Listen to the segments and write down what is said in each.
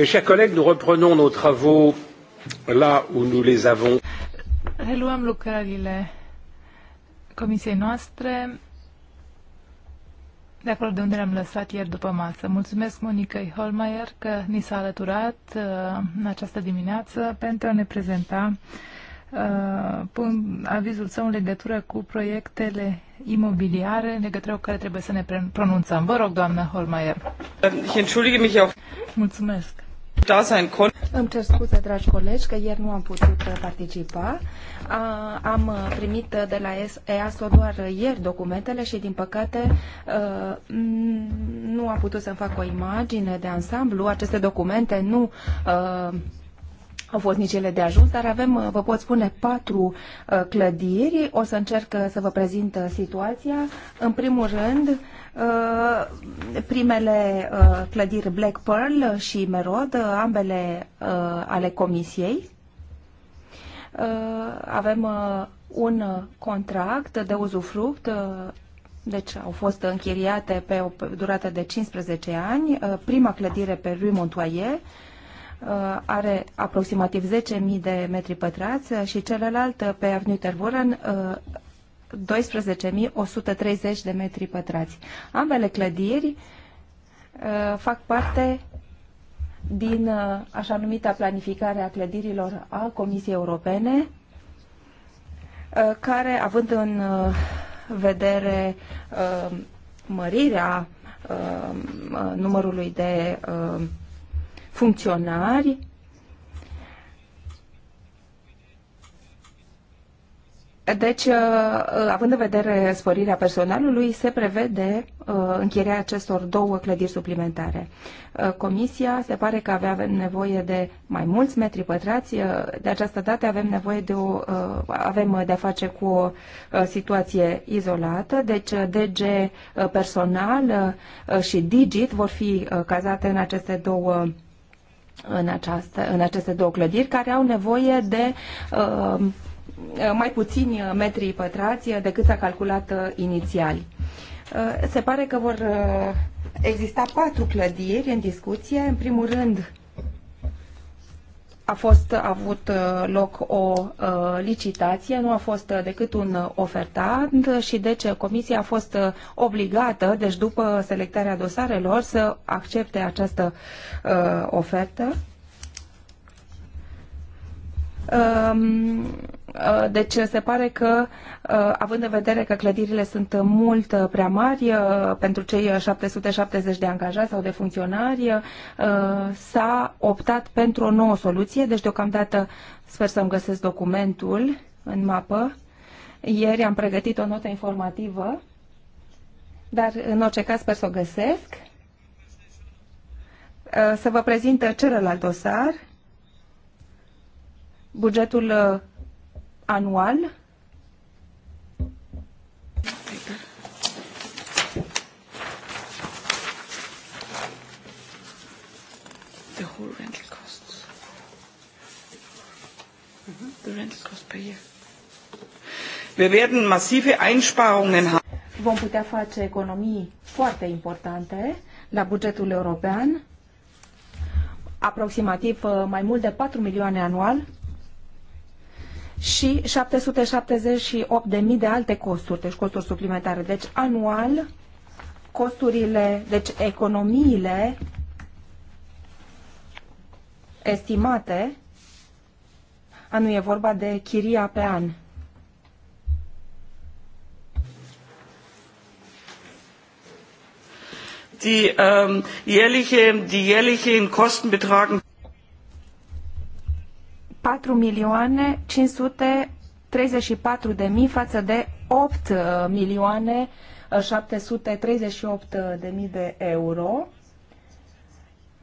Mes chers collègues, nous reprenons nos travaux là où nous les avons. Reluăm lucrările comisiei noastre de acolo de unde le-am lăsat ieri după masă. Mulțumesc Monica Holmeier că ni s-a alăturat uh, în această dimineață pentru a ne prezenta uh, avizul său în legătură cu proiectele imobiliare, în legătură cu care trebuie să ne pronunțăm. Vă rog, doamnă Holmeier. Mulțumesc. Da Îmi cer scuze, dragi colegi, că ieri nu am putut uh, participa. am uh, primit uh, de la EASO doar ieri documentele și, din păcate, nu am putut să-mi fac o imagine de ansamblu. Aceste documente nu au fost nici ele de ajuns, dar avem, uh, vă pot spune, patru uh, clădiri. O să încerc uh, să vă prezint situația. În primul rând, primele clădiri Black Pearl și Merod, ambele ale comisiei. Avem un contract de uzufruct deci au fost închiriate pe o durată de 15 ani. Prima clădire pe Rue Montoyer, Uh, are aproximativ 10.000 de metri pătrați uh, și celălalt uh, pe Avenue Tervuren 12.130 de metri pătrați. Ambele clădiri fac parte din așa numita planificare a clădirilor a Comisiei Europene, care, având în vedere mărirea numărului de funcționari. Deci, uh, având în vedere sporirea personalului, se prevede uh, încheierea acestor două clădiri suplimentare. Uh, comisia se pare că avea nevoie de mai mulți metri pătrați. De această dată avem nevoie de o, avem de a face cu o situație izolată, deci DG personal și digit vor fi cazate în aceste două în, această, în aceste două clădiri care au nevoie de uh, mai puțini metri pătrați decât s-a calculat uh, inițial. Uh, se pare că vor exista patru clădiri în discuție. În primul rând, a fost a avut uh, loc o uh, licitație, nu a fost uh, decât un ofertant și deci comisia a fost obligată, deci după selectarea dosarelor, să accepte această ofertă. Um, Uh, deci se pare că, uh, având în vedere că clădirile sunt mult uh, prea mari pentru cei 770 de angajați sau de funcționari, s-a optat pentru o nouă soluție. Deci deocamdată sper să-mi găsesc documentul în mapă. Ieri am pregătit o notă informativă, dar în orice caz sper să o găsesc. Să vă prezint celălalt dosar bugetul anual. The whole rental costs. Mhm. The rental cost per year. Wir werden massive Einsparungen haben. Vom putea face economii foarte importante la bugetul european, aproximativ uh, mai mult de 4 milioane anual și 778.000 de alte costuri, deci costuri suplimentare. Deci anual costurile, deci economiile estimate, a nu e vorba de chiria pe an. Die, ähm, jährliche, die jährlichen Kosten betragen 4 milioane 534 de mii față de 8 uh, milioane 738 uh, de mii de euro.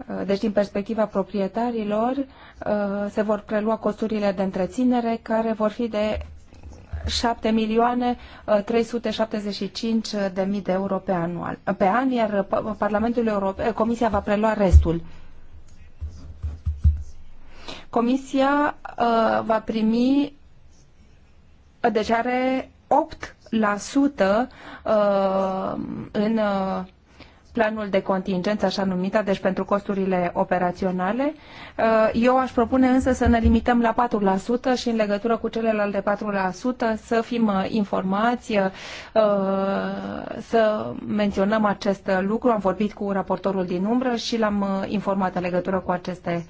Uh, deci, din perspectiva proprietarilor, se vor prelua costurile de întreținere, care vor fi de 7 milioane 375 de mii de euro pe, anual, pe an, iar Parlamentul European, Comisia va prelua restul. Comisia uh, va primi, uh, deja deci are 8% uh, în uh, planul de contingență, așa numită, deci pentru costurile operaționale. Uh, eu aș propune însă să ne limităm la 4% și în legătură cu celelalte 4% să fim uh, informați, uh, să menționăm acest lucru. Am vorbit cu raportorul din umbră și l-am informat în legătură cu aceste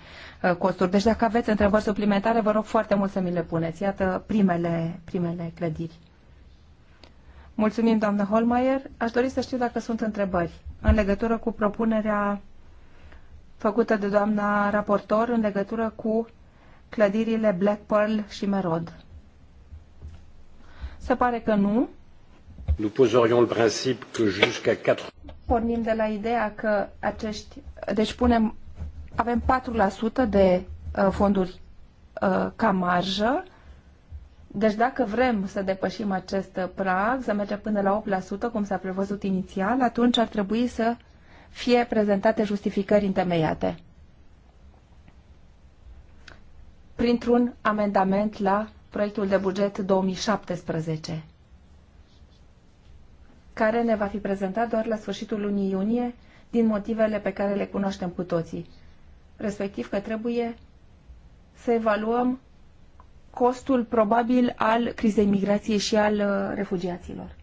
costuri. Deci dacă aveți întrebări suplimentare, vă rog foarte mult să mi le puneți. Iată primele, primele clădiri. Mulțumim, doamnă Holmeier. Aș dori să știu dacă sunt întrebări în legătură cu propunerea făcută de doamna raportor în legătură cu clădirile Black Pearl și Merod. Se pare că nu. Nous poserions le principe que jusqu'à 4 Pornim de la ideea că acești deci punem avem 4% de uh, fonduri uh, ca marjă deci dacă vrem să depășim acest prag, să mergem până la 8%, cum s-a prevăzut inițial, atunci ar trebui să fie prezentate justificări întemeiate printr-un amendament la proiectul de buget 2017, care ne va fi prezentat doar la sfârșitul lunii iunie, din motivele pe care le cunoaștem cu toții, respectiv că trebuie să evaluăm costul probabil al crizei migrației și al uh, refugiaților.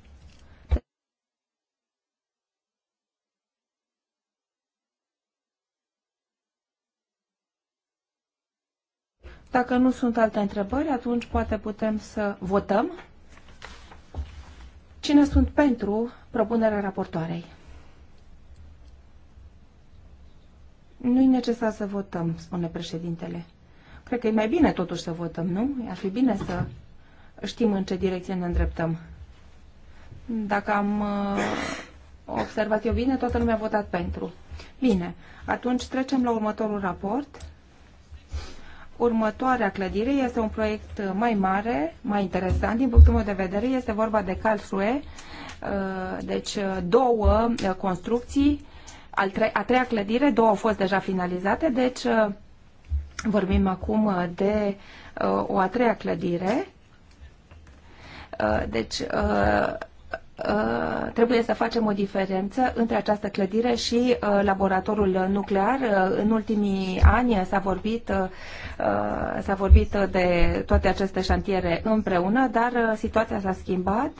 Dacă nu sunt alte întrebări, atunci poate putem să votăm. Cine sunt pentru propunerea raportoarei? Nu-i necesar să votăm, spune președintele. Cred că e mai bine totuși să votăm, nu? Ar fi bine să știm în ce direcție ne îndreptăm. Dacă am uh, observat eu bine, toată lumea a votat pentru. Bine, atunci trecem la următorul raport. Următoarea clădire este un proiect mai mare, mai interesant din punctul meu de vedere. Este vorba de Karlsruhe, uh, deci uh, două construcții, a treia clădire, două au fost deja finalizate, deci Vorbim acum uh, de uh, o a treia clădire. Uh, deci, trebuie să facem o diferență între această clădire și laboratorul nuclear. În ultimii ani s-a vorbit, s-a vorbit de toate aceste șantiere împreună, dar situația s-a schimbat.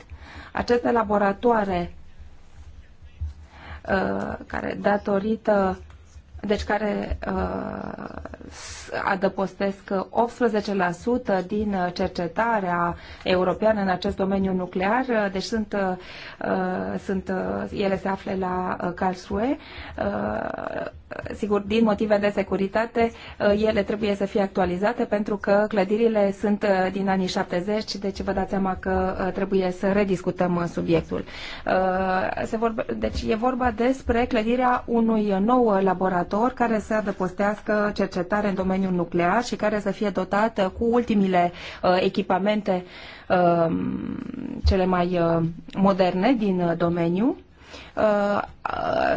Aceste laboratoare care, datorită deci care uh, adăpostesc 18% din cercetarea europeană în acest domeniu nuclear, deci sunt, uh, sunt uh, ele se află la uh, Karlsruhe. Uh, sigur, din motive de securitate, uh, ele trebuie să fie actualizate pentru că clădirile sunt uh, din anii 70, deci vă dați seama că uh, trebuie să rediscutăm uh, subiectul. Uh, se vorbe, deci e vorba despre clădirea unui nou uh, laborator laborator care să adăpostească cercetare în domeniul nuclear și care să fie dotat uh, cu ultimile uh, echipamente um, cele mai uh, moderne din domeniu.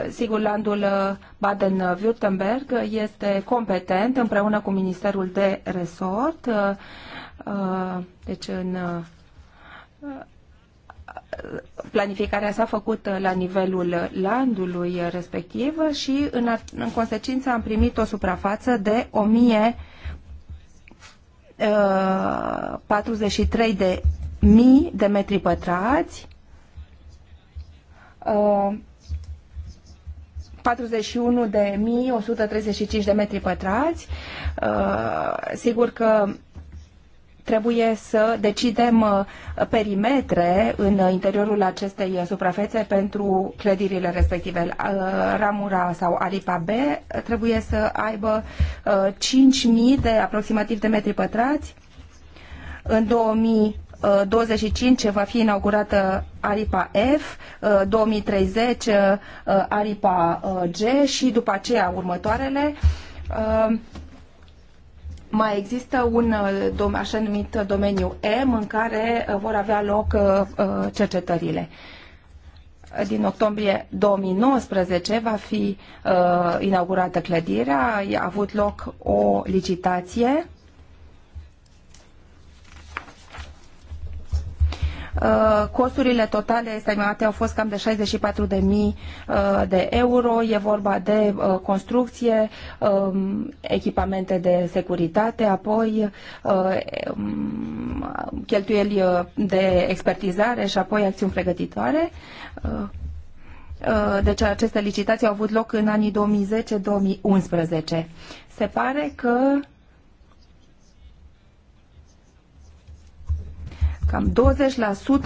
Sigur, landul Baden-Württemberg este competent împreună cu Ministerul de Resort, deci în planificarea s-a făcut uh, la nivelul landului respectiv și în, în consecință am primit o suprafață de 1043 uh, de mii de metri pătrați, 41 uh, de mii 135 de metri pătrați. Sigur că Trebuie să decidem uh, perimetre în interiorul acestei uh, suprafețe pentru clădirile respective. Uh, Ramura sau aripa B trebuie să aibă 5.000 de aproximativ de metri pătrați. În 2025 va fi inaugurată aripa F, 2030 aripa G și după aceea următoarele. Mai există un uh, așa numit uh, domeniu M în care uh, vor avea loc cercetările din octombrie 2019 va fi inaugurată clădirea, a avut loc o licitație Uh, costurile totale estimate au fost cam de 64.000 uh, de euro. E vorba de uh, construcție, um, echipamente de securitate, apoi um, cheltuieli de expertizare și apoi acțiuni pregătitoare. Deci aceste licitații au avut loc în anii 2010-2011. Se pare că Cam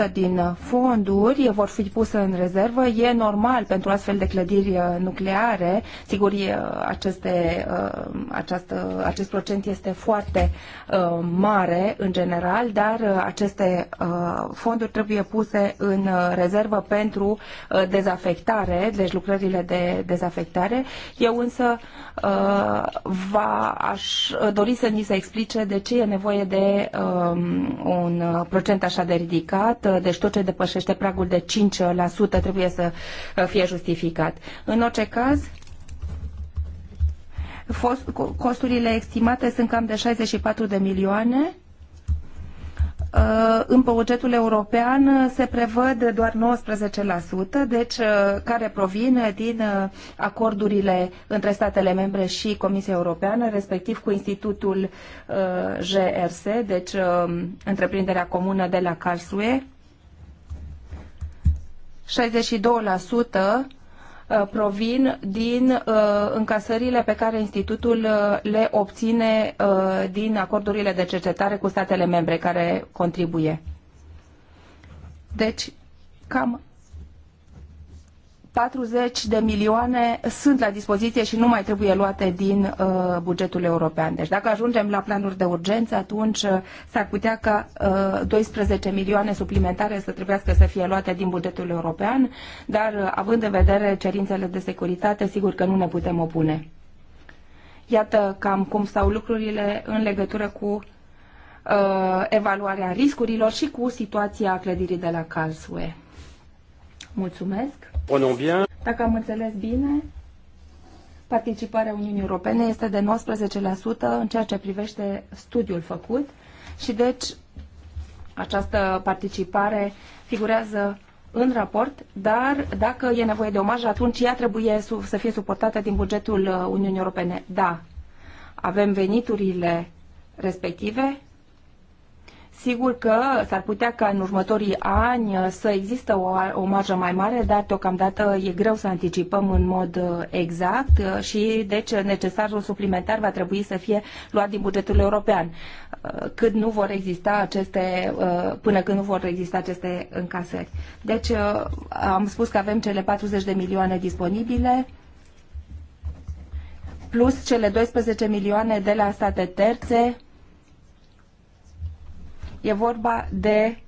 20% din fonduri vor fi puse în rezervă. E normal pentru astfel de clădiri uh, nucleare. Sigur, uh, aceste, uh, această, acest procent este foarte mare în general, dar aceste fonduri trebuie puse în rezervă pentru dezafectare, deci lucrările de dezafectare. Eu însă va, aș dori să ni se explice de ce e nevoie de um, un proces procent așa de ridicat, uh, deci tot ce depășește pragul de 5% trebuie să uh, fie justificat. În orice caz, costurile estimate sunt cam de 64 de milioane Uh, în bugetul european uh, se prevăd doar 19%, deci uh, care provin din acordurile între statele membre și Comisia Europeană, respectiv cu Institutul GRS, deci întreprinderea comună de la Karlsruhe. 62% Uh, provin din uh, încasările pe care institutul uh, le obține din acordurile de cercetare cu statele membre care contribuie. Deci, cam 40 de milioane sunt la dispoziție și nu mai trebuie luate din uh, bugetul european. Deci dacă ajungem la planuri de urgență, atunci uh, s-ar putea ca uh, 12 milioane suplimentare să trebuiască să fie luate din bugetul european, dar uh, având în vedere cerințele de securitate, sigur că nu ne putem opune. Iată cam cum stau lucrurile în legătură cu uh, evaluarea riscurilor și cu situația clădirii de la Calsue. Mulțumesc! Dacă am înțeles bine, participarea Uniunii Europene este de 19% în ceea ce privește studiul făcut și deci această participare figurează în raport, dar dacă e nevoie de omaj, atunci ea trebuie să fie suportată din bugetul uh, Uniunii Europene. Da, avem veniturile respective, Sigur că s-ar putea ca în următorii ani uh, să există o, o marjă mai mare, dar deocamdată e greu să anticipăm în mod uh, exact uh, și deci necesarul suplimentar va trebui să fie luat din bugetul european. Cât nu vor exista aceste, până când nu vor exista aceste încasări. Deci am spus că avem cele 40 de milioane disponibile plus cele 12 milioane de la state terțe E vorba de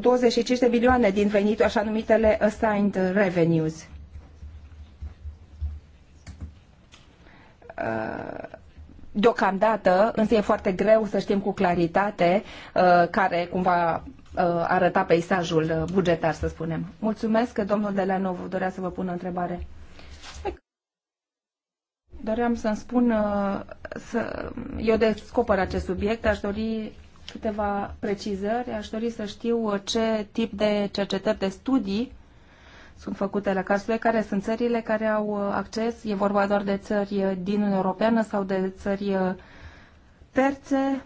25 uh, de milioane din venituri, așa numitele assigned revenues. Uh, deocamdată, însă e foarte greu să știm cu claritate uh, care cumva arăta peisajul bugetar, să spunem. Mulțumesc, domnul Delanov, dorea să vă pună întrebare doream să-mi spun, uh, să, eu descoper acest subiect, aș dori câteva precizări, aș dori să știu uh, ce tip de cercetări, de studii sunt făcute la Carsul, care sunt țările care au uh, acces, e vorba doar de țări din Uniunea Europeană sau de țări terțe,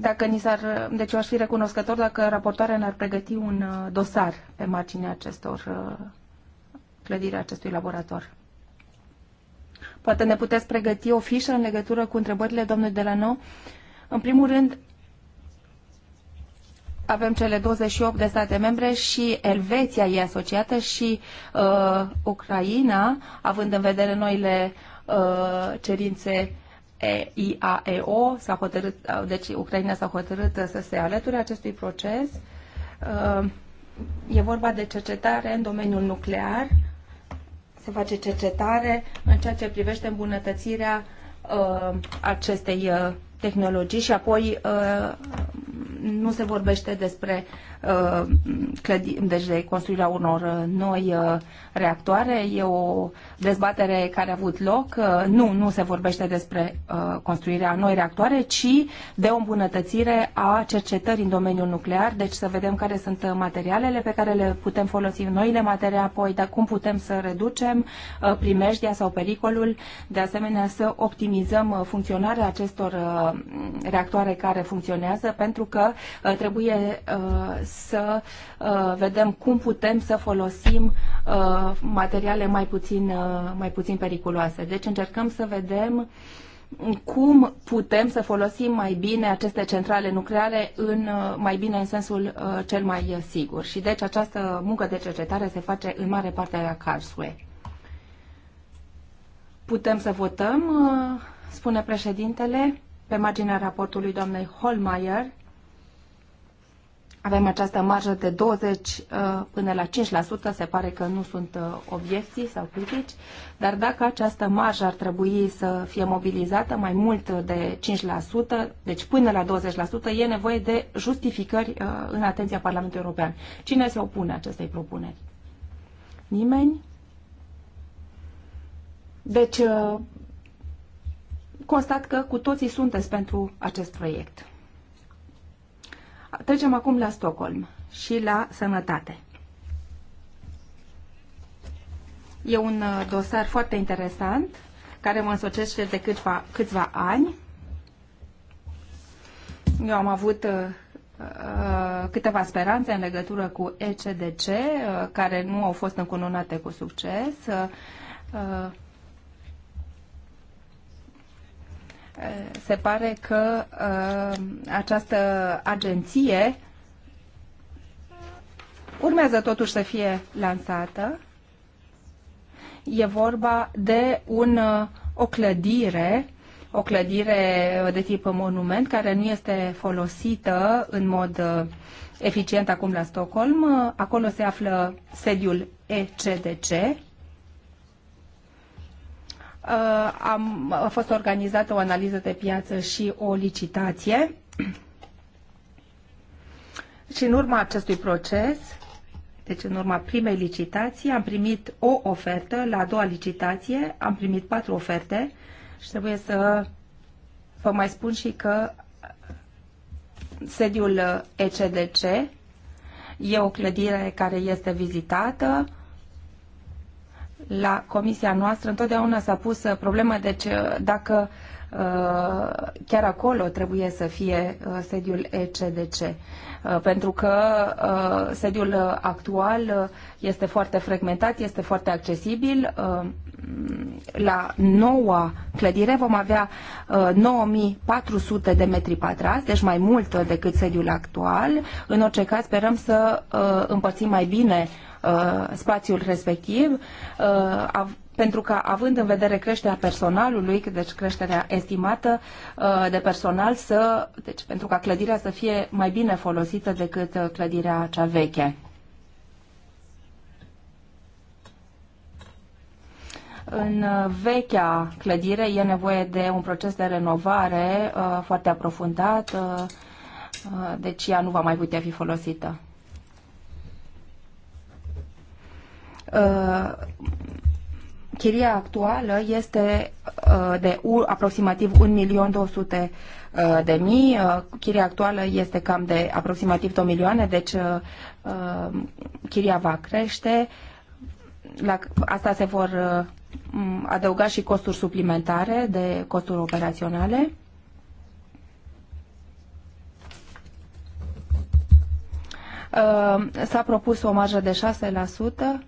dacă ni s-ar, deci eu aș fi recunoscător dacă raportoarea ne-ar pregăti un dosar pe marginea acestor clădirea acestui laborator. Poate ne puteți pregăti o fișă în legătură cu întrebările domnului Delano. În primul rând, avem cele 28 de state membre și Elveția e asociată și uh, Ucraina, având în vedere noile uh, cerințe IAEO, s-a hotărât, uh, deci Ucraina s-a hotărât să se alăture acestui proces. Uh, e vorba de cercetare în domeniul nuclear, se face cercetare în ceea ce privește îmbunătățirea uh, acestei uh, tehnologii și apoi uh, nu se vorbește despre Uh, clădi, deci de construirea unor uh, noi uh, reactoare. E o dezbatere care a avut loc. Nu, nu se vorbește despre construirea noi reactoare, ci de o îmbunătățire a cercetării în domeniul nuclear, deci să vedem care sunt materialele pe care le putem folosi, noile materii apoi dar cum putem să reducem primejdia sau pericolul, de asemenea să optimizăm funcționarea acestor reactoare care funcționează, pentru că trebuie să uh, vedem cum putem să folosim uh, materiale mai puțin, uh, mai puțin periculoase. Deci încercăm să vedem cum putem să folosim mai bine aceste centrale nucleare în, mai bine în sensul cel mai sigur. Și deci această muncă de cercetare se face în mare parte la Karlsruhe. Putem să votăm, spune președintele, pe marginea raportului doamnei Holmeier avem această marjă de 20 uh, până la 5%, se pare că nu sunt uh, obiecții sau critici, dar dacă această marjă ar trebui să fie mobilizată mai mult de 5%, deci până la 20%, e nevoie de justificări uh, în atenția Parlamentului European. Cine se opune acestei propuneri? Nimeni? Deci, constat că cu toții sunteți pentru acest proiect. Trecem acum la Stockholm și la sănătate. E un uh, dosar foarte interesant, care mă însocește de câțiva, câțiva ani. Eu am avut uh, uh, câteva speranțe în legătură cu ECDC, care nu au fost încununate cu succes. se pare că uh, această agenție urmează totuși să fie lansată. E vorba de un, uh, o clădire, o clădire de tip monument care nu este folosită în mod uh, eficient acum la Stockholm. Acolo se află sediul ECDC, Uh, am, a fost organizată o analiză de piață și o licitație. Și în urma acestui proces, deci în urma primei licitații, am primit o ofertă, la a doua licitație am primit patru oferte și trebuie să vă mai spun și că sediul ECDC e o clădire care este vizitată, la comisia noastră întotdeauna s-a pus uh, problema deci uh, dacă uh, chiar acolo trebuie să fie sediul ECDC, pentru că sediul actual este foarte fragmentat, este foarte accesibil. La noua clădire vom avea 9400 de metri pătrați, deci mai mult decât sediul actual. În orice caz sperăm să împărțim mai bine Uh, spațiul respectiv, uh, av- pentru că având în vedere creșterea personalului, deci creșterea estimată uh, de personal, să, deci pentru ca clădirea să fie mai bine folosită decât uh, clădirea cea veche. În uh, vechea clădire e nevoie de un proces de renovare uh, foarte aprofundat, uh, deci ea nu va mai putea fi folosită. Uh, chiria actuală este uh, de aproximativ 1.200.000 uh, de mii. Chiria actuală este cam de aproximativ 2 milioane, deci chiria va crește. La asta se vor adăuga și costuri suplimentare de costuri operaționale. S-a propus o marjă de 6%.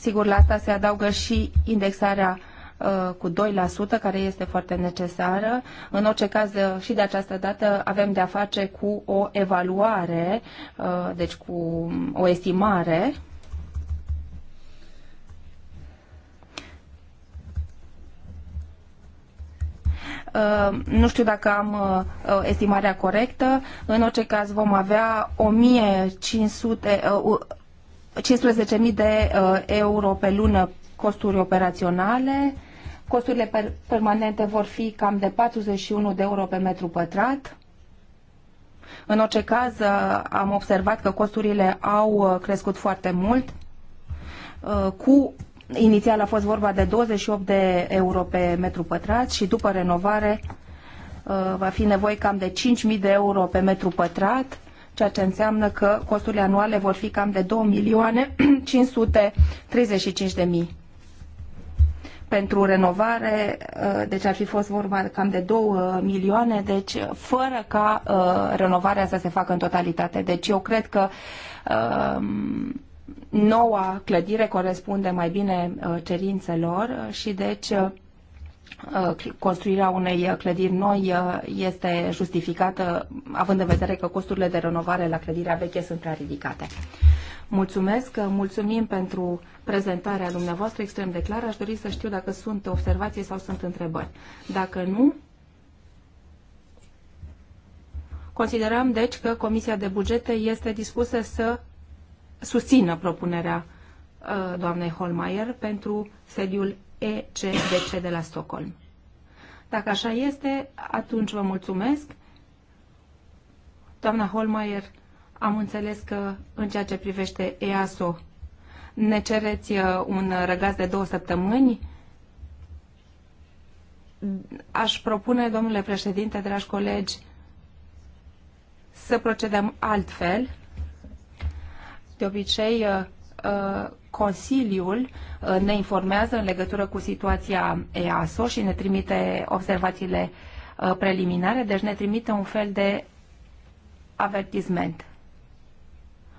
Sigur, la asta se adaugă și indexarea uh, cu 2%, care este foarte necesară. În orice caz, uh, și de această dată avem de-a face cu o evaluare, uh, deci cu o estimare. Nu știu dacă am estimarea corectă. În orice caz vom avea 1500, 15.000 de uh, euro pe lună costuri operaționale, costurile per permanente vor fi cam de 41 de euro pe metru pătrat. În orice caz, uh, am observat că costurile au uh, crescut foarte mult. Cu inițial a fost vorba de 28 de euro pe metru pătrat și după renovare va fi nevoie cam de 5.000 de euro pe metru pătrat ceea ce înseamnă că costurile anuale vor fi cam de 2 milioane 535 de mii pentru renovare, uh, deci ar fi fost vorba cam de 2 milioane, deci uh, fără ca uh, renovarea să se facă în totalitate. Deci eu cred că noua clădire corespunde mai bine cerințelor și deci Uh, construirea unei clădiri noi uh, este justificată, având în vedere că costurile de renovare la clădirea veche sunt prea ridicate. Mulțumesc, uh, mulțumim pentru prezentarea dumneavoastră extrem de clară. Aș dori să știu dacă sunt observații sau sunt întrebări. Dacă nu, considerăm deci că Comisia de Bugete este dispusă să susțină propunerea doamnei Holmeier pentru sediul ECDC de la Stockholm. Dacă așa este, atunci vă mulțumesc. Doamna Holmeier, am înțeles că în ceea ce privește EASO ne cereți uh, un răgaz de două săptămâni. Aș propune, domnule președinte, dragi colegi, să procedăm altfel. De obicei, uh, uh, Consiliul uh, ne informează în legătură cu situația EASO și ne trimite observațiile uh, preliminare, deci ne trimite un fel de avertisment.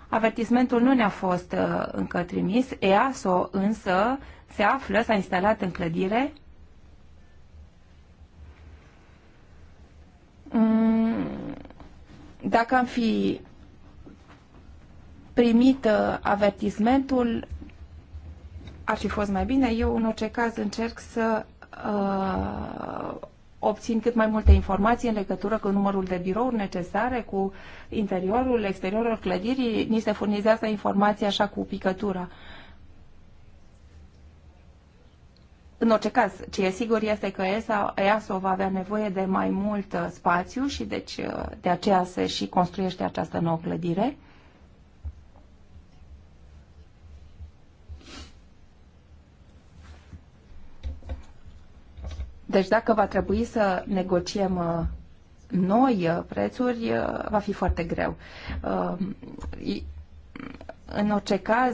Avertismentul nu ne-a fost uh, încă trimis, EASO însă se află, s-a instalat în clădire. Mm, dacă am fi primit avertismentul, ar fi fost mai bine. Eu, în orice caz, încerc să uh, obțin cât mai multe informații în legătură cu numărul de birouri necesare, cu interiorul, exteriorul clădirii. Ni se furnizează informații așa cu picătura. În orice caz, ce e sigur este că ESA, EASO va avea nevoie de mai mult uh, spațiu și deci uh, de aceea se și construiește această nouă clădire. Deci dacă va trebui să negociem uh, noi uh, prețuri, uh, va fi foarte greu. În orice caz,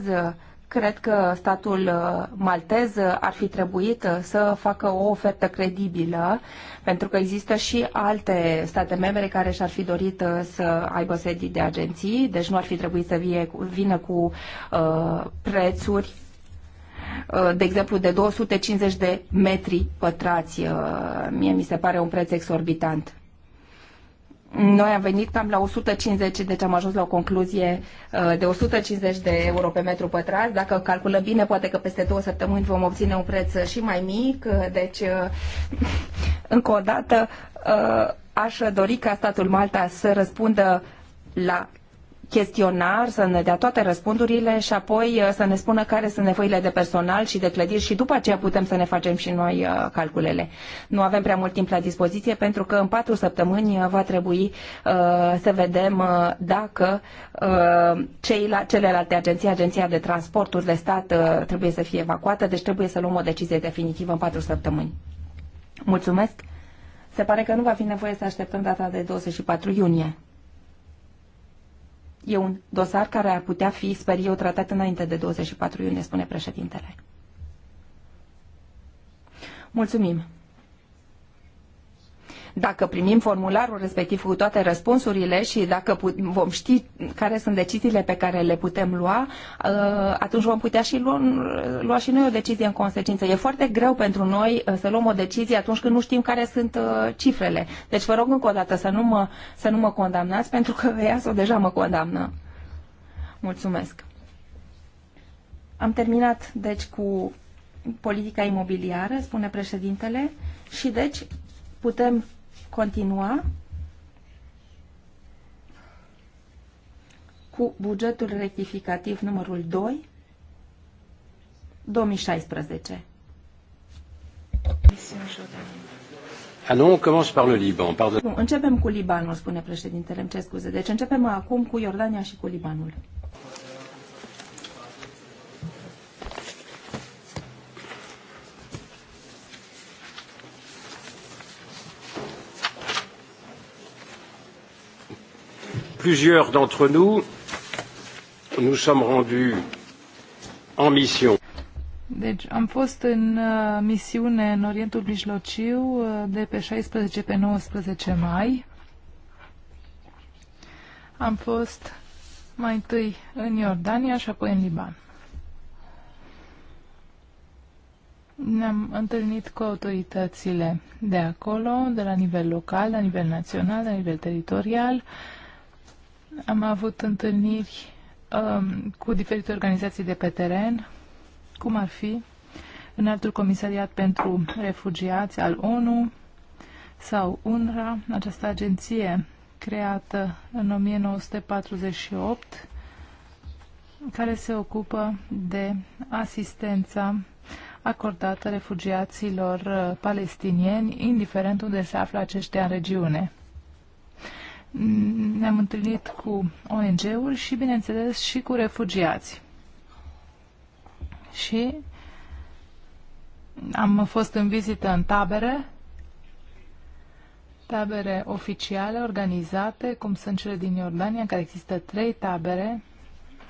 cred că statul maltez ar fi trebuit să facă o ofertă credibilă, pentru că există și alte state membre care și-ar fi dorit să aibă sedii de agenții, deci nu ar fi trebuit să vie, vină cu uh, prețuri Uh, de exemplu, de 250 de metri pătrați. Uh, mie mi se pare un preț exorbitant. Noi am venit cam la 150, deci am ajuns la o concluzie uh, de 150 de euro pe metru pătrat. Dacă calculăm bine, poate că peste două săptămâni vom obține un preț și mai mic. Deci, încă o dată, aș dori ca statul Malta să răspundă la chestionar, să ne dea toate răspundurile și apoi uh, să ne spună care sunt nevoile de personal și de clădiri și după aceea putem să ne facem și noi uh, calculele. Nu avem prea mult timp la dispoziție pentru că în patru săptămâni uh, va trebui să vedem dacă celelalte agenții, Agenția de Transporturi de Stat trebuie să fie evacuată, deci trebuie să luăm o decizie definitivă în patru săptămâni. Mulțumesc! Se pare că nu va fi nevoie să așteptăm data de 24 iunie. E un dosar care ar putea fi, sper eu, tratat înainte de 24 iunie, spune președintele. Mulțumim! Dacă primim formularul respectiv cu toate răspunsurile și dacă vom ști care sunt deciziile pe care le putem lua, uh, atunci vom putea și lua, lua și noi o decizie în consecință. E foarte greu pentru noi uh, să luăm o decizie atunci când nu știm care sunt uh, cifrele. Deci vă rog încă o dată să nu mă, să nu mă condamnați pentru că EASO deja mă condamnă. Mulțumesc. Am terminat, deci, cu politica imobiliară, spune președintele, și deci putem continua cu bugetul rectificativ numărul 2 2016. Ah non, on commence par le Liban. Pardon. Bun, începem cu Libanul, spune președintele, îmi cer scuze. Deci începem acum cu Iordania și cu Libanul. plusieurs d'entre nous, nous sommes rendus en mission. Deci am fost în uh, misiune în Orientul Mijlociu uh, de pe 16 pe 19 mai. Am fost mai întâi în Iordania și apoi în Liban. Ne-am întâlnit cu autoritățile de acolo, de la nivel local, la nivel național, la nivel teritorial. Uh, am avut întâlniri um, cu diferite organizații de pe teren, cum ar fi Înaltul Comisariat pentru Refugiați al ONU sau UNRWA, această agenție creată în 1948, care se ocupă de asistența acordată refugiaților uh, palestinieni, indiferent unde se află aceștia în regiune ne-am întâlnit cu ONG-uri și, bineînțeles, și cu refugiați. Și am fost în vizită în tabere, tabere oficiale organizate, cum sunt cele din Iordania, în care există trei tabere.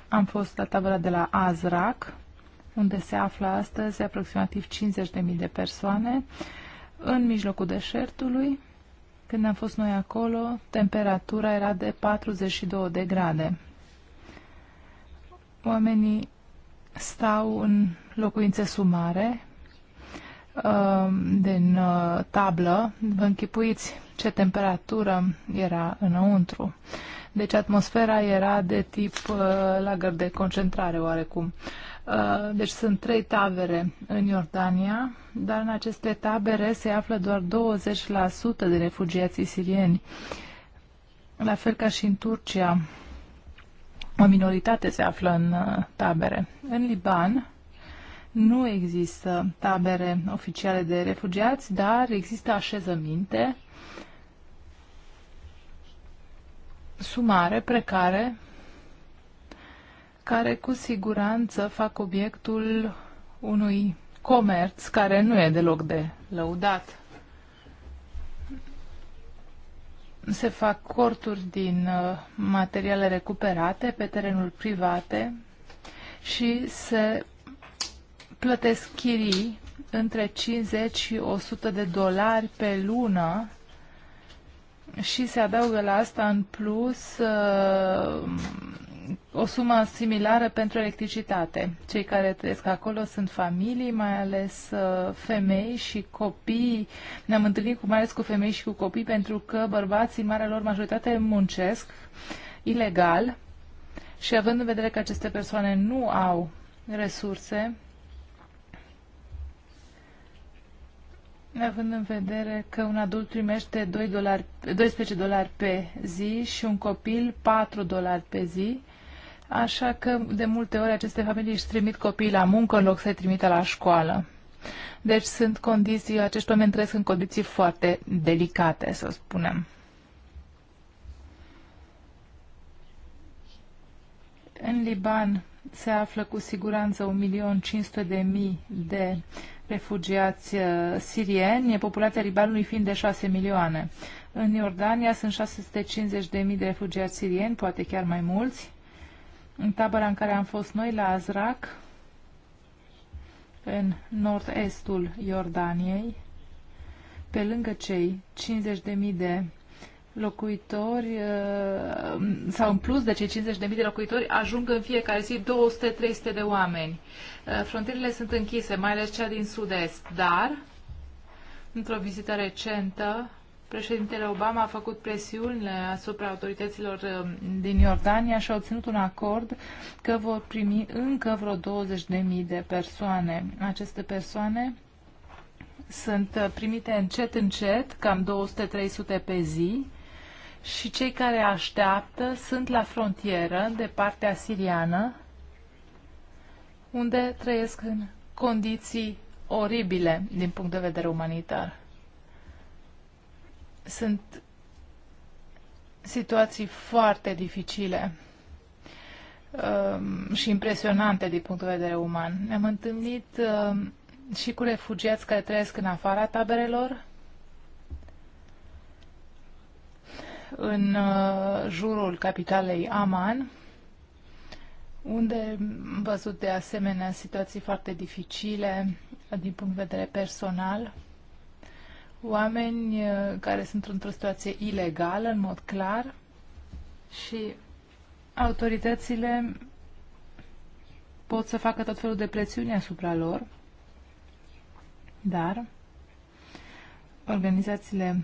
Am fost la tabăra de la Azrak, unde se află astăzi aproximativ 50.000 de persoane, în mijlocul deșertului, când am fost noi acolo, temperatura era de 42 de grade. Oamenii stau în locuințe sumare, uh, din uh, tablă, vă închipuiți ce temperatură era înăuntru. Deci atmosfera era de tip uh, lagăr de concentrare oarecum. Uh, Uh, deci sunt trei tabere în Iordania, dar în aceste tabere se află doar 20% de refugiații sirieni. La fel ca și în Turcia, o minoritate se află în uh, tabere. În Liban nu există tabere oficiale de refugiați, dar există așezăminte sumare, precare, care cu siguranță fac obiectul unui comerț care nu e deloc de lăudat. Se fac corturi din uh, materiale recuperate pe terenul private și se plătesc chirii între 50 și 100 de dolari pe lună și se adaugă la asta în plus uh, o sumă similară pentru electricitate. Cei care trăiesc acolo sunt familii, mai ales uh, femei și copii. Ne-am întâlnit cu, mai ales cu femei și cu copii pentru că bărbații, în marea lor majoritate, muncesc ilegal și având în vedere că aceste persoane nu au resurse, Având în vedere că un adult primește 2 dolari, 12 dolari pe zi și un copil 4 dolari pe zi, Așa că de multe ori aceste familii își trimit copiii la muncă în loc să-i trimită la școală. Deci sunt condiții, acești oameni trăiesc în condiții foarte delicate, să spunem. În Liban se află cu siguranță 1.500.000 de refugiați uh, sirieni, populația Libanului fiind de 6 milioane. În Iordania sunt 650.000 de refugiați sirieni, poate chiar mai mulți. În tabăra în care am fost noi, la Azrak, în nord-estul Iordaniei, pe lângă cei 50.000 de locuitori, uh, sau în plus de cei 50.000 de locuitori, ajung în fiecare zi 200-300 de oameni. Uh, frontierele sunt închise, mai ales cea din sud-est, dar, într-o vizită recentă, Președintele Obama a făcut presiuni asupra autorităților um, din Iordania și a obținut un acord că vor primi încă vreo 20.000 de persoane. Aceste persoane sunt uh, primite încet, încet, cam 200-300 pe zi și cei care așteaptă sunt la frontieră de partea siriană unde trăiesc în condiții oribile din punct de vedere umanitar. Sunt situații foarte dificile um, și impresionante din punct de vedere uman. Ne-am întâlnit um, și cu refugiați care trăiesc în afara taberelor, în uh, jurul capitalei Aman, unde am văzut de asemenea situații foarte dificile din punct de vedere personal oameni uh, care sunt într-o situație ilegală, în mod clar, și autoritățile pot să facă tot felul de presiuni asupra lor, dar organizațiile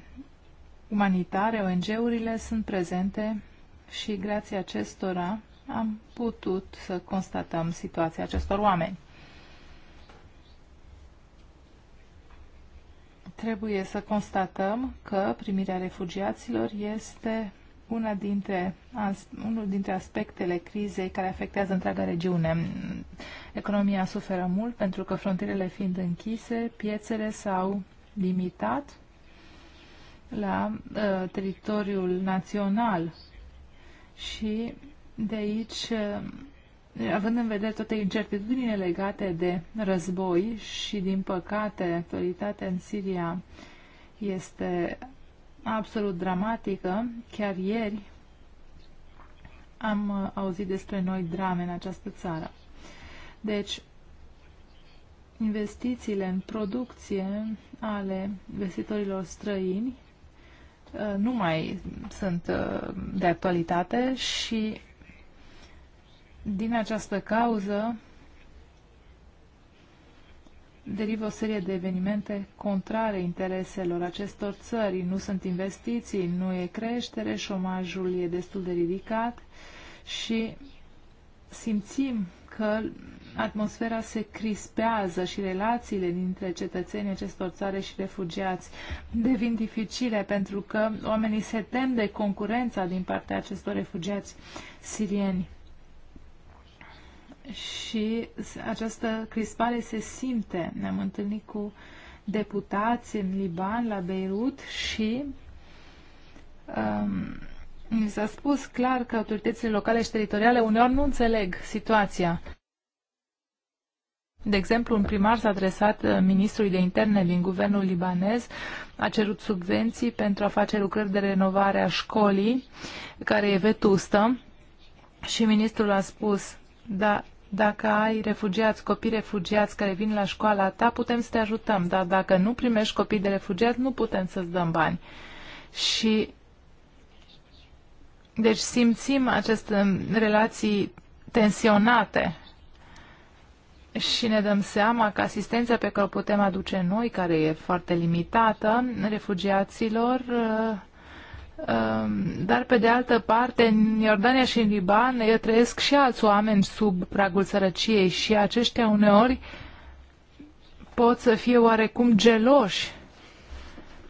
umanitare, ONG-urile sunt prezente și grație acestora am putut să constatăm situația acestor oameni. trebuie să constatăm că primirea refugiaților este una dintre, unul dintre aspectele crizei care afectează întreaga regiune. Economia suferă mult pentru că frontierele fiind închise, piețele s-au limitat la uh, teritoriul național și de aici uh, având în vedere toate incertitudinile legate de război și, din păcate, actualitatea în Siria este absolut dramatică, chiar ieri am uh, auzit despre noi drame în această țară. Deci, investițiile în producție ale investitorilor străini uh, nu mai sunt uh, de actualitate și din această cauză derivă o serie de evenimente contrare intereselor acestor țări. Nu sunt investiții, nu e creștere, șomajul e destul de ridicat și simțim că atmosfera se crispează și relațiile dintre cetățenii acestor țare și refugiați devin dificile pentru că oamenii se tem de concurența din partea acestor refugiați sirieni și această crispare se simte. Ne-am întâlnit cu deputați în Liban, la Beirut și um, mi s-a spus clar că autoritățile locale și teritoriale uneori nu înțeleg situația. De exemplu, un primar s-a adresat uh, ministrului de interne din guvernul libanez, a cerut subvenții pentru a face lucrări de renovare a școlii, care e vetustă, și ministrul a spus da, dacă ai refugiați, copii refugiați care vin la școala ta, putem să te ajutăm, dar dacă nu primești copii de refugiați, nu putem să-ți dăm bani. Și deci simțim aceste um, relații tensionate și ne dăm seama că asistența pe care o putem aduce noi, care e foarte limitată, refugiaților, uh, Ehm, dar, pe de altă parte, în Iordania și în Liban trăiesc și alți oameni sub pragul sărăciei și aceștia uneori pot să fie oarecum geloși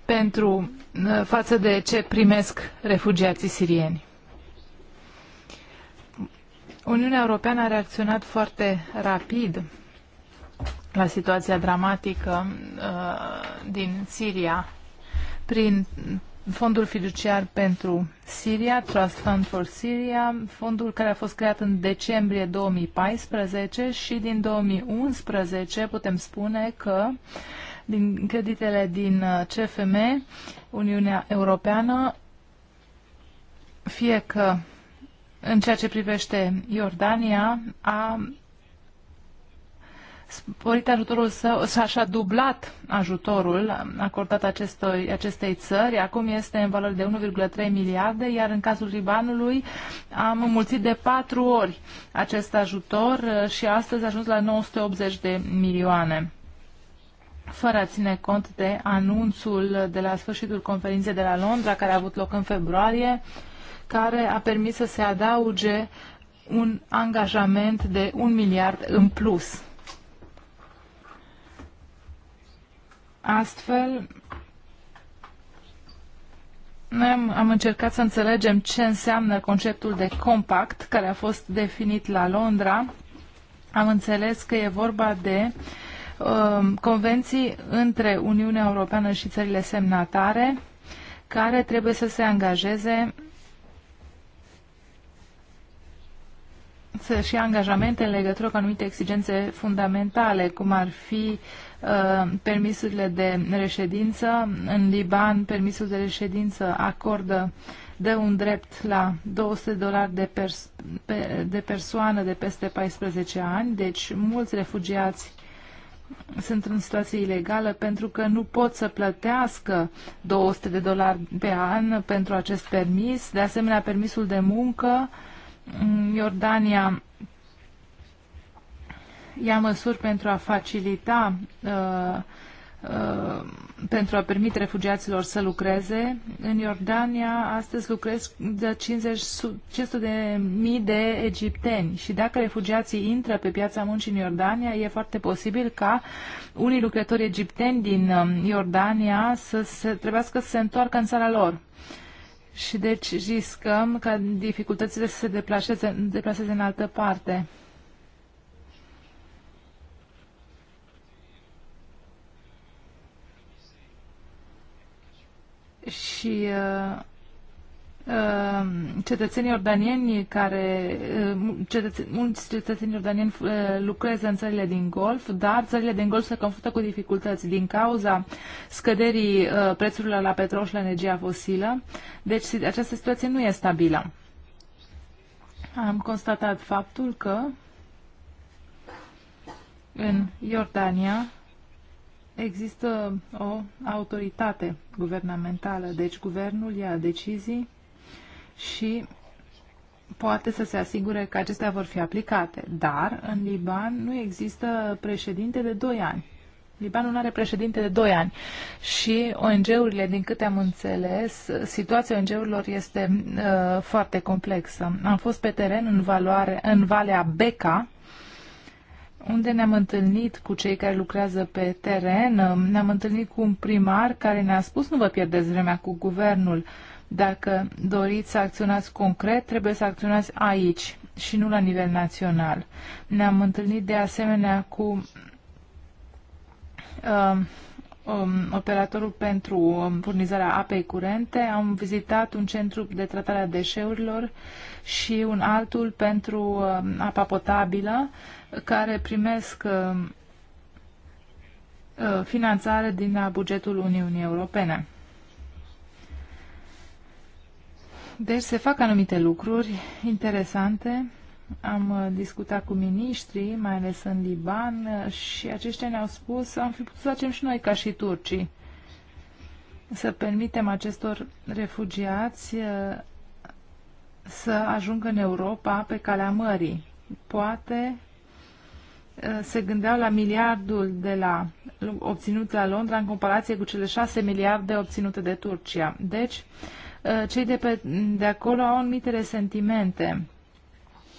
pentru eh, față de ce primesc refugiații sirieni. Uniunea Europeană a reacționat foarte rapid la situația dramatică uh, din Siria prin Fondul fiduciar pentru Siria, Trust Fund for Syria, fondul care a fost creat în decembrie 2014 și din 2011 putem spune că din creditele din uh, CFM, Uniunea Europeană, fie că în ceea ce privește Iordania, a sporit ajutorul său s-a așa dublat ajutorul acordat acestui, acestei țări. Acum este în valoare de 1,3 miliarde, iar în cazul Libanului am mulțit de patru ori acest ajutor uh, și astăzi a ajuns la 980 de milioane fără a ține cont de anunțul de la sfârșitul conferinței de la Londra, care a avut loc în februarie, care a permis să se adauge un angajament de un miliard în plus. Astfel, noi am, am încercat să înțelegem ce înseamnă conceptul de compact care a fost definit la Londra. Am înțeles că e vorba de um, convenții între Uniunea Europeană și țările semnatare care trebuie să se angajeze să-și angajamente în legătură cu anumite exigențe fundamentale, cum ar fi uh, Uh, permisurile de reședință. În Liban, permisul de reședință acordă de un drept la 200 de dolari de, pers- de persoană de peste 14 ani, deci mulți refugiați sunt în situație ilegală pentru că nu pot să plătească 200 de dolari pe an pentru acest permis. De asemenea, permisul de muncă, Iordania ia măsuri pentru a facilita, uh, uh, pentru a permite refugiaților să lucreze. În Iordania astăzi lucrez de 50, 500 de mii de egipteni și dacă refugiații intră pe piața muncii în Iordania, e foarte posibil ca unii lucrători egipteni din um, Iordania să se, trebuiască să se întoarcă în țara lor. Și deci riscăm ca dificultățile să se deplaseze, deplaseze în altă parte. și uh, uh, cetățenii iordanieni care uh, cetățeni, mulți cetățeni iordanieni lucrează în țările din Golf, dar țările din Golf se confruntă cu dificultăți din cauza scăderii prețurilor la petrol și la energia fosilă. Deci această situație nu e stabilă. Am constatat faptul că în Iordania există o autoritate guvernamentală, deci guvernul ia decizii și poate să se asigure că acestea vor fi aplicate. Dar în Liban nu există președinte de 2 ani. Libanul nu are președinte de 2 ani și ONG-urile, din câte am înțeles, situația ONG-urilor este uh, foarte complexă. Am fost pe teren în, valoare, în Valea Beca, unde ne-am întâlnit cu cei care lucrează pe teren, ne-am întâlnit cu un primar care ne-a spus nu vă pierdeți vremea cu guvernul. Dacă doriți să acționați concret, trebuie să acționați aici și nu la nivel național. Ne-am întâlnit de asemenea cu uh, um, operatorul pentru um, furnizarea apei curente, am vizitat un centru de tratare a deșeurilor și un altul pentru um, apa potabilă, care primesc um, uh, finanțare din bugetul Uniunii Europene. Deci se fac anumite lucruri interesante. Am uh, discutat cu miniștrii, mai ales în Liban, uh, și aceștia ne-au spus am fi putut să facem și noi ca și turcii. Să permitem acestor refugiați să ajungă în Europa pe calea mării. Poate se gândeau la miliardul de la, obținut la Londra în comparație cu cele șase miliarde obținute de Turcia. Deci, cei de, pe, de acolo au anumite resentimente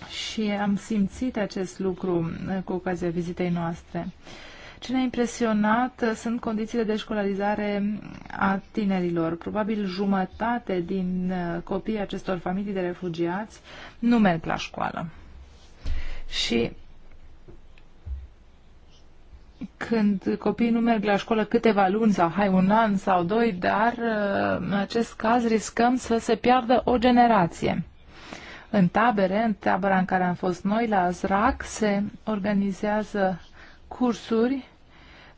și am simțit acest lucru cu ocazia vizitei noastre. Uh, ce ne-a impresionat uh, sunt condițiile de școlarizare mm, a tinerilor. Probabil jumătate din uh, copiii acestor familii de refugiați nu merg la școală. Și când copiii nu merg la școală câteva luni sau hai un an sau doi, dar uh, în acest caz riscăm să se piardă o generație. În tabere, în tabăra în care am fost noi, la Zrac, se organizează cursuri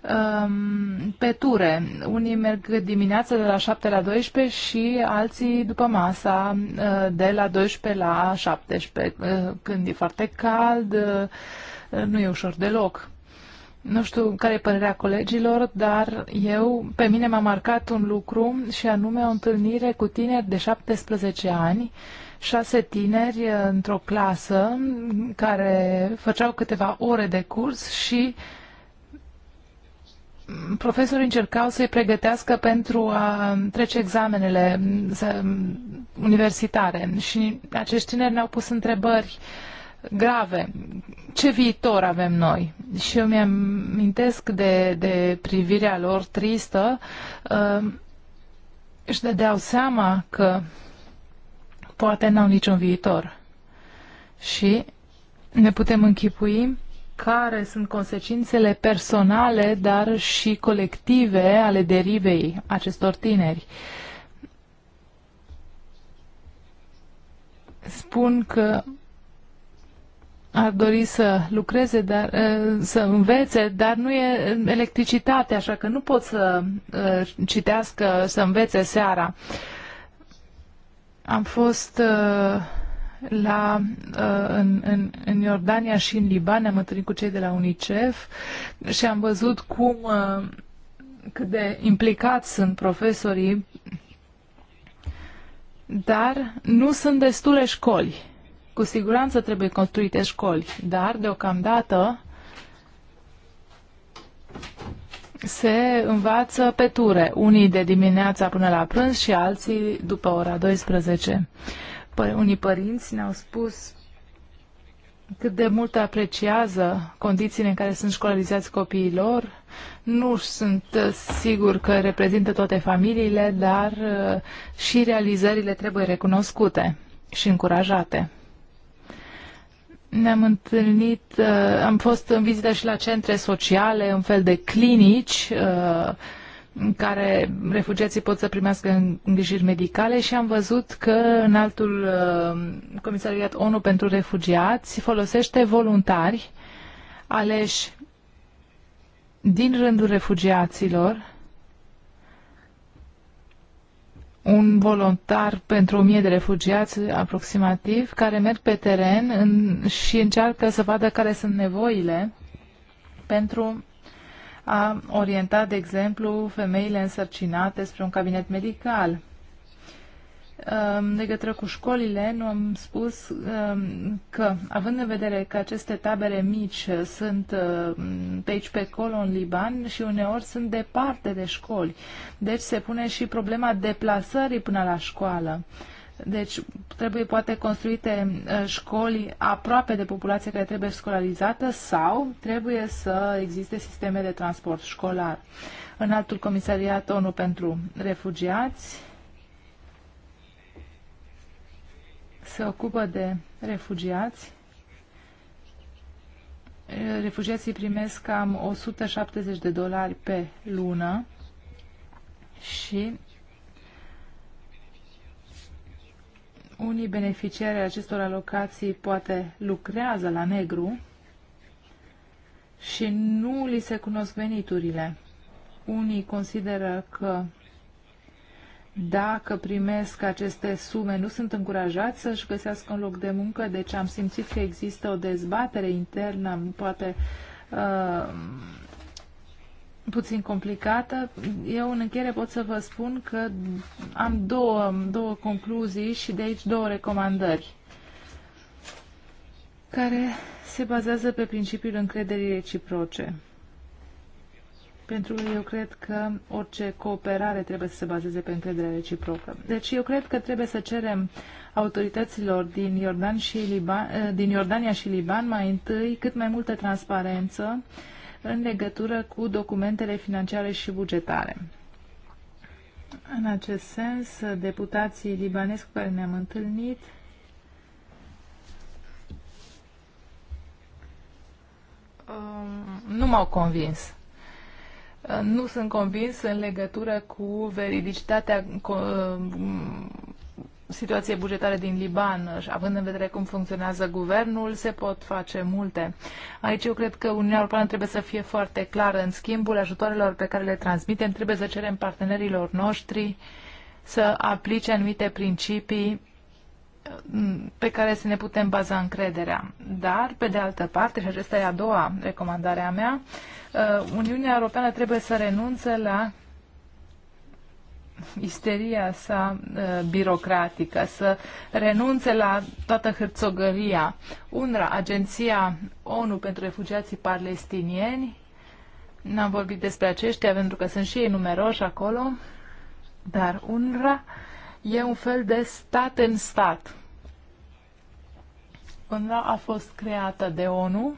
Um, pe ture. Unii merg dimineața de la 7 la 12 și alții după masa uh, de la 12 la 17, uh, când e foarte cald, uh, nu e ușor deloc. Nu știu care e părerea colegilor, dar eu, pe mine m-a marcat un lucru și anume o întâlnire cu tineri de 17 ani, șase tineri într-o clasă care făceau câteva ore de curs și uh, profesorii încercau să-i pregătească pentru a trece examenele universitare și acești tineri ne-au pus întrebări grave. Ce viitor avem noi? Și eu mi-am mintesc de, de privirea lor tristă. Uh, își dădeau seama că poate n-au niciun viitor. Și ne putem închipui care sunt consecințele personale, dar și colective ale derivei acestor tineri. Spun că ar dori să lucreze, dar, eh, să învețe, dar nu e electricitate, așa că nu pot să eh, citească, să învețe seara. Am fost uh, la, uh, în, în, în Iordania și în Liban, ne-am întâlnit cu cei de la UNICEF și am văzut cum uh, cât de implicați sunt profesorii, dar nu sunt destule școli. Cu siguranță trebuie construite școli, dar deocamdată se învață pe ture, unii de dimineața până la prânz și alții după ora 12. Păi, unii părinți ne-au spus cât de mult apreciază condițiile în care sunt școlarizați copiii lor. Nu sunt uh, sigur că reprezintă toate familiile, dar uh, și realizările trebuie recunoscute și încurajate. Ne-am întâlnit, uh, am fost în vizită și la centre sociale, un fel de clinici în care refugiații pot să primească îngrijiri medicale și am văzut că în altul uh, Comisariat ONU pentru Refugiați folosește voluntari aleși din rândul refugiaților un voluntar pentru o mie de refugiați aproximativ care merg pe teren în, și încearcă să vadă care sunt nevoile pentru a orientat, de exemplu, femeile însărcinate spre un cabinet medical. În legătură cu școlile, nu am spus um, că, având în vedere că aceste tabere mici sunt um, pe aici, pe acolo, în Liban și uneori sunt departe de școli, deci se pune și problema deplasării până la școală. Deci trebuie poate construite uh, școli aproape de populația care trebuie școlarizată sau trebuie să existe sisteme de transport școlar. În altul comisariat ONU pentru refugiați se ocupă de refugiați. Uh, refugiații primesc cam 170 de dolari pe lună și unii beneficiari acestor alocații poate lucrează la negru și nu li se cunosc veniturile. Unii consideră că dacă primesc aceste sume, nu sunt încurajați să-și găsească un loc de muncă, deci am simțit că există o dezbatere internă, poate uh, puțin complicată. Eu în încheiere pot să vă spun că am două, două concluzii și de aici două recomandări care se bazează pe principiul încrederii reciproce. Pentru că eu cred că orice cooperare trebuie să se bazeze pe încrederea reciprocă. Deci eu cred că trebuie să cerem autorităților din, Iordan și Liban, din Iordania și Liban mai întâi cât mai multă transparență în legătură cu documentele financiare și bugetare. În acest sens, deputații libanezi cu care ne-am întâlnit um, nu m-au convins. Nu sunt convins în legătură cu veridicitatea situație bugetară din Liban, având în vedere cum funcționează guvernul, se pot face multe. Aici eu cred că Uniunea Europeană trebuie să fie foarte clară. În schimbul ajutoarelor pe care le transmitem, trebuie să cerem partenerilor noștri să aplice anumite principii mm, pe care să ne putem baza încrederea. Dar, pe de altă parte, și acesta e a doua recomandare a mea, uh, Uniunea Europeană trebuie să renunțe la isteria sa uh, birocratică, să renunțe la toată hârțogăria. UNRWA, Agenția ONU pentru Refugiații Palestinieni, n-am vorbit despre aceștia pentru că sunt și ei numeroși acolo, dar UNRWA e un fel de stat în stat. UNRWA a fost creată de ONU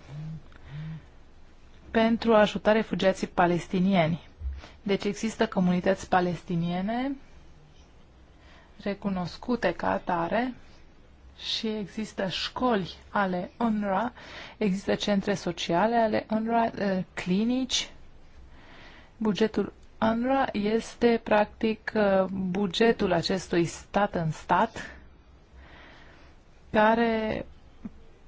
pentru a ajuta refugiații palestinieni. Deci există comunități palestiniene recunoscute ca atare și există școli ale UNRWA, există centre sociale ale UNRWA, eh, clinici. Bugetul UNRWA este practic eh, bugetul acestui stat în stat care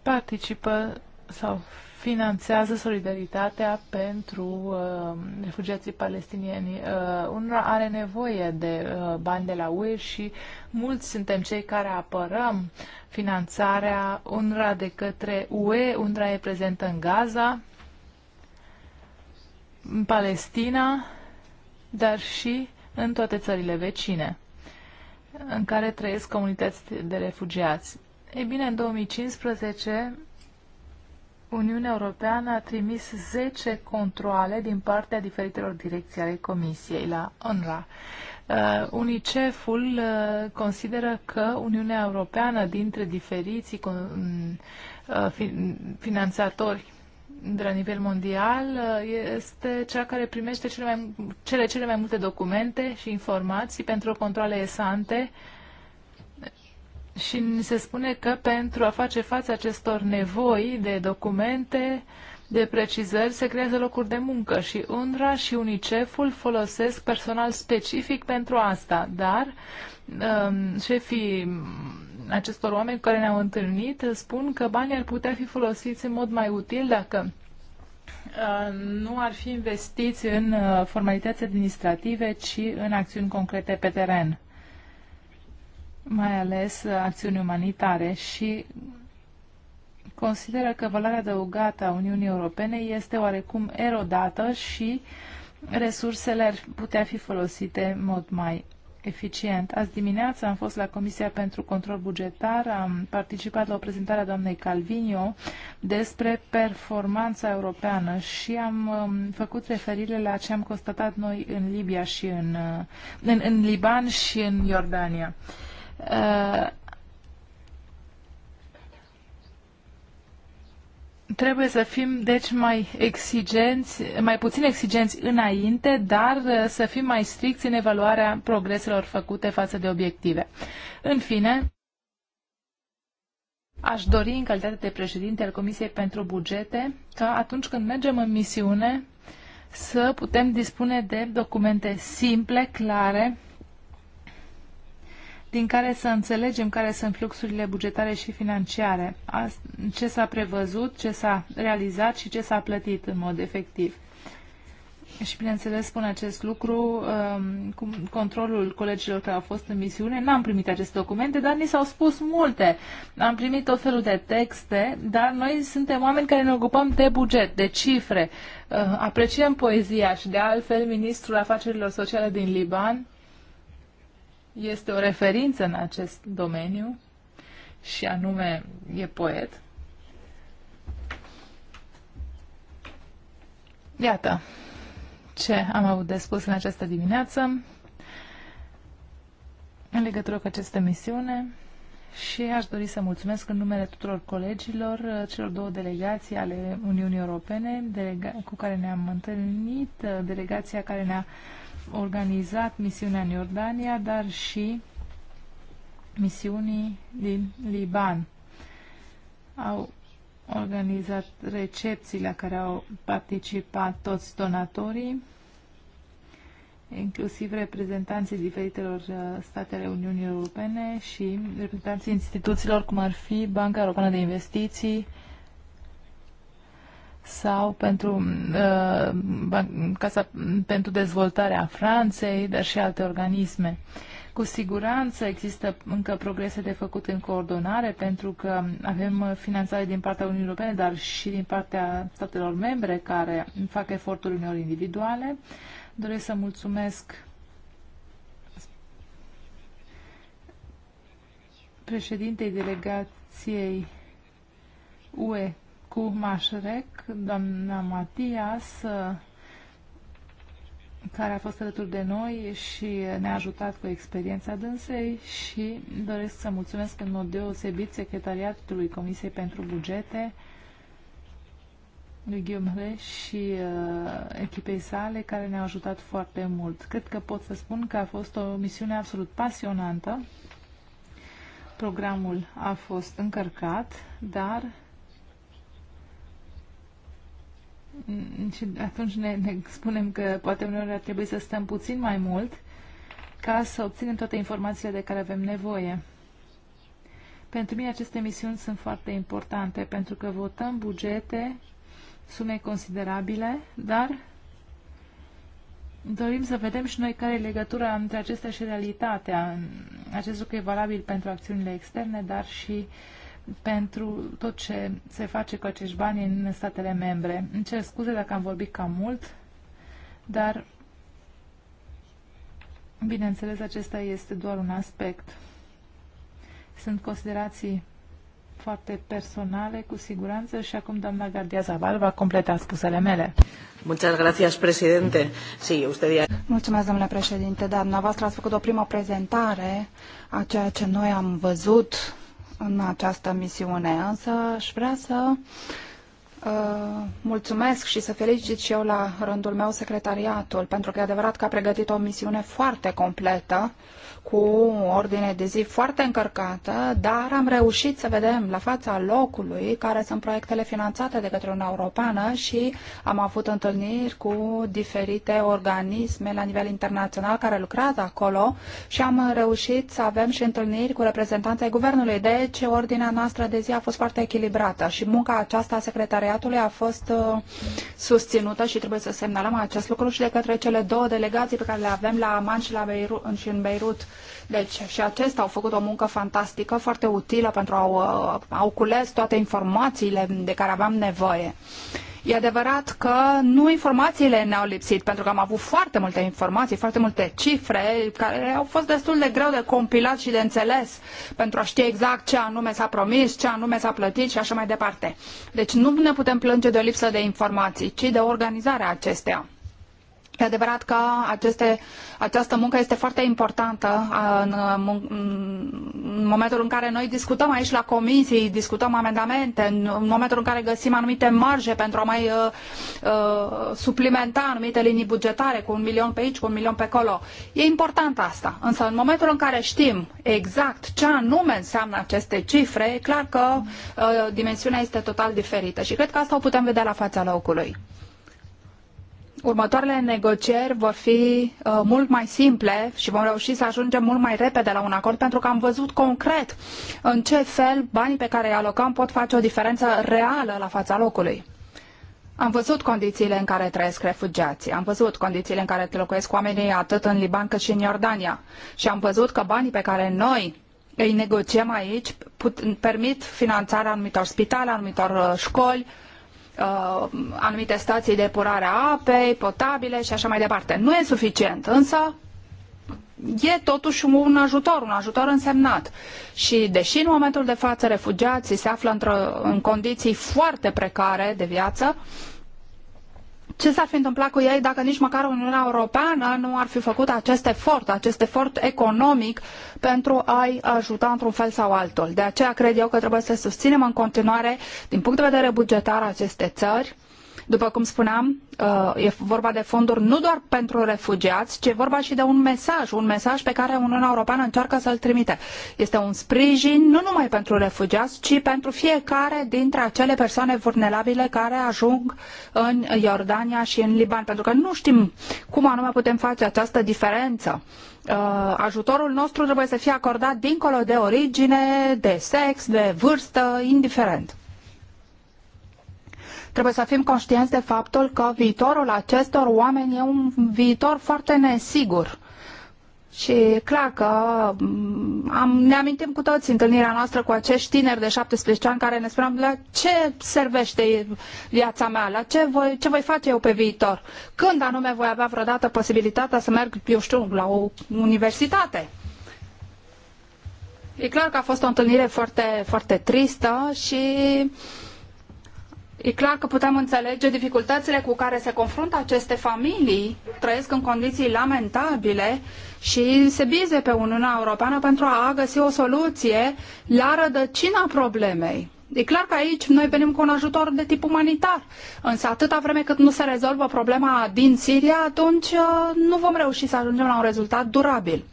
participă sau finanțează solidaritatea pentru uh, refugiații palestinieni. Uh, unora are nevoie de uh, bani de la UE și mulți suntem cei care apărăm finanțarea UNRWA de către UE, UNRWA e prezentă în Gaza, în Palestina, dar și în toate țările vecine în care trăiesc comunități de refugiați. Ei bine, în 2015 Uniunea Europeană a trimis 10 controle din partea diferitelor direcții ale Comisiei la UNRWA. Uh, UNICEF-ul uh, consideră că Uniunea Europeană, dintre diferiții mm, uh, fi, finanțatori de la nivel mondial, uh, este cea care primește cele mai, cele, cele mai multe documente și informații pentru controle esante uh, și ni se spune că pentru a face față acestor nevoi de documente, de precizări, se creează locuri de muncă și UNRWA și UNICEF-ul folosesc personal specific pentru asta, dar um, șefii acestor oameni care ne-au întâlnit spun că banii ar putea fi folosiți în mod mai util dacă uh, nu ar fi investiți în uh, formalități administrative, ci în acțiuni concrete pe teren mai ales uh, acțiuni umanitare și consideră că valoarea adăugată a Uniunii Europene este oarecum erodată și resursele ar putea fi folosite în mod mai eficient. Azi dimineață am fost la Comisia pentru Control Bugetar, am participat la o prezentare a doamnei Calvinio despre performanța europeană și am um, făcut referire la ce am constatat noi în Libia și în, uh, în, în Liban și în Iordania. Uh, Uh, trebuie să fim, deci, mai exigenți, mai puțin exigenți înainte, dar uh, să fim mai stricți în evaluarea progreselor făcute față de obiective. În fine, aș dori, în calitate de președinte al Comisiei pentru Bugete, ca atunci când mergem în misiune, să putem dispune de documente simple, clare, din care să înțelegem care sunt fluxurile bugetare și financiare, ce s-a prevăzut, ce s-a realizat și ce s-a plătit în mod efectiv. Și bineînțeles spun acest lucru um, cu controlul colegilor care au fost în misiune. N-am primit aceste documente, dar ni s-au spus multe. Am primit tot felul de texte, dar noi suntem oameni care ne ocupăm de buget, de cifre. Uh, apreciem poezia și de altfel ministrul afacerilor sociale din Liban este o referință în acest domeniu și anume e poet. Iată ce am avut de spus în această dimineață în legătură cu această misiune și aș dori să mulțumesc în numele tuturor colegilor, celor două delegații ale Uniunii Europene delega- cu care ne-am întâlnit, delegația care ne-a uh, organizat misiunea în Iordania, dar și misiunii din Liban. Au organizat recepții la care au participat toți donatorii, inclusiv reprezentanții diferitelor uh, state ale Uniunii Europene și reprezentanții instituțiilor, cum ar fi Banca Europeană de Investiții, sau pentru uh, Casa pentru Dezvoltarea Franței, dar și alte organisme. Cu siguranță există încă progrese de făcut în coordonare, pentru că avem finanțare din partea Uniunii Europene, dar și din partea statelor membre care fac eforturi uneori individuale. Doresc să mulțumesc președintei delegației UE cu Mașrec, doamna Matias, care a fost alături de noi și ne-a ajutat cu experiența dânsei și doresc să mulțumesc în mod deosebit secretariatului Comisiei pentru Bugete, lui Ghiomre și uh, echipei sale care ne-au ajutat foarte mult. Cred că pot să spun că a fost o misiune absolut pasionantă. Programul a fost încărcat, dar și atunci ne, ne spunem că poate uneori ar trebui să stăm puțin mai mult ca să obținem toate informațiile de care avem nevoie. Pentru mine aceste misiuni sunt foarte importante pentru că votăm bugete, sume considerabile, dar dorim să vedem și noi care e legătura între acestea și realitatea. Acest lucru e valabil pentru acțiunile externe, dar și uh, pentru tot ce se face cu acești bani în statele membre. Îmi cer scuze dacă am vorbit cam mult, dar bineînțeles acesta este doar un aspect. Sunt considerații foarte personale, cu siguranță, și acum doamna Gardia Zaval va completa spusele mele. Muchas gracias, presidente. Sí, usted ya... Mulțumesc, domnule președinte. Da, dumneavoastră ați făcut o primă prezentare a ceea ce noi am văzut în această misiune, însă aș vrea să Ă, mulțumesc și să felicit și eu la rândul meu secretariatul, pentru că e adevărat că a pregătit o misiune foarte completă, cu o ordine de zi foarte încărcată, dar am reușit să vedem la fața locului care sunt proiectele finanțate de către Uniunea Europeană și am avut întâlniri cu diferite organisme la nivel internațional care lucrează acolo și am reușit să avem și întâlniri cu reprezentanții guvernului. Deci, ordinea noastră de zi a fost foarte echilibrată și munca aceasta a secretariatului secretariatului a fost uh, susținută și trebuie să semnalăm acest lucru și de către cele două delegații pe care le avem la Amman și, la Beirut, și în Beirut deci și acestea au făcut o muncă fantastică, foarte utilă pentru a, uh, au cules toate informațiile de care aveam nevoie. E adevărat că nu informațiile ne-au lipsit, pentru că am avut foarte multe informații, foarte multe cifre, care au fost destul de greu de compilat și de înțeles pentru a ști exact ce anume s-a promis, ce anume s-a plătit și așa mai departe. Deci nu ne putem plânge de o lipsă de informații, ci de organizarea acesteia. E adevărat că aceste, această muncă este foarte importantă în, în momentul în care noi discutăm aici la comisii, discutăm amendamente, în momentul în care găsim anumite marje pentru a mai uh, uh, suplimenta anumite linii bugetare cu un milion pe aici, cu un milion pe acolo. E important asta. Însă în momentul în care știm exact ce anume înseamnă aceste cifre, e clar că uh, dimensiunea este total diferită și cred că asta o putem vedea la fața locului următoarele negocieri vor fi uh, mult mai simple și vom reuși să ajungem mult mai repede la un acord pentru că am văzut concret în ce fel banii pe care îi alocăm pot face o diferență reală la fața locului. Am văzut condițiile în care trăiesc refugiații, am văzut condițiile în care locuiesc oamenii atât în Liban cât și în Iordania și am văzut că banii pe care noi îi negociem aici put, permit finanțarea anumitor spitale, anumitor uh, școli, uh, uh, anumite stații de epurare a apei, potabile și așa mai departe. Nu e suficient, însă e totuși un ajutor, un ajutor însemnat. Și deși în momentul de față refugiații se află în condiții foarte precare de viață, uh, ce s-ar fi întâmplat cu ei dacă nici măcar Uniunea Europeană nu ar fi făcut acest efort, acest efort economic pentru a-i ajuta într-un fel sau altul. De aceea cred eu că trebuie să susținem în continuare, din punct de vedere bugetar, aceste țări după cum spuneam, uh, e vorba de fonduri nu doar pentru refugiați, ci e vorba și de un mesaj, un mesaj pe care Uniunea Europeană încearcă să-l trimite. Este un sprijin nu numai pentru refugiați, ci pentru fiecare dintre acele persoane vulnerabile care ajung în Iordania și în Liban, pentru că nu știm cum anume putem face această diferență uh, ajutorul nostru trebuie să fie acordat dincolo de origine, de sex, de vârstă, indiferent. Trebuie să fim conștienți de faptul că viitorul acestor oameni e un viitor foarte nesigur. Și clar că mm, am, ne amintim cu toți întâlnirea noastră cu acești tineri de 17 ani care ne spuneam la ce servește viața mea, la ce voi, ce voi face eu pe viitor, când anume voi avea vreodată posibilitatea să merg, eu știu, la o universitate. E clar că a fost o întâlnire foarte, foarte tristă și uh, E clar că putem înțelege dificultățile cu care se confruntă aceste familii, trăiesc în condiții lamentabile și se bize pe Uniunea Europeană pentru a găsi o soluție la rădăcina problemei. E clar că aici noi venim cu un ajutor de tip umanitar, însă atâta vreme cât nu se rezolvă problema din Siria, atunci uh, nu vom reuși să ajungem la un rezultat durabil.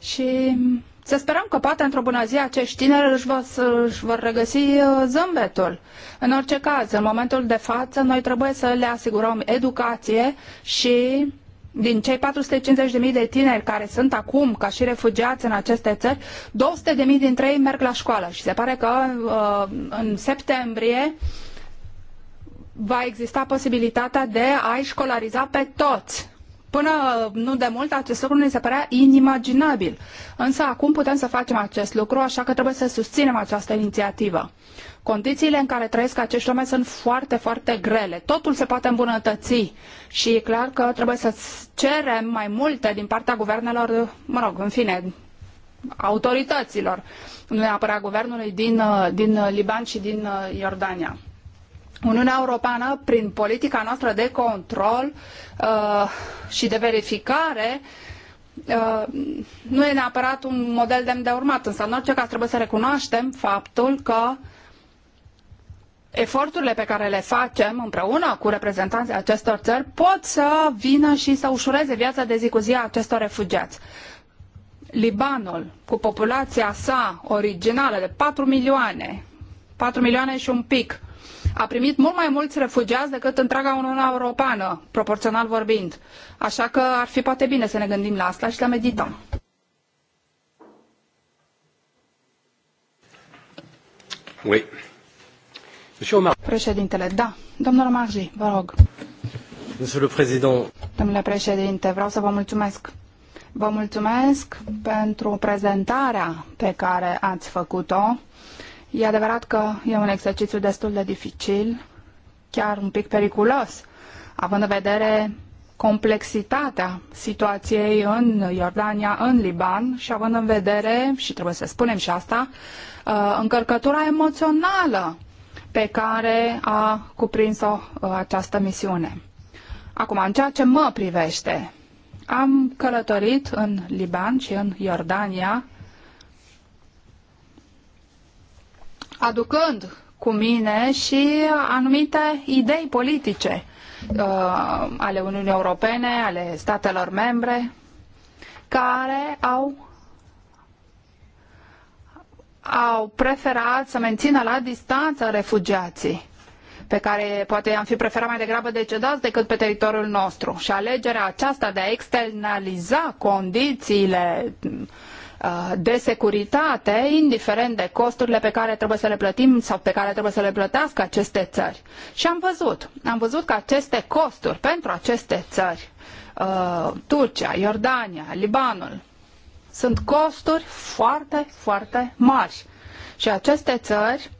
Și să sperăm că poate într-o bună zi acești tineri își vor, își vor regăsi uh, zâmbetul. În orice caz, în momentul de față, noi trebuie să le asigurăm educație și din cei 450.000 de tineri care sunt acum ca și refugiați în aceste țări, 200.000 dintre ei merg la școală și se pare că uh, în septembrie va exista posibilitatea de a-i școlariza pe toți Până nu de mult acest lucru ne se părea inimaginabil. Însă acum putem să facem acest lucru, așa că trebuie să susținem această inițiativă. Condițiile în care trăiesc acești oameni sunt foarte, foarte grele. Totul se poate îmbunătăți și e clar că trebuie să cerem mai multe din partea guvernelor, mă rog, în fine, autorităților, nu neapărat guvernului din, din Liban și din uh, Iordania. Uniunea Europeană, prin politica noastră de control uh, și de verificare, uh, nu e neapărat un model demn de urmat, însă în orice caz trebuie să recunoaștem faptul că eforturile pe care le facem împreună cu reprezentanții acestor țări pot să vină și să ușureze viața de zi cu zi a acestor refugiați. Libanul, cu populația sa originală de patru milioane, patru milioane și un pic, a primit mult mai mulți refugiați decât întreaga Uniunea Europeană, proporțional vorbind. Așa că ar fi poate bine să ne gândim la asta și la medităm. Oui. Președintele, da. Domnul Marji, vă rog. Domnule președinte, vreau să vă mulțumesc. Vă mulțumesc pentru prezentarea pe care ați făcut-o E adevărat că e un exercițiu destul de dificil, chiar un pic periculos, având în vedere complexitatea situației în Iordania, în Liban și având în vedere, și trebuie să spunem și asta, uh, încărcătura emoțională pe care a cuprins-o uh, această misiune. Acum, în ceea ce mă privește, am călătorit în Liban și în Iordania aducând cu mine și anumite idei politice uh, ale Uniunii Europene, ale statelor membre, care au au preferat să mențină la distanță refugiații pe care poate am fi preferat mai degrabă decedați decât pe teritoriul nostru. Și alegerea aceasta de a externaliza condițiile Uh, de securitate, indiferent de costurile pe care trebuie să le plătim sau pe care trebuie să le plătească aceste țări. Și am văzut, am văzut că aceste costuri pentru aceste țări, uh, Turcia, Iordania, Libanul, sunt costuri foarte, foarte mari. Și aceste țări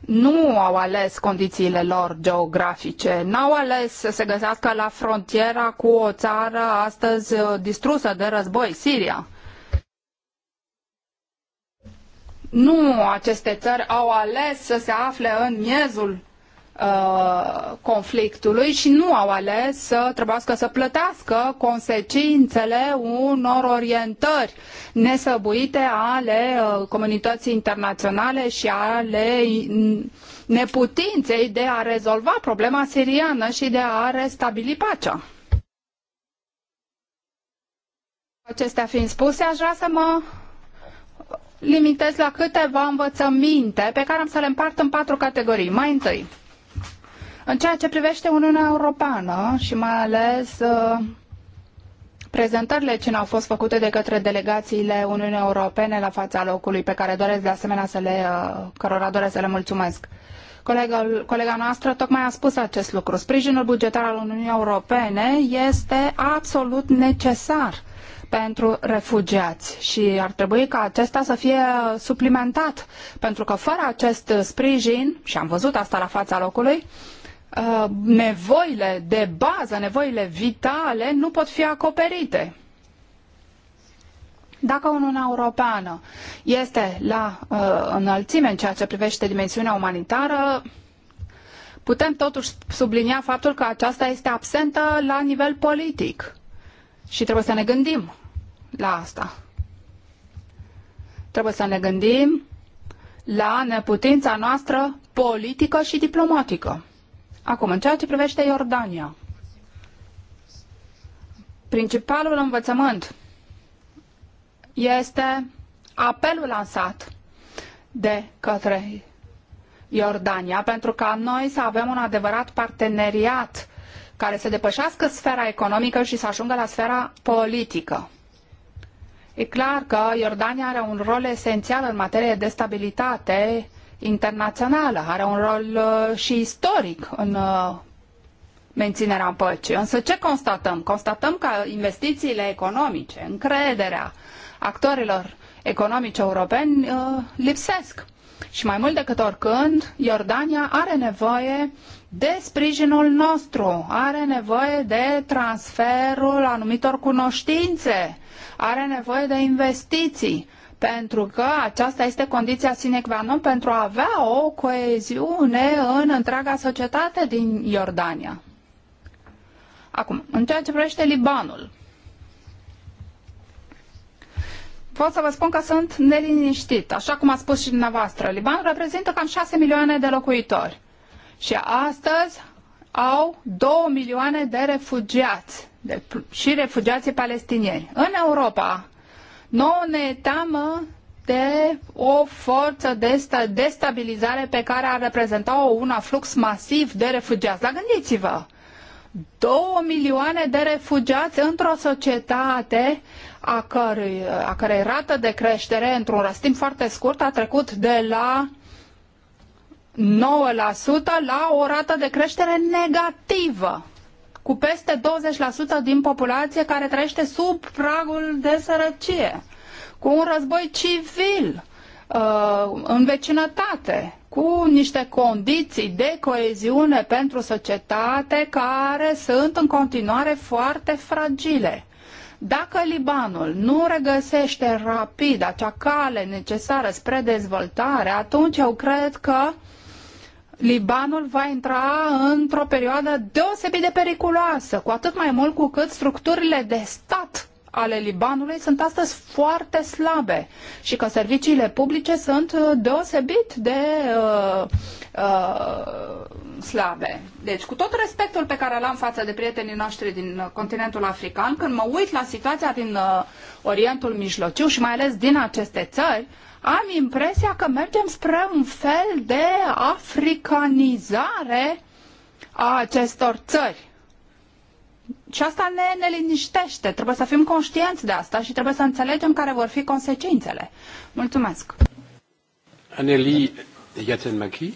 nu au ales condițiile lor geografice, n-au ales să se găsească la frontiera cu o țară astăzi distrusă de război, Siria. Nu aceste țări au ales să se afle în miezul uh, conflictului și nu au ales să trebuiască să plătească consecințele unor orientări nesăbuite ale uh, comunității internaționale și ale neputinței de a rezolva problema siriană și de a restabili pacea. Acestea fiind spuse, aș vrea să mă limitez la câteva învățăminte pe care am să le împart în patru categorii. Mai întâi, în ceea ce privește Uniunea Europeană și mai ales uh, prezentările ce au fost făcute de către delegațiile Uniunii Europene la fața locului, pe care doresc de asemenea să le, uh, cărora doresc să le mulțumesc. Colegul, colega noastră tocmai a spus acest lucru. Sprijinul bugetar al Uniunii Europene este absolut necesar pentru refugiați și ar trebui ca acesta să fie suplimentat, pentru că fără acest sprijin, și am văzut asta la fața locului, uh, nevoile de bază, nevoile vitale nu pot fi acoperite. Dacă Uniunea Europeană este la uh, înălțime în ceea ce privește dimensiunea umanitară, putem totuși sublinia faptul că aceasta este absentă la nivel politic. Și trebuie să ne gândim la asta. Trebuie să ne gândim la neputința noastră politică și diplomatică. Acum, în ceea ce privește Iordania, principalul învățământ este apelul lansat de către Iordania pentru ca noi să avem un adevărat parteneriat care să depășească sfera economică și să ajungă la sfera politică. E clar că Iordania are un rol esențial în materie de stabilitate internațională, are un rol uh, și istoric în uh, menținerea păcii. Însă ce constatăm? Constatăm că investițiile economice, încrederea, actorilor economici europeni uh, lipsesc. Și mai mult decât oricând, Iordania are nevoie de sprijinul nostru, are nevoie de transferul anumitor cunoștințe, are nevoie de investiții, pentru că aceasta este condiția sine qua non pentru a avea o coeziune în întreaga societate din Iordania. Acum, în ceea ce privește Libanul, pot să vă spun că sunt neliniștit. Așa cum a spus și dumneavoastră, Libanul reprezintă cam 6 milioane de locuitori. Și astăzi au 2 milioane de refugiați de, și refugiații palestinieni. În Europa, nouă ne teamă de o forță de destabilizare pe care ar reprezenta un aflux masiv de refugiați. Dar gândiți-vă, 2 milioane de refugiați într-o societate a cărei, a cărei rată de creștere într-un timp foarte scurt a trecut de la 9% la o rată de creștere negativă cu peste 20% din populație care trăiește sub pragul de sărăcie, cu un război civil uh, în vecinătate, cu niște condiții de coeziune pentru societate care sunt în continuare foarte fragile. Dacă Libanul nu regăsește rapid acea cale necesară spre dezvoltare, atunci eu cred că Libanul va intra într-o perioadă deosebit de periculoasă, cu atât mai mult cu cât structurile de stat ale Libanului sunt astăzi foarte slabe și că serviciile publice sunt uh, deosebit de uh, uh, slabe. Deci, cu tot respectul pe care l-am față de prietenii noștri din uh, continentul african, când mă uit la situația din uh, Orientul Mijlociu și mai ales din aceste țări, am impresia că mergem spre un fel de africanizare a acestor țări. Și asta ne, ne liniștește. Trebuie să fim conștienți de asta și trebuie să înțelegem care vor fi consecințele. Mulțumesc. Aneli Iatenmachi.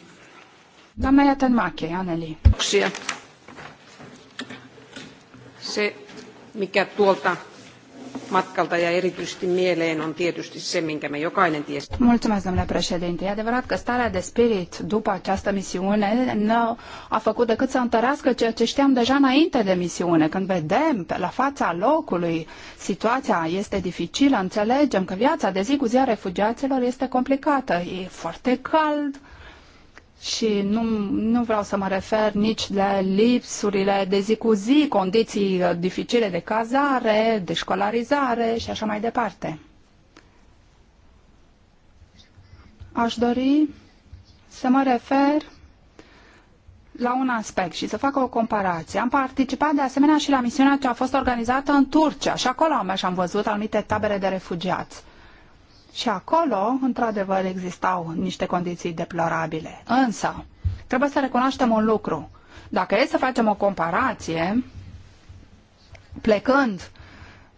Doamna Iatenmachi, Aneli. Se, mikä tuolta matkalta ja erityisesti mieleen on tietysti se, minkä me jokainen tiesi. Mulțumesc, domnule președinte. E adevărat că starea de spirit după această misiune nu a făcut decât să întărească ceea ce știam deja înainte de misiune. Când vedem la fața locului situația este dificilă, înțelegem că viața de zi cu zi a refugiaților este complicată. E foarte cald, și nu, nu vreau să mă refer nici la lipsurile de zi cu zi, condiții uh, dificile de cazare, de școlarizare și așa mai departe. Aș dori să mă refer la un aspect și să fac o comparație. Am participat de asemenea și la misiunea ce a fost organizată în Turcia și acolo am, și am văzut anumite tabere de refugiați. Și acolo, într-adevăr, existau niște condiții deplorabile. Însă, trebuie să recunoaștem un lucru. Dacă e să facem o comparație, plecând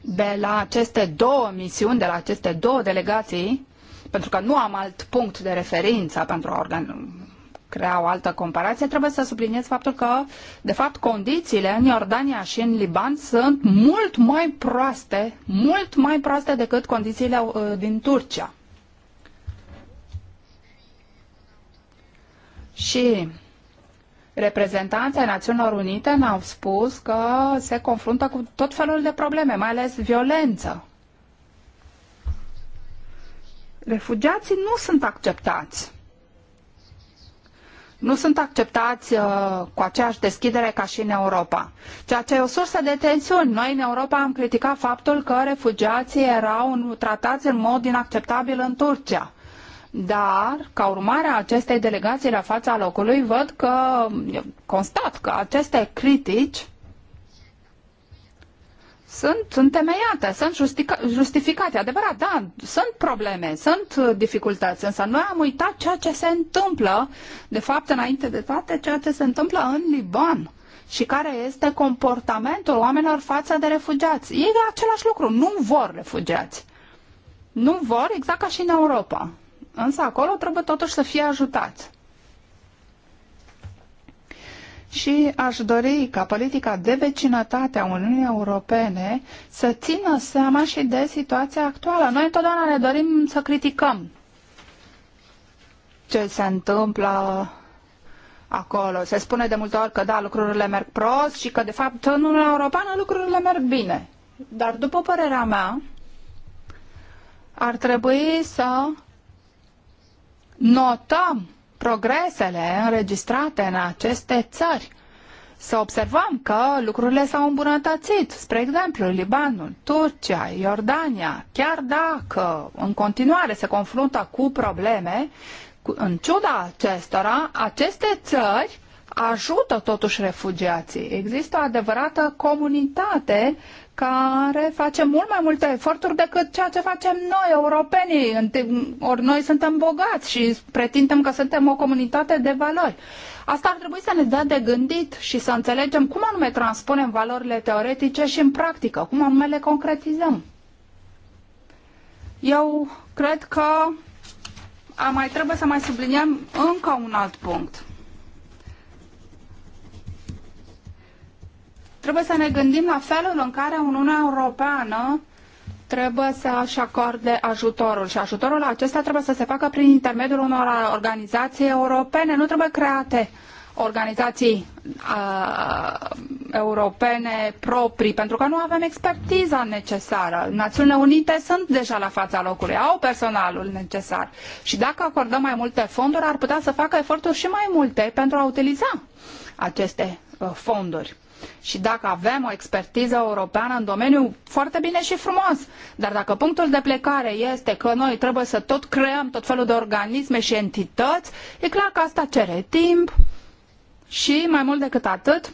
de la aceste două misiuni, de la aceste două delegații, pentru că nu am alt punct de referință pentru a crea o altă comparație, trebuie să subliniez faptul că, de fapt, condițiile în Iordania și în Liban sunt mult mai proaste, mult mai proaste decât condițiile uh, din Turcia. Și reprezentanții Națiunilor Unite ne-au spus că se confruntă cu tot felul de probleme, mai ales violență. Refugiații nu sunt acceptați nu sunt acceptați uh, cu aceeași deschidere ca și în Europa. Ceea ce e o sursă de tensiuni. Noi în Europa am criticat faptul că refugiații erau tratați în mod inacceptabil în Turcia. Dar, ca urmare a acestei delegații la fața locului, văd că, constat că aceste critici sunt întemeiate, sunt justificate. Adevărat, da, sunt probleme, sunt uh, dificultăți, însă noi am uitat ceea ce se întâmplă, de fapt, înainte de toate, ceea ce se întâmplă în Liban și care este comportamentul oamenilor față de refugiați. Ei același lucru, nu vor refugiați. Nu vor, exact ca și în Europa. Însă acolo trebuie totuși să fie ajutați și aș dori ca politica de vecinătate a Uniunii Europene să țină seama și de situația actuală. Noi întotdeauna ne dorim să criticăm ce se întâmplă acolo. Se spune de multe ori că da, lucrurile merg prost și că de fapt în Uniunea Europeană lucrurile merg bine. Dar după părerea mea, ar trebui să notăm progresele înregistrate în aceste țări. Să observăm că lucrurile s-au îmbunătățit, spre exemplu, Libanul, Turcia, Iordania, chiar dacă în continuare se confruntă cu probleme, în ciuda acestora, aceste țări ajută totuși refugiații. Există o adevărată comunitate care face mult mai multe eforturi decât ceea ce facem noi, europenii. Ori noi suntem bogați și pretindem că suntem o comunitate de valori. Asta ar trebui să ne dea de gândit și să înțelegem cum anume transpunem valorile teoretice și în practică, cum anume le concretizăm. Eu cred că mai trebuie să mai subliniem încă un alt punct. Trebuie să ne gândim la felul în care Uniunea Europeană trebuie să-și acorde ajutorul și ajutorul acesta trebuie să se facă prin intermediul unor organizații europene, nu trebuie create organizații uh, europene proprii, pentru că nu avem expertiza necesară. Națiunile Unite sunt deja la fața locului, au personalul necesar și dacă acordăm mai multe fonduri, ar putea să facă eforturi și mai multe pentru a utiliza aceste uh, fonduri. Și dacă avem o expertiză europeană în domeniu, foarte bine și frumos. Dar dacă punctul de plecare este că noi trebuie să tot creăm tot felul de organisme și entități, e clar că asta cere timp și mai mult decât atât,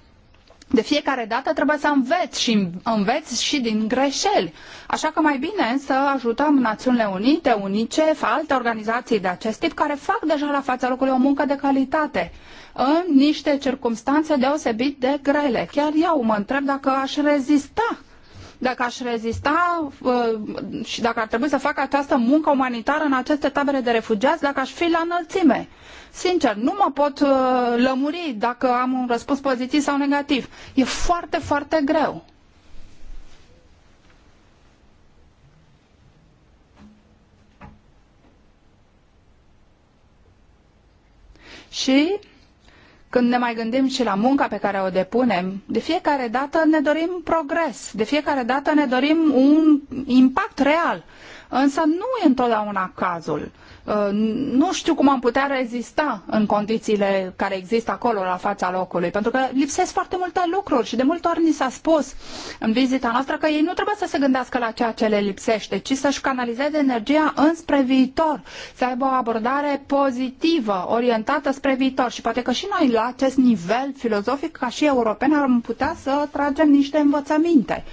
de fiecare dată trebuie să înveți și înveți și din greșeli. Așa că mai bine să ajutăm Națiunile Unite, UNICEF, alte organizații de acest tip care fac deja la fața locului o muncă de calitate în niște circunstanțe deosebit de grele. Chiar eu mă întreb dacă aș rezista dacă aș rezista uh, și dacă ar trebui să fac această muncă umanitară în aceste tabere de refugiați, dacă aș fi la înălțime. Sincer, nu mă pot uh, lămuri dacă am un răspuns pozitiv sau negativ. E foarte, foarte greu. Și când ne mai gândim și la munca pe care o depunem, de fiecare dată ne dorim progres, de fiecare dată ne dorim un impact real. Însă nu e întotdeauna cazul. Uh, nu știu cum am putea rezista în condițiile care există acolo la fața locului, pentru că lipsesc foarte multe lucruri și de multe ori ni s-a spus în vizita noastră că ei nu trebuie să se gândească la ceea ce le lipsește, ci să-și canalizeze energia înspre viitor, să aibă o abordare pozitivă, orientată spre viitor și poate că și noi la acest nivel filozofic ca și europeni am putea să tragem niște învățăminte.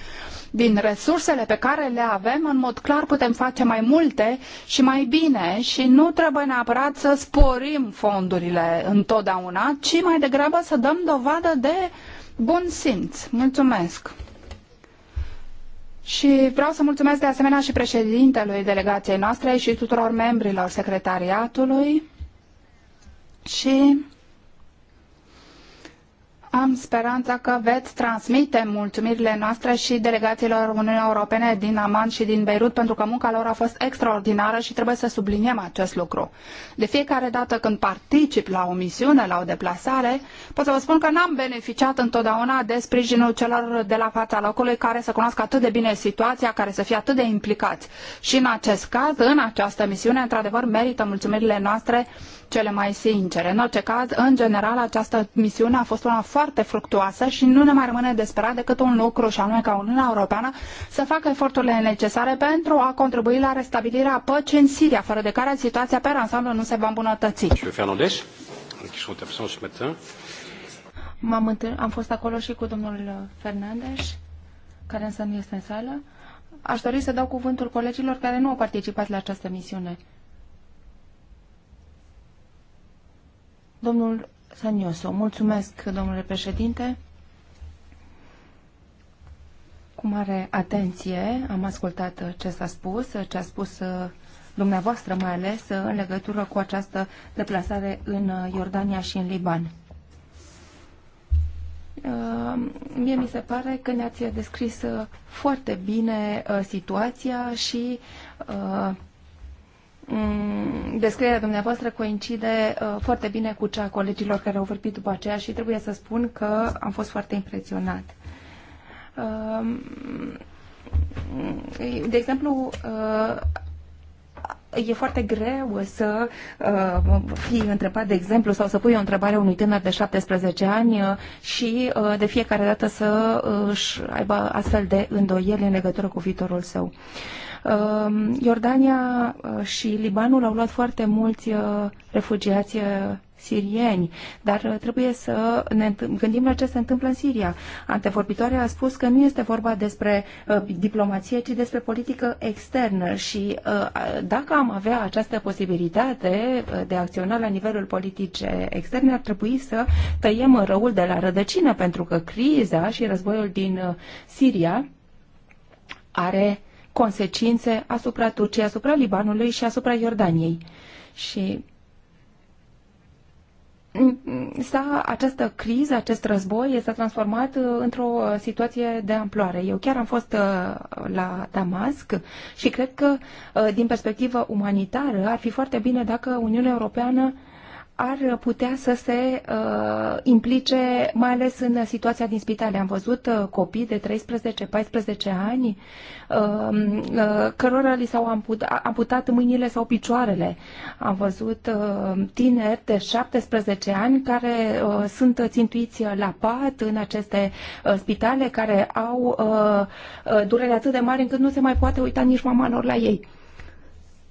Din resursele pe care le avem, în mod clar putem face mai multe și mai bine și nu trebuie neapărat să sporim fondurile întotdeauna, ci mai degrabă să dăm dovadă de bun simț. Mulțumesc! Și vreau să mulțumesc de asemenea și președintelui delegației noastre și tuturor membrilor secretariatului și am speranța că veți transmite mulțumirile noastre și delegațiilor Uniunii Europene din Amman și din Beirut, pentru că munca lor a fost extraordinară și trebuie să subliniem acest lucru. De fiecare dată când particip la o misiune, la o deplasare, pot să vă spun că n-am beneficiat întotdeauna de sprijinul celor de la fața locului care să cunoască atât de bine situația, care să fie atât de implicați. Și în acest caz, în această misiune, într-adevăr, merită mulțumirile noastre cele mai sincere. În orice caz, în general, această misiune a fost una foarte fructuoasă și nu ne mai rămâne de sperat decât un lucru, și anume ca Uniunea Europeană să facă eforturile necesare pentru a contribui la restabilirea păcii în Siria, fără de care situația pe ansamblu nu se va îmbunătăți. M-am întâlnit, am fost acolo și cu domnul Fernandez, care însă nu este în sală. Aș dori să dau cuvântul colegilor care nu au participat la această misiune. Domnul Sanioso, mulțumesc, domnule președinte. Cu mare atenție am ascultat ce s-a spus, ce a spus uh, dumneavoastră mai ales uh, în legătură cu această deplasare în uh, Iordania și în Liban. Mie mi se pare că ne-ați descris foarte bine situația și Mm, descrierea dumneavoastră coincide uh, foarte bine cu cea a colegilor care au vorbit după aceea și trebuie să spun că am fost foarte impresionat. Um, de exemplu, uh, e foarte greu să uh, fii întrebat, de exemplu, sau să pui o întrebare unui tânăr de 17 ani uh, și uh, de fiecare dată să uh, își aibă astfel de îndoieli în legătură cu viitorul său. Uh, Ehm, Iordania eh, și Libanul au luat foarte mulți eh, refugiați eh, sirieni, dar trebuie să ne gândim la ce se întâmplă în Siria. Antevorbitoarea a spus că nu este vorba despre diplomație, ci despre politică externă și dacă am avea această posibilitate de a acționa la nivelul politice externe, ar trebui să tăiem răul de la rădăcină, pentru că criza și războiul din Siria are consecințe asupra Turciei, asupra Libanului și asupra Iordaniei. Și s-a, această criză, acest război s-a transformat uh, într-o uh, situație de amploare. Eu chiar am fost uh, la Damasc și cred că din perspectivă umanitară ar fi foarte bine dacă Uniunea Europeană ar putea să se uh, implice, mai ales în situația din spitale. Am văzut uh, copii de 13-14 ani uh, uh, cărora li s-au amput, amputat mâinile sau picioarele. Am văzut uh, tineri de 17 ani care uh, sunt țintuiți la pat în aceste uh, spitale, care au uh, uh durere atât de mare încât nu se mai poate uita nici mama lor la ei.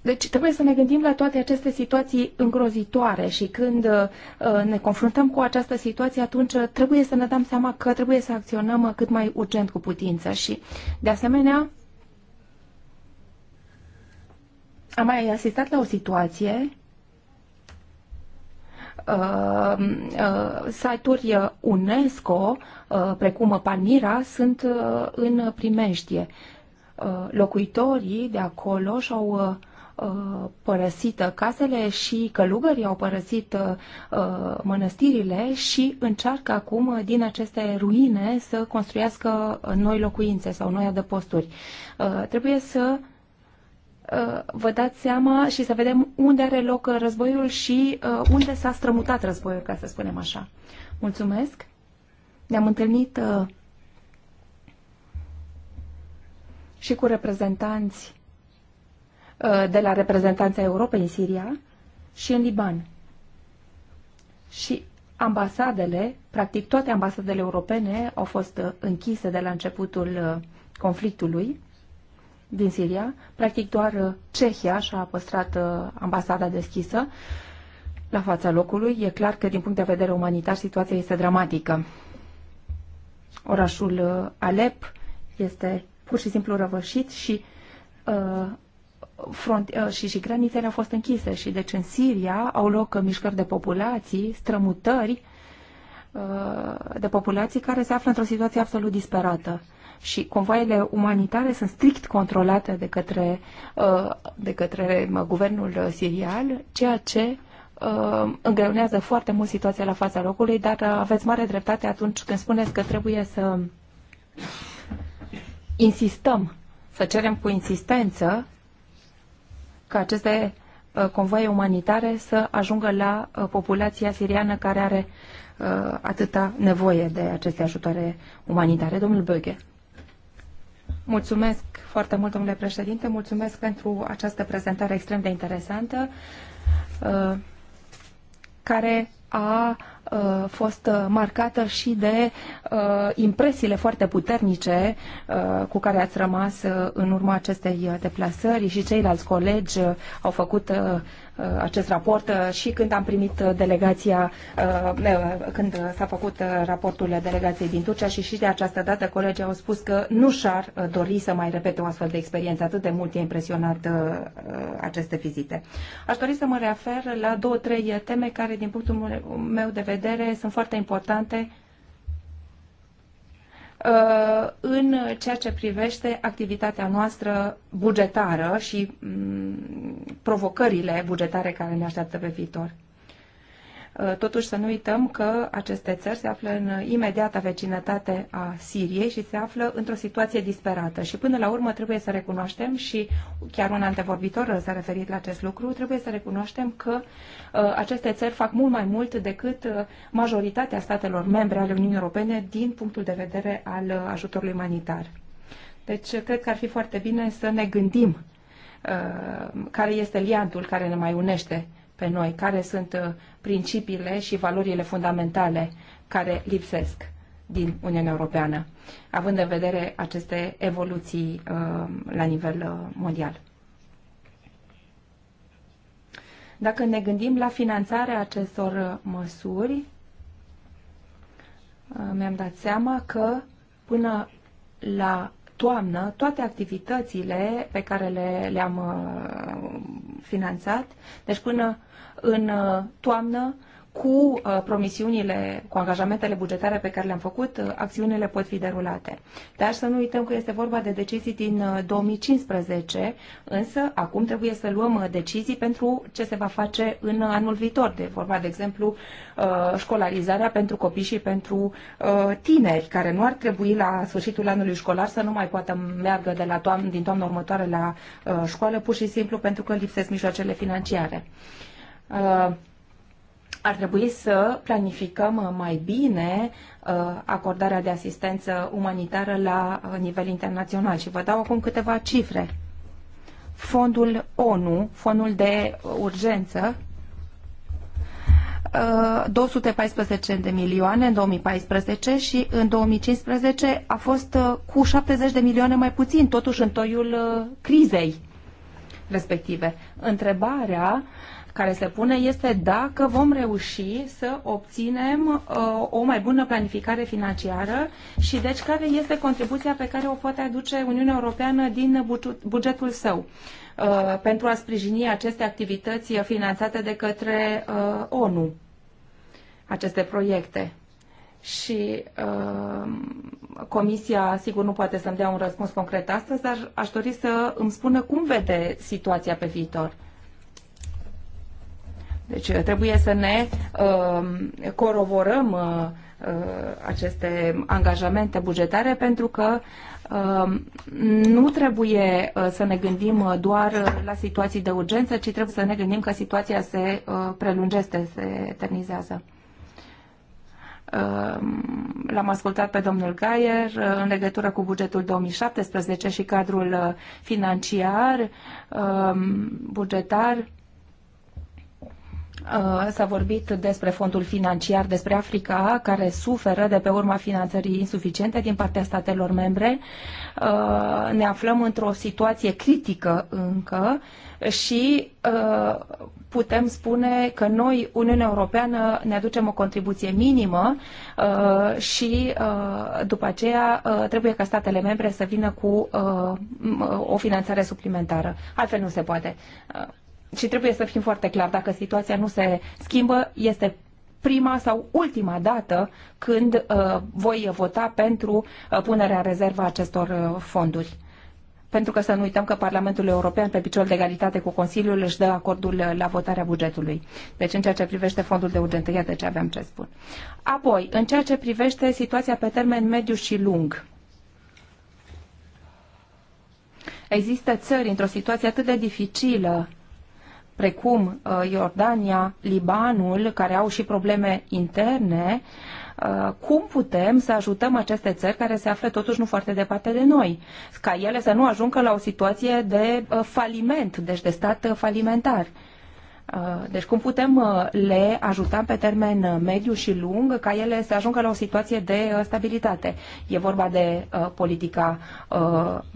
Deci trebuie să ne gândim la toate aceste situații îngrozitoare și când uh, ne confruntăm cu această situație, atunci uh, trebuie să ne dăm seama că trebuie să acționăm uh, cât mai urgent cu putință și, de asemenea, am mai asistat la o situație Uh, uh, site-uri uh, UNESCO, uh, precum Palmira, sunt uh, în primejdie. Uh, locuitorii de acolo și-au uh, Uh, părăsit casele și călugării au părăsit uh, uh, mănăstirile și încearcă acum din aceste ruine să construiască noi locuințe sau noi adăposturi. Trebuie să vă dați seama și să vedem unde are loc războiul și unde s-a strămutat războiul, ca să spunem așa. Mulțumesc! Ne-am întâlnit și cu reprezentanți Uh, de la reprezentanța Europei în Siria și în Liban. Și ambasadele, practic toate ambasadele europene au fost uh, închise de la începutul uh, conflictului din Siria. Practic doar Cehia și-a păstrat ambasada deschisă la fața locului. E clar că din punct de vedere umanitar situația este dramatică. Orașul Alep este pur și simplu răvășit și front, uh, și, și granițele au fost închise și deci în Siria au loc mișcări de populații, strămutări uh, de populații care se află într-o situație absolut disperată. Și convoaiele umanitare sunt strict controlate de către, uh, de către guvernul sirial, ceea ce îngreunează foarte mult situația la fața locului, dar aveți mare dreptate atunci când spuneți că trebuie să insistăm, să cerem cu insistență ca aceste uh, convoie umanitare să ajungă la uh, populația siriană care are uh, atâta nevoie de aceste ajutoare umanitare. Domnul Böge. Mulțumesc foarte mult, domnule președinte, mulțumesc pentru această prezentare extrem de interesantă care a Uh, fost uh, marcată și de uh, impresiile foarte puternice cu care ați rămas în urma acestei deplasări și ceilalți colegi au făcut acest raport și când am primit delegația, când s-a făcut raportul delegației din Turcia și și de această dată colegii au spus că nu și-ar dori să mai repete o astfel de experiență. Atât de mult e impresionat aceste vizite. Aș dori să mă refer la două, trei teme care, din punctul meu de vedere, vedere sunt foarte importante uh, în ceea ce privește activitatea noastră bugetară și mm, provocările bugetare care ne așteaptă pe viitor. Uh, totuși să nu uităm că aceste țări se află în imediata vecinătate a Siriei și se află într-o situație disperată. Și până la urmă trebuie să recunoaștem și chiar un antevorbitor s-a referit la acest lucru, trebuie să recunoaștem că uh, aceste țări fac mult mai mult decât uh, majoritatea statelor membre ale Uniunii Europene din punctul de vedere al ajutorului umanitar. Deci cred că ar fi foarte bine să ne gândim care este liantul care ne mai unește pe noi, care sunt uh, principiile și valorile fundamentale care lipsesc din Uniunea Europeană, având în vedere aceste evoluții uh, la nivel uh, mondial. Dacă ne gândim la finanțarea acestor măsuri, mi-am dat seama că până la toamnă toate activitățile pe care le, le-am finanțat, deci până în uh, toamnă cu uh, promisiunile, cu angajamentele bugetare pe care le-am făcut, uh, acțiunile pot fi derulate. Dar să nu uităm că este vorba de decizii din 2015, însă acum trebuie să luăm decizii pentru ce se va face în anul viitor. De vorba, de exemplu, școlarizarea pentru copii și pentru tineri, care nu ar trebui la sfârșitul anului școlar să nu mai poată meargă de la toamn, din toamna următoare la școală, pur și simplu pentru că lipsesc mijloacele financiare. Uh, ar trebui să planificăm mai bine uh, acordarea de asistență umanitară la uh, nivel internațional. Și vă dau acum câteva cifre. Fondul ONU, fondul de urgență, 214 de milioane în 2014 și în 2015 a fost cu 70 de milioane mai puțin, totuși în toiul crizei respective. Întrebarea uh, care se pune este dacă vom reuși să obținem uh, o mai bună planificare financiară și deci care este contribuția pe care o poate aduce Uniunea Europeană din bugetul său uh, pentru a sprijini aceste activități finanțate de către uh, ONU, aceste proiecte și uh, comisia sigur nu poate să-mi dea un răspuns concret astăzi, dar aș dori să îmi spună cum vede situația pe viitor. Deci uh, trebuie să ne um, uh, coroborăm uh, aceste angajamente bugetare pentru că um, nu trebuie uh, să ne gândim uh, doar la situații de urgență, ci trebuie să ne gândim că situația se prelungește, se eternizează. Um, l-am ascultat pe domnul Gaier în legătură cu bugetul 2017 și cadrul financiar, bugetar Uh, s-a vorbit despre fondul financiar, despre Africa, care suferă de pe urma finanțării insuficiente din partea statelor membre. Uh, ne aflăm într-o situație critică încă și uh, putem spune că noi, Uniunea Europeană, ne aducem o contribuție minimă și după aceea trebuie ca statele membre să vină cu o finanțare suplimentară. Altfel nu se poate și trebuie să fim foarte clar, dacă situația nu se schimbă, este prima sau ultima dată când uh, voi vota pentru uh, punerea rezervă rezervă acestor uh, fonduri. Pentru că să nu uităm că Parlamentul European, pe picior de egalitate cu Consiliul, își dă acordul uh, la votarea bugetului. Deci, în ceea ce privește fondul de urgență, iată ce aveam ce spun. Apoi, în ceea ce privește situația pe termen mediu și lung, există țări într-o situație atât de dificilă precum uh, Iordania, Libanul, care au și probleme interne, uh, cum putem să ajutăm aceste țări care se află totuși nu foarte departe de noi, ca ele să nu ajungă la o situație de uh, faliment, deci de stat falimentar. Uh, deci cum putem uh, le ajuta pe termen uh, mediu și lung ca ele să ajungă la o situație de stabilitate? E vorba de politica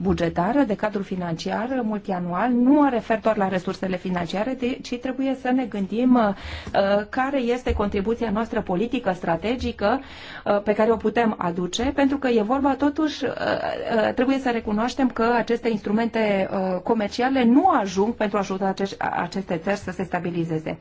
bugetară, de cadrul financiar multianual. Nu refer doar la resursele financiare, ci trebuie să ne gândim care este contribuția noastră politică, strategică pe care o putem aduce, pentru că e vorba totuși, trebuie să recunoaștem că aceste instrumente comerciale nu ajung pentru a ajuta aceste țări să se stabilizeze stabilizeze.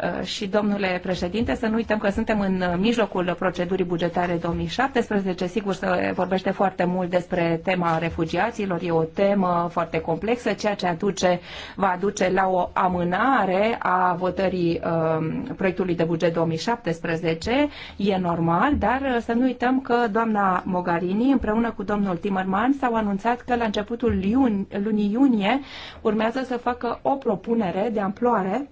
Uh, și, domnule președinte, să nu uităm că suntem în uh, mijlocul procedurii bugetare 2017. Sigur, se vorbește foarte mult despre tema refugiaților. E o temă foarte complexă, ceea ce aduce, va aduce la o amânare a votării uh, proiectului de buget 2017. E normal, dar să nu uităm că doamna Mogarini, împreună cu domnul Timmerman, s-au anunțat că la începutul lunii iunie urmează să facă o propunere de amploare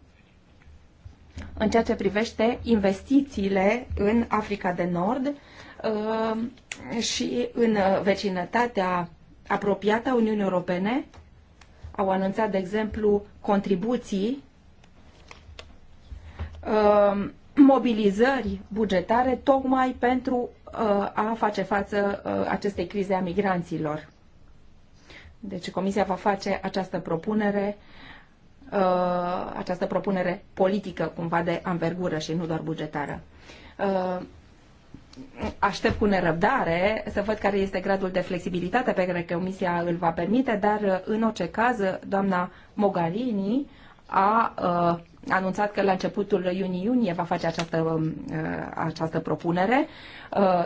în ceea ce privește investițiile în Africa de Nord uh, și în vecinătatea apropiată a Uniunii Europene. Au anunțat, de exemplu, contribuții, uh, mobilizări bugetare tocmai pentru uh, a face față acestei crize a migranților. Deci Comisia va face această propunere Uh, această propunere politică cumva de anvergură și nu doar bugetară. Uh, aștept cu nerăbdare să văd care este gradul de flexibilitate pe care Comisia îl va permite, dar uh, în orice caz, doamna Mogarini a anunțat că la începutul iunie-iunie va face această, um, această propunere,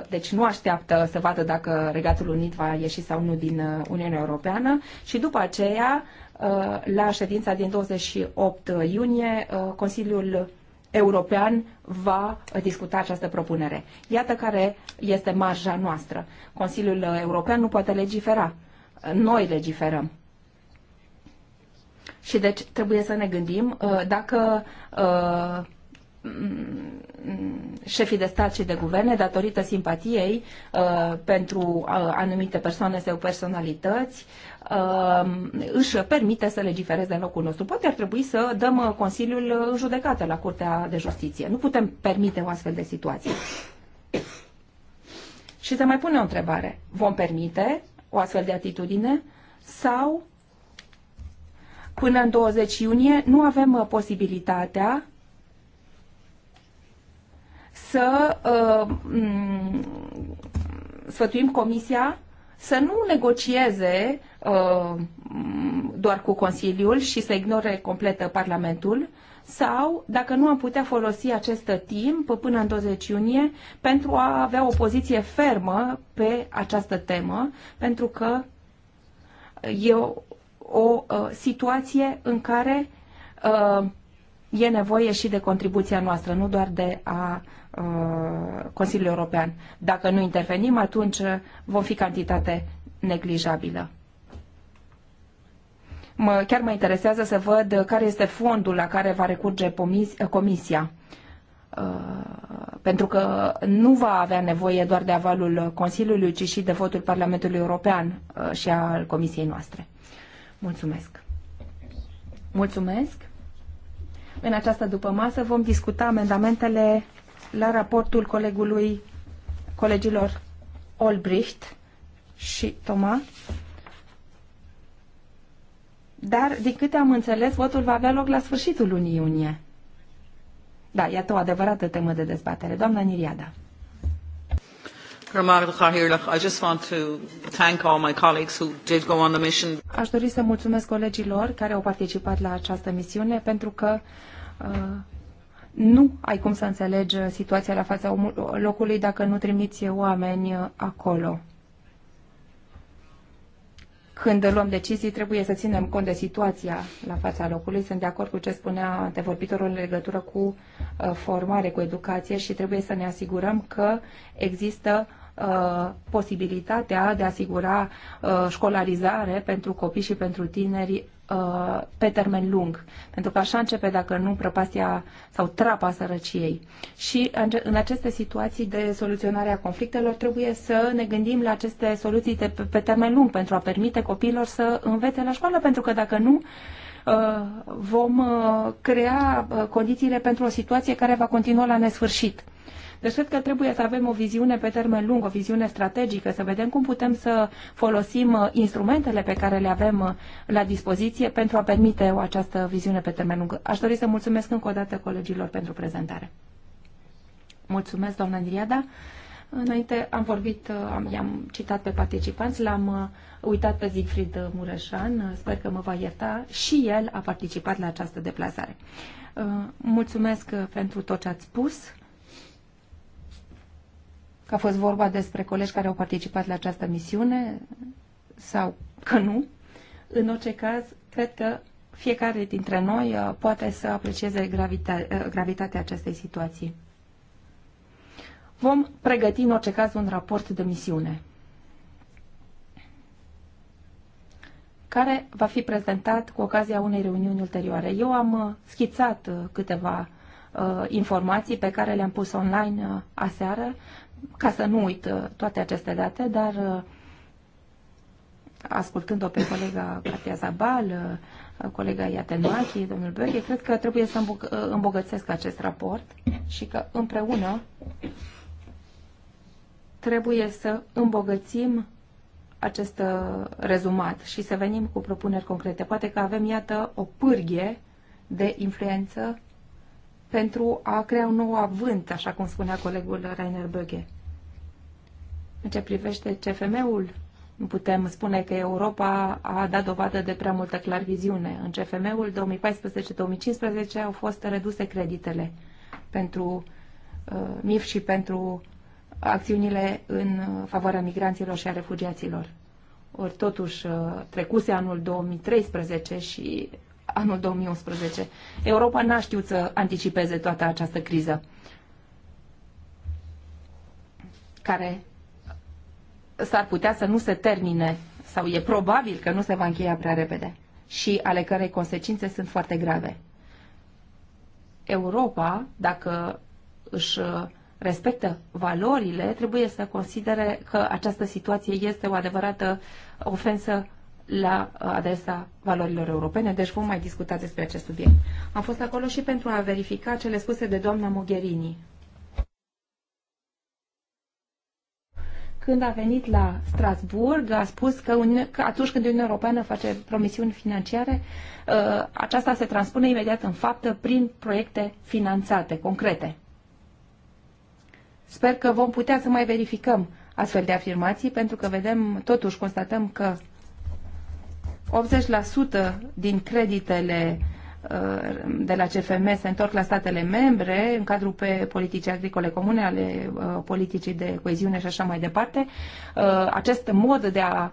deci nu așteaptă să vadă dacă Regatul Unit va ieși sau nu din Uniunea Europeană și după aceea Uh, la ședința din 28 iunie, uh, Consiliul European va discuta această propunere. Iată care este marja noastră. Consiliul European nu poate legifera. Noi legiferăm. Și deci trebuie să ne gândim uh, dacă Mm, șefii de stat și de guverne, datorită simpatiei uh, pentru uh, anumite persoane sau personalități, uh, își permite să legifereze în locul nostru. Poate ar trebui să dăm Consiliul în judecată la Curtea de Justiție. Nu putem permite o astfel de situație. Și se mai pune o întrebare. Vom permite o astfel de atitudine sau până în 20 iunie nu avem posibilitatea să uh, sfătuim Comisia să nu negocieze uh, doar cu Consiliul și să ignore complet Parlamentul sau dacă nu am putea folosi acest timp până în 20 iunie pentru a avea o poziție fermă pe această temă, pentru că e o, o uh, situație în care uh, e nevoie și de contribuția noastră, nu doar de a Uh, Consiliul European. Dacă nu intervenim, atunci uh, vom fi cantitate neglijabilă. Mă, chiar mă interesează să văd care este fondul la care va recurge uh, Comisia. Pentru că nu va avea nevoie doar de avalul Consiliului, ci și de votul Parlamentului European și al Comisiei noastre. Mulțumesc! Mulțumesc! În această dupămasă vom discuta amendamentele la raportul colegului, colegilor Olbricht și Toma. Dar, din câte am înțeles, votul va avea loc la sfârșitul lunii iunie. Da, iată o adevărată temă de dezbatere. Doamna Niriada. Aș dori să mulțumesc colegilor care au participat la această misiune pentru că uh, nu ai cum să înțelegi situația la fața locului dacă nu trimiți oameni acolo. Când luăm decizii, trebuie să ținem cont de situația la fața locului. Sunt de acord cu ce spunea antevorbitorul în legătură cu uh, formare, cu educație și trebuie să ne asigurăm că există uh, posibilitatea de a asigura uh, școlarizare pentru copii și pentru tineri Uh, pe termen lung, pentru că așa începe, dacă nu, prăpastia sau trapa sărăciei. Și în aceste situații de soluționare a conflictelor trebuie să ne gândim la aceste soluții de, pe termen lung pentru a permite copiilor să învețe la școală, pentru că dacă nu, uh, vom uh, crea condițiile pentru o situație care va continua la nesfârșit. Deci cred că trebuie să avem o viziune pe termen lung, o viziune strategică, să vedem cum putem să folosim uh, instrumentele pe care le avem uh, la dispoziție pentru a permite o această viziune pe termen lung. Aș dori să mulțumesc încă o dată colegilor pentru prezentare. Mulțumesc, doamna Andriada. Înainte am vorbit, uh, am, i-am citat pe participanți, l-am uitat pe Siegfried Mureșan, sper că mă va ierta, și el a participat la această deplasare. Mulțumesc pentru tot ce ați spus că a fost vorba despre colegi care au participat la această misiune sau că nu. În orice caz, cred că fiecare dintre noi uh, poate să aprecieze gravita- uh, gravitatea acestei situații. Vom pregăti în orice caz un raport de misiune care va fi prezentat cu ocazia unei reuniuni ulterioare. Eu am uh, schițat câteva informații pe care le-am pus online aseară ca să nu uit uh, toate aceste date, dar uh, ascultând-o pe colega Katia Zabal, uh, colega Iatenuachi, domnul Berghe, cred că trebuie să îmbogățesc acest raport și că împreună trebuie să îmbogățim acest rezumat și să venim cu propuneri concrete. Poate că avem, iată, o pârghie de influență pentru a crea un nou avânt, așa cum spunea colegul Rainer Böge. În ce privește CFM-ul, nu putem spune că Europa a dat dovadă de prea multă clar viziune. În CFM-ul 2014-2015 au fost reduse creditele pentru uh, MIF și pentru acțiunile în favoarea migranților și a refugiaților. Ori totuși uh, trecuse anul 2013 și anul 2011. Europa n-a știut să anticipeze toată această criză care s-ar putea să nu se termine sau e probabil că nu se va încheia prea repede și ale cărei consecințe sunt foarte grave. Europa, dacă își respectă valorile, trebuie să considere că această situație este o adevărată ofensă la adresa valorilor europene, deci vom mai discuta despre acest subiect. Am fost acolo și pentru a verifica cele spuse de doamna Mogherini. Când a venit la Strasburg, a spus că, Uniune, că atunci când Uniunea Europeană face promisiuni financiare, uh, aceasta se transpune imediat în faptă prin proiecte finanțate, concrete. Sper că vom putea să mai verificăm astfel de afirmații, pentru că vedem, totuși constatăm că 80% din creditele uh, de la CFM se întorc la statele membre în cadrul pe politicii agricole comune, ale uh, politicii de coeziune și așa mai departe. Uh, acest mod de a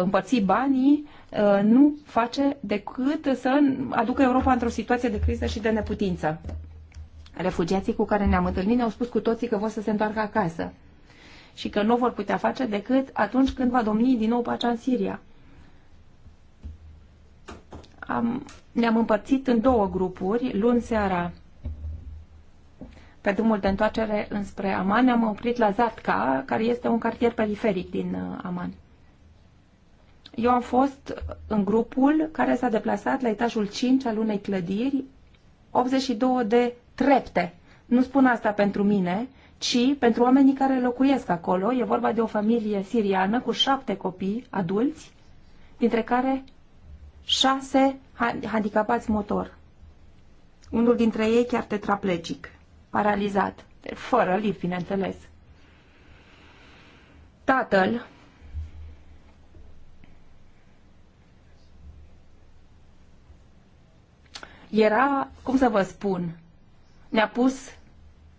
împărți banii nu face decât să aducă Europa într-o situație de criză și de neputință. Refugiații cu care ne-am întâlnit ne-au spus cu toții că vor să se întoarcă acasă și că nu vor putea face decât atunci când va domni din nou pacea în Siria am, ne-am împărțit în două grupuri. Luni seara, pe drumul de întoarcere înspre Aman, ne-am oprit la Zatka, care este un cartier periferic din uh, Aman. Eu am fost în grupul care s-a deplasat la etajul 5 al unei clădiri, 82 de trepte. Nu spun asta pentru mine, ci pentru oamenii care locuiesc acolo. E vorba de o familie siriană cu șapte copii adulți, dintre care șase handicapați motor. Unul dintre ei chiar tetraplegic, paralizat, fără lift, bineînțeles. Tatăl era, cum să vă spun, ne-a pus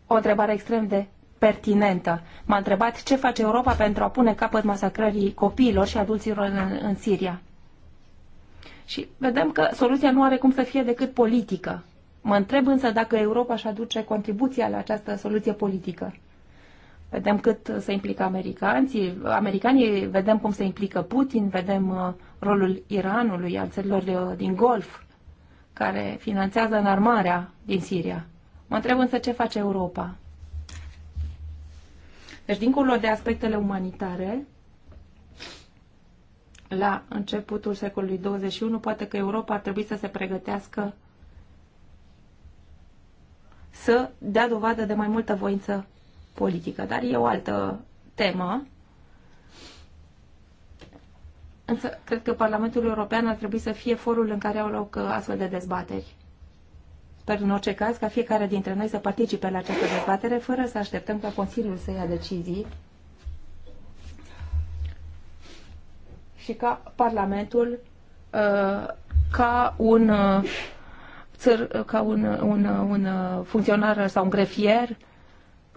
o întrebare extrem de pertinentă. M-a întrebat ce face Europa pentru a pune capăt masacrării copiilor și adulților în, în Siria. Și vedem că soluția nu are cum să fie decât politică. Mă întreb însă dacă Europa își aduce contribuția la această soluție politică. Vedem cât se implică americanții, americanii, vedem cum se implică Putin, vedem uh, rolul Iranului, al țărilor uh, din Golf, care finanțează înarmarea din Siria. Mă întreb însă ce face Europa. Deci, dincolo de aspectele umanitare, la începutul secolului 21, poate că Europa ar trebui să se pregătească să dea dovadă de mai multă voință politică. Dar e o altă temă. Însă, cred că Parlamentul European ar trebui să fie forul în care au loc uh, astfel de dezbateri. Sper, în orice caz, ca fiecare dintre noi să participe la această dezbatere, fără să așteptăm ca Consiliul să ia decizii și ca Parlamentul uh, ca un uh, ca un, un, un uh, funcționar sau un grefier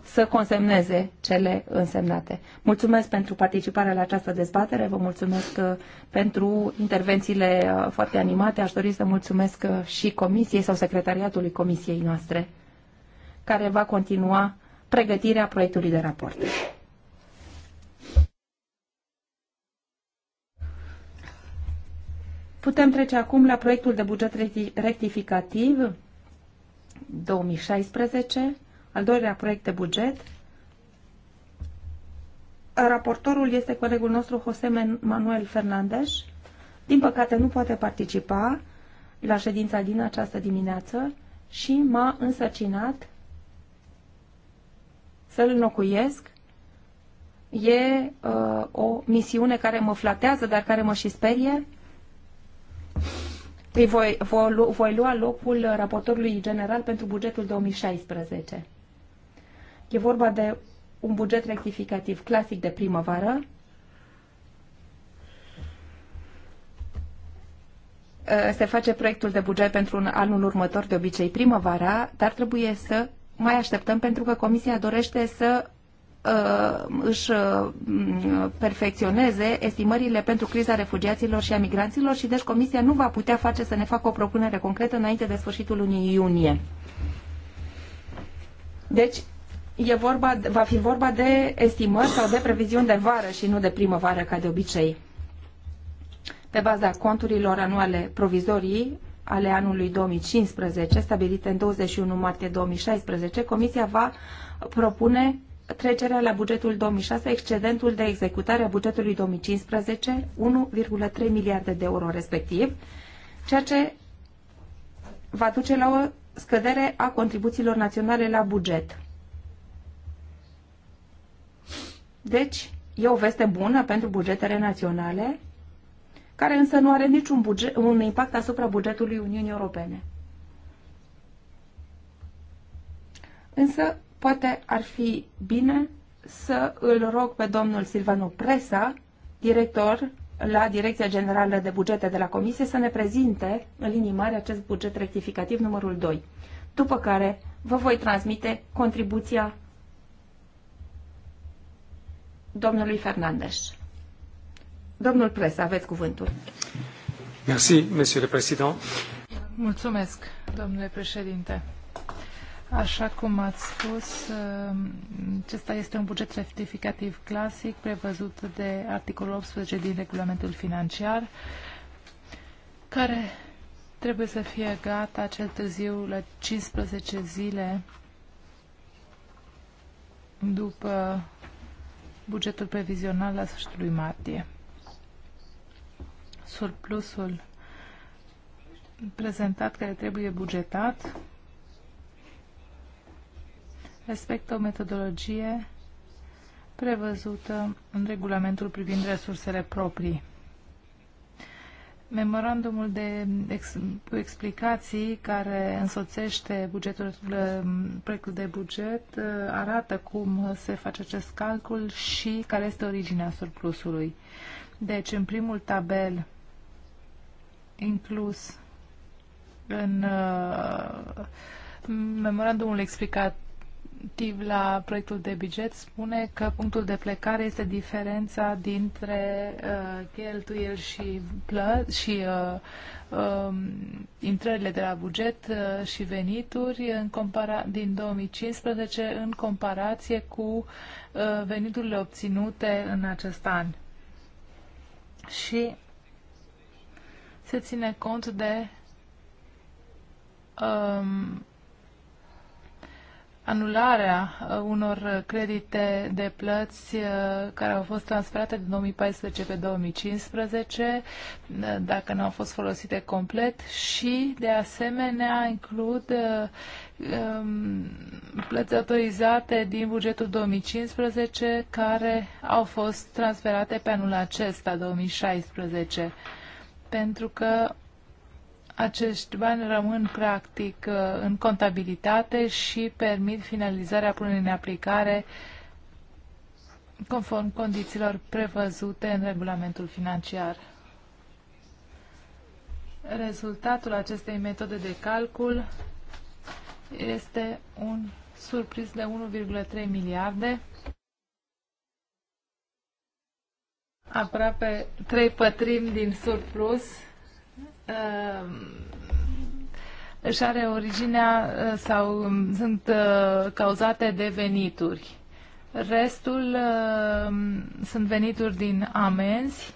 să consemneze cele însemnate. Mulțumesc pentru participarea la această dezbatere, vă mulțumesc pentru intervențiile foarte animate. Aș dori să mulțumesc și comisiei sau secretariatului comisiei noastre, care va continua pregătirea proiectului de raport. Putem trece acum la proiectul de buget rectificativ 2016, al doilea proiect de buget. Raportorul este colegul nostru José Manuel Fernandez. Din păcate nu poate participa la ședința din această dimineață și m-a însăcinat să-l înlocuiesc. E uh, o misiune care mă flatează, dar care mă și sperie îi voi, voi, voi lua locul raportorului general pentru bugetul 2016. E vorba de un buget rectificativ clasic de primăvară, ă, se face proiectul de buget pentru un anul următor, de obicei primăvara, dar trebuie să mai așteptăm pentru că Comisia dorește să Uh, își uh, mm, perfecționeze estimările pentru criza refugiaților și a migranților și deci Comisia nu va putea face să ne facă o propunere concretă înainte de sfârșitul lunii iunie. Deci, e vorba, va fi vorba de estimări sau de previziuni de vară și nu de primăvară, ca de obicei. Pe baza conturilor anuale provizorii ale anului 2015, stabilite în 21 martie 2016, Comisia va propune trecerea la bugetul 2006, excedentul de executare a bugetului 2015, 1,3 miliarde de euro respectiv, ceea ce va duce la o scădere a contribuțiilor naționale la buget. Deci, e o veste bună pentru bugetele naționale, care însă nu are niciun buget, un impact asupra bugetului Uniunii Europene. Însă, Poate ar fi bine să îl rog pe domnul Silvanu Presa, director la Direcția Generală de Bugete de la Comisie, să ne prezinte în linii mari acest buget rectificativ numărul 2, după care vă voi transmite contribuția domnului Fernandes. Domnul Presa, aveți cuvântul. Mersi, monsieur le président. Mulțumesc, domnule președinte. Așa cum ați spus, um, acesta este un buget rectificativ clasic prevăzut de articolul 18 din regulamentul financiar, care trebuie să fie gata cel târziu la 15 zile după bugetul previzional la sfârșitul lui martie. Surplusul prezentat care trebuie bugetat respectă o metodologie prevăzută în regulamentul privind resursele proprii. Memorandumul de ex, cu explicații care însoțește bugetul, ă, proiectul de buget ă, arată cum se face acest calcul și care este originea surplusului. Deci, în primul tabel inclus în uh, memorandumul explicat relativ la proiectul de buget spune că punctul de plecare este diferența dintre uh, cheltuieli și, plă- și uh, uh, intrările de la buget uh, și venituri în compara- din 2015 în comparație cu uh, veniturile obținute în acest an. Și se ține cont de um, anularea uh, unor uh, credite de plăți uh, care au fost transferate din 2014 pe 2015, dacă nu au fost folosite complet și, de asemenea, includ um, plăți autorizate din bugetul 2015 care au fost transferate pe anul acesta, 2016, pentru că acești bani rămân practic uh, în contabilitate și permit finalizarea punerii în aplicare conform condițiilor prevăzute în regulamentul financiar. Rezultatul acestei metode de calcul este un surpris de 1,3 miliarde, aproape 3 pătrimi din surplus Ehm, își are originea eh, sau mm, sunt eh, cauzate de venituri. Restul ehm, sunt venituri din amenzi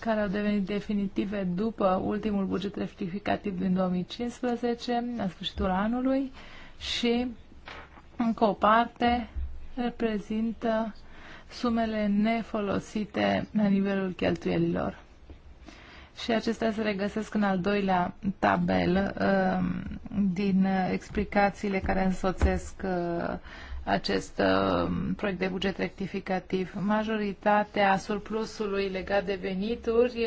care au devenit definitive după ultimul buget rectificativ din 2015, la sfârșitul anului, și încă o parte reprezintă sumele nefolosite la nivelul cheltuielilor și acestea se regăsesc în al doilea tabel um, din uh, explicațiile care însoțesc uh, acest um, proiect de buget rectificativ. Majoritatea surplusului legat de venituri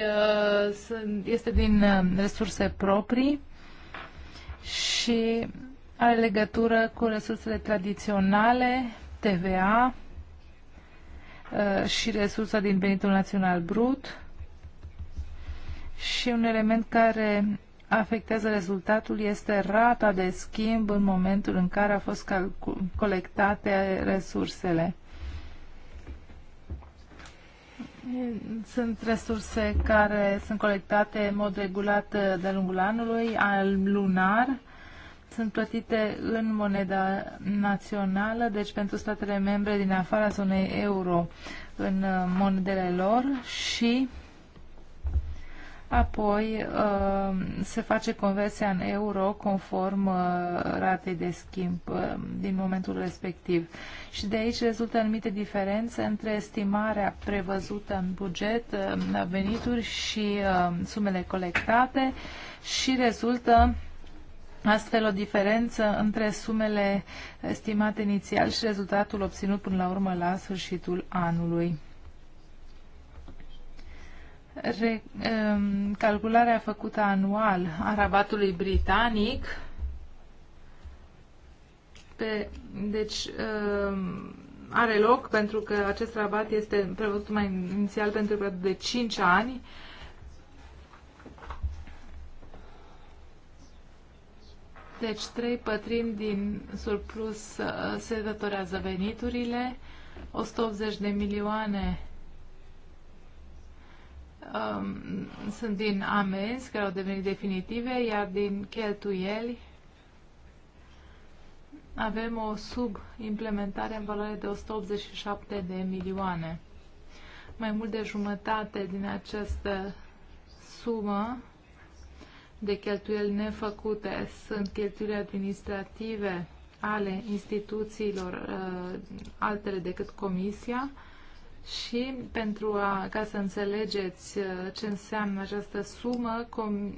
uh, este din um, resurse proprii și are legătură cu resursele tradiționale, TVA și resursa din venitul național brut, și un element care afectează rezultatul este rata de schimb în momentul în care au fost colectate resursele. Sunt resurse care sunt colectate în mod regulat uh, de lungul anului, al lunar, sunt plătite în moneda națională, deci pentru statele membre din afara zonei euro în uh, monedele lor și Apoi uh, se face conversia în euro conform uh, ratei de schimb uh, din momentul respectiv. Și de aici rezultă anumite diferențe între estimarea prevăzută în buget a venituri și sumele colectate și rezultă astfel o diferență între sumele estimate inițial și rezultatul obținut până la urmă la sfârșitul anului re, um, calcularea făcută anual a rabatului britanic pe, deci um, are loc pentru că acest rabat este prevăzut mai inițial pentru perioada de 5 ani Deci trei pătrimi din surplus uh, se datorează veniturile, 180 de milioane um, sunt din amenzi care au devenit definitive, iar din cheltuieli avem o subimplementare în valoare de 187 de milioane. Mai mult de jumătate din această sumă de cheltuieli nefăcute sunt cheltuieli administrative ale instituțiilor uh, altele decât Comisia, și pentru a, ca să înțelegeți uh, ce înseamnă această sumă, com,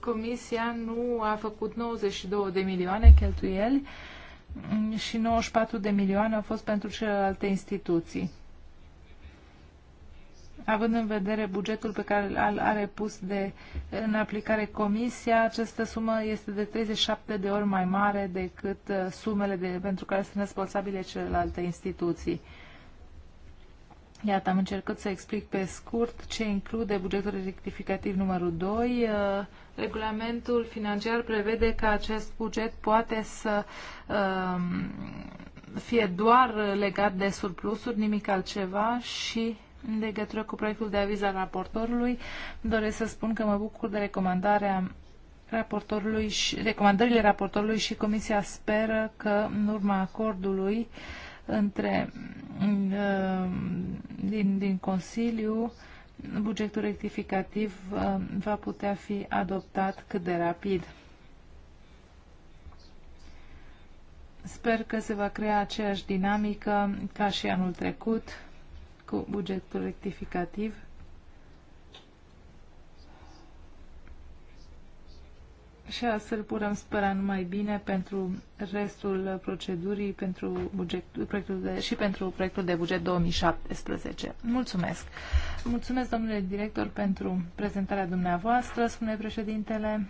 Comisia nu a făcut 92 de milioane cheltuieli mm, și 94 de milioane au fost pentru celelalte instituții. Având în vedere bugetul pe care îl are pus de, în aplicare Comisia, această sumă este de 37 de ori mai mare decât uh, sumele de, pentru care sunt responsabile celelalte instituții. Iată, am încercat să explic pe scurt ce include bugetul rectificativ numărul 2. Uh, regulamentul financiar prevede că acest buget poate să um, fie doar legat de surplusuri, nimic altceva și în legătură cu proiectul de aviz al raportorului, doresc să spun că mă bucur de recomandarea raportorului și, recomandările raportorului și Comisia speră că în urma acordului uh, între uh, din, din Consiliu, bugetul rectificativ uh, va putea fi adoptat cât de rapid. Sper că se va crea aceeași dinamică ca și anul trecut cu bugetul rectificativ și astfel putem spera numai bine pentru restul procedurii pentru buget, proiectul de, și pentru proiectul de buget 2017. Mulțumesc! Mulțumesc, domnule director, pentru prezentarea dumneavoastră, spune președintele.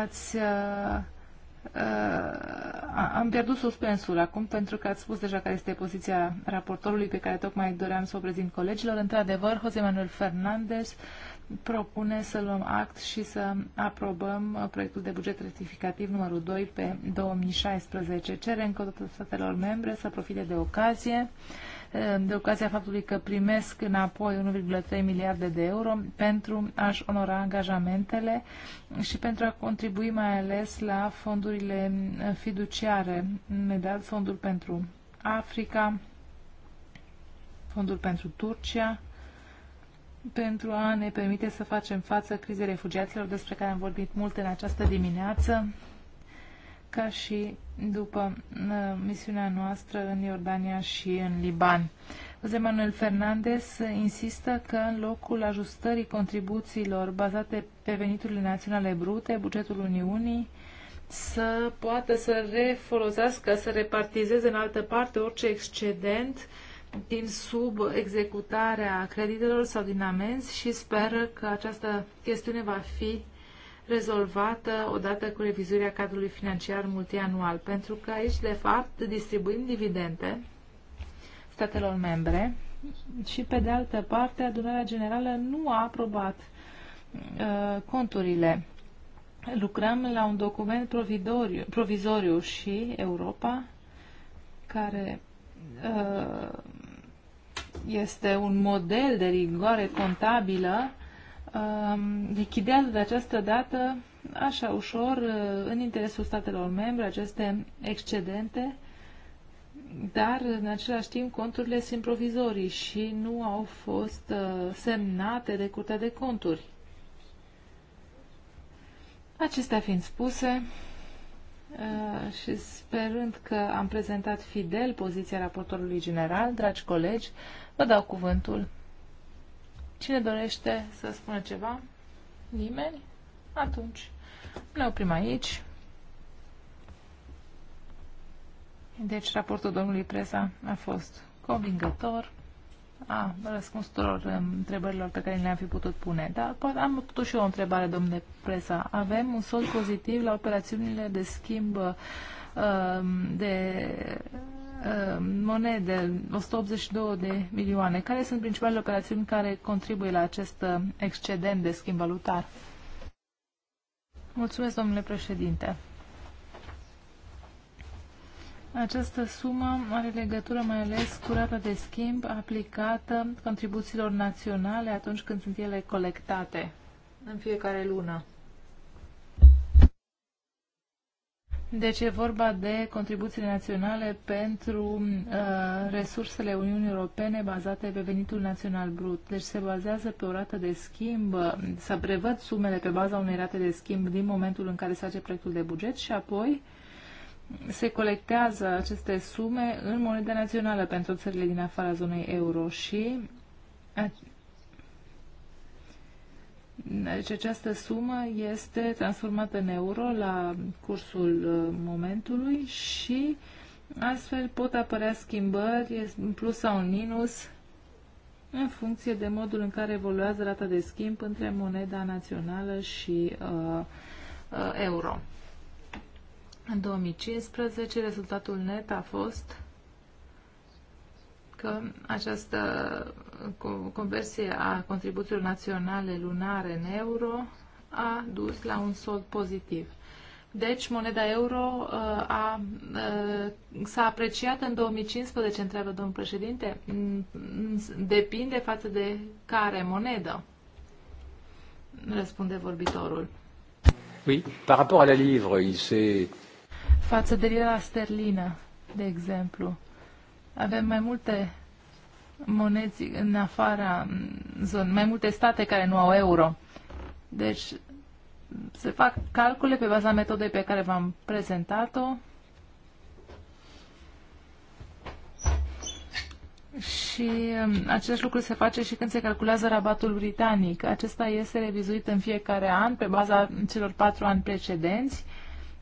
Ați, uh, uh, am pierdut suspensul acum pentru că ați spus deja care este poziția raportorului pe care tocmai doream să o prezint colegilor. Într-adevăr, José Manuel Fernández. uh, propune să luăm act și să aprobăm uh, proiectul de buget rectificativ numărul 2 pe 2016. Cere încă o dată statelor membre să profite de ocazie, uh, de ocazia faptului că primesc înapoi 1,3 miliarde de euro pentru a-și onora angajamentele și pentru a contribui mai ales la fondurile uh, fiduciare, imediat fondul pentru Africa, fondul pentru Turcia, pentru a ne permite să facem față crizei refugiaților despre care am vorbit mult în această dimineață, ca și după uh, misiunea noastră în Iordania și în Liban. José Manuel Fernandez insistă că în locul ajustării contribuțiilor bazate pe veniturile naționale brute, bugetul Uniunii să poată să refolosească, să repartizeze în altă parte orice excedent uh, din sub executarea creditelor sau din amenzi și sper că această chestiune va fi rezolvată odată cu revizuirea cadrului financiar multianual, pentru că aici, de fapt, distribuim dividende statelor membre și, pe de altă parte, adunarea generală nu a aprobat uh, conturile. Lucrăm la un document provizoriu, provizoriu și Europa, care uh, este un model de rigoare contabilă, um, lichidează de această dată așa ușor, uh, în interesul statelor membre, aceste excedente, dar în același timp conturile sunt provizorii și nu au fost uh, semnate de Curtea de Conturi. Acestea fiind spuse, uh, și sperând că am prezentat fidel poziția raportorului general, dragi colegi, Vă dau cuvântul. Cine dorește să spună ceva? Nimeni? Atunci ne oprim aici. Deci raportul domnului Presa a fost convingător. A răspuns tuturor întrebărilor pe care le-am fi putut pune. Dar poate am și eu o întrebare, domnule Presa. Avem un sol pozitiv la operațiunile de schimb uh, de Uh, monede, 182 de milioane. Care sunt principalele operațiuni care contribuie la acest uh, excedent de schimb valutar? Mulțumesc, domnule președinte. Această sumă are legătură mai ales cu rata de schimb aplicată contribuțiilor naționale atunci când sunt ele colectate în fiecare lună. Deci e vorba de contribuțiile naționale pentru uh, resursele Uniunii Europene bazate pe venitul național brut. Deci se bazează pe o rată de schimb, să prevăd sumele pe baza unei rate de schimb din momentul în care se face proiectul de buget și apoi se colectează aceste sume în moneda națională pentru țările din afara zonei euro și deci această sumă este transformată în euro la cursul uh, momentului și astfel pot apărea schimbări în plus sau în minus în funcție de modul în care evoluează rata de schimb între moneda națională și uh, uh, euro. În 2015 rezultatul net a fost că această conversie a contribuțiilor naționale lunare în euro a dus la un sold pozitiv. Deci, moneda euro uh, a, a, uh, s-a apreciat în 2015, întreabă domnul președinte. Mm, depinde față de care monedă, răspunde vorbitorul. Oui, par rapport à la livre, il s'est... Față de lira sterlină, de exemplu avem mai multe monezi în afara mm, zonei, mai multe state care nu au euro. Deci se fac calcule pe baza metodei pe care v-am prezentat-o și mm, acest lucru se face și când se calculează rabatul britanic. Acesta este revizuit în fiecare an pe baza celor patru ani precedenți.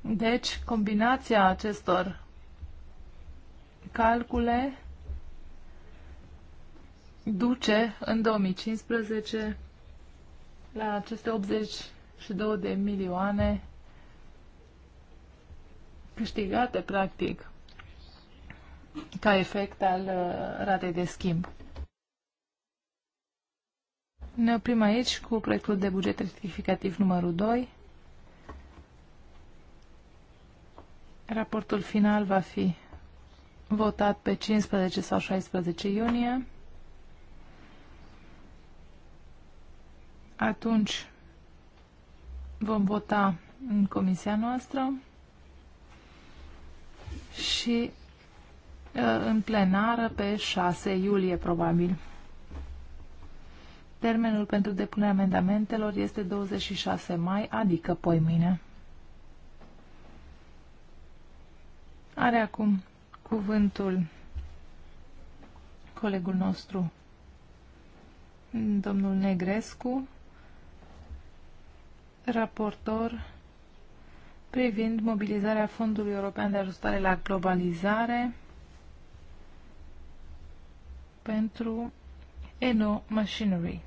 Deci, combinația acestor calcule duce în 2015 la aceste 82 de milioane câștigate, practic, ca efect al uh, ratei de schimb. Ne oprim aici cu proiectul de buget rectificativ numărul 2. Raportul final va fi votat pe 15 sau 16 iunie. Atunci vom vota în comisia noastră și ă, în plenară pe 6 iulie, probabil. Termenul pentru depunerea amendamentelor este 26 mai, adică poi mâine. Are acum cuvântul colegul nostru, domnul Negrescu, raportor privind mobilizarea Fondului European de Ajustare la Globalizare pentru Eno Machinery.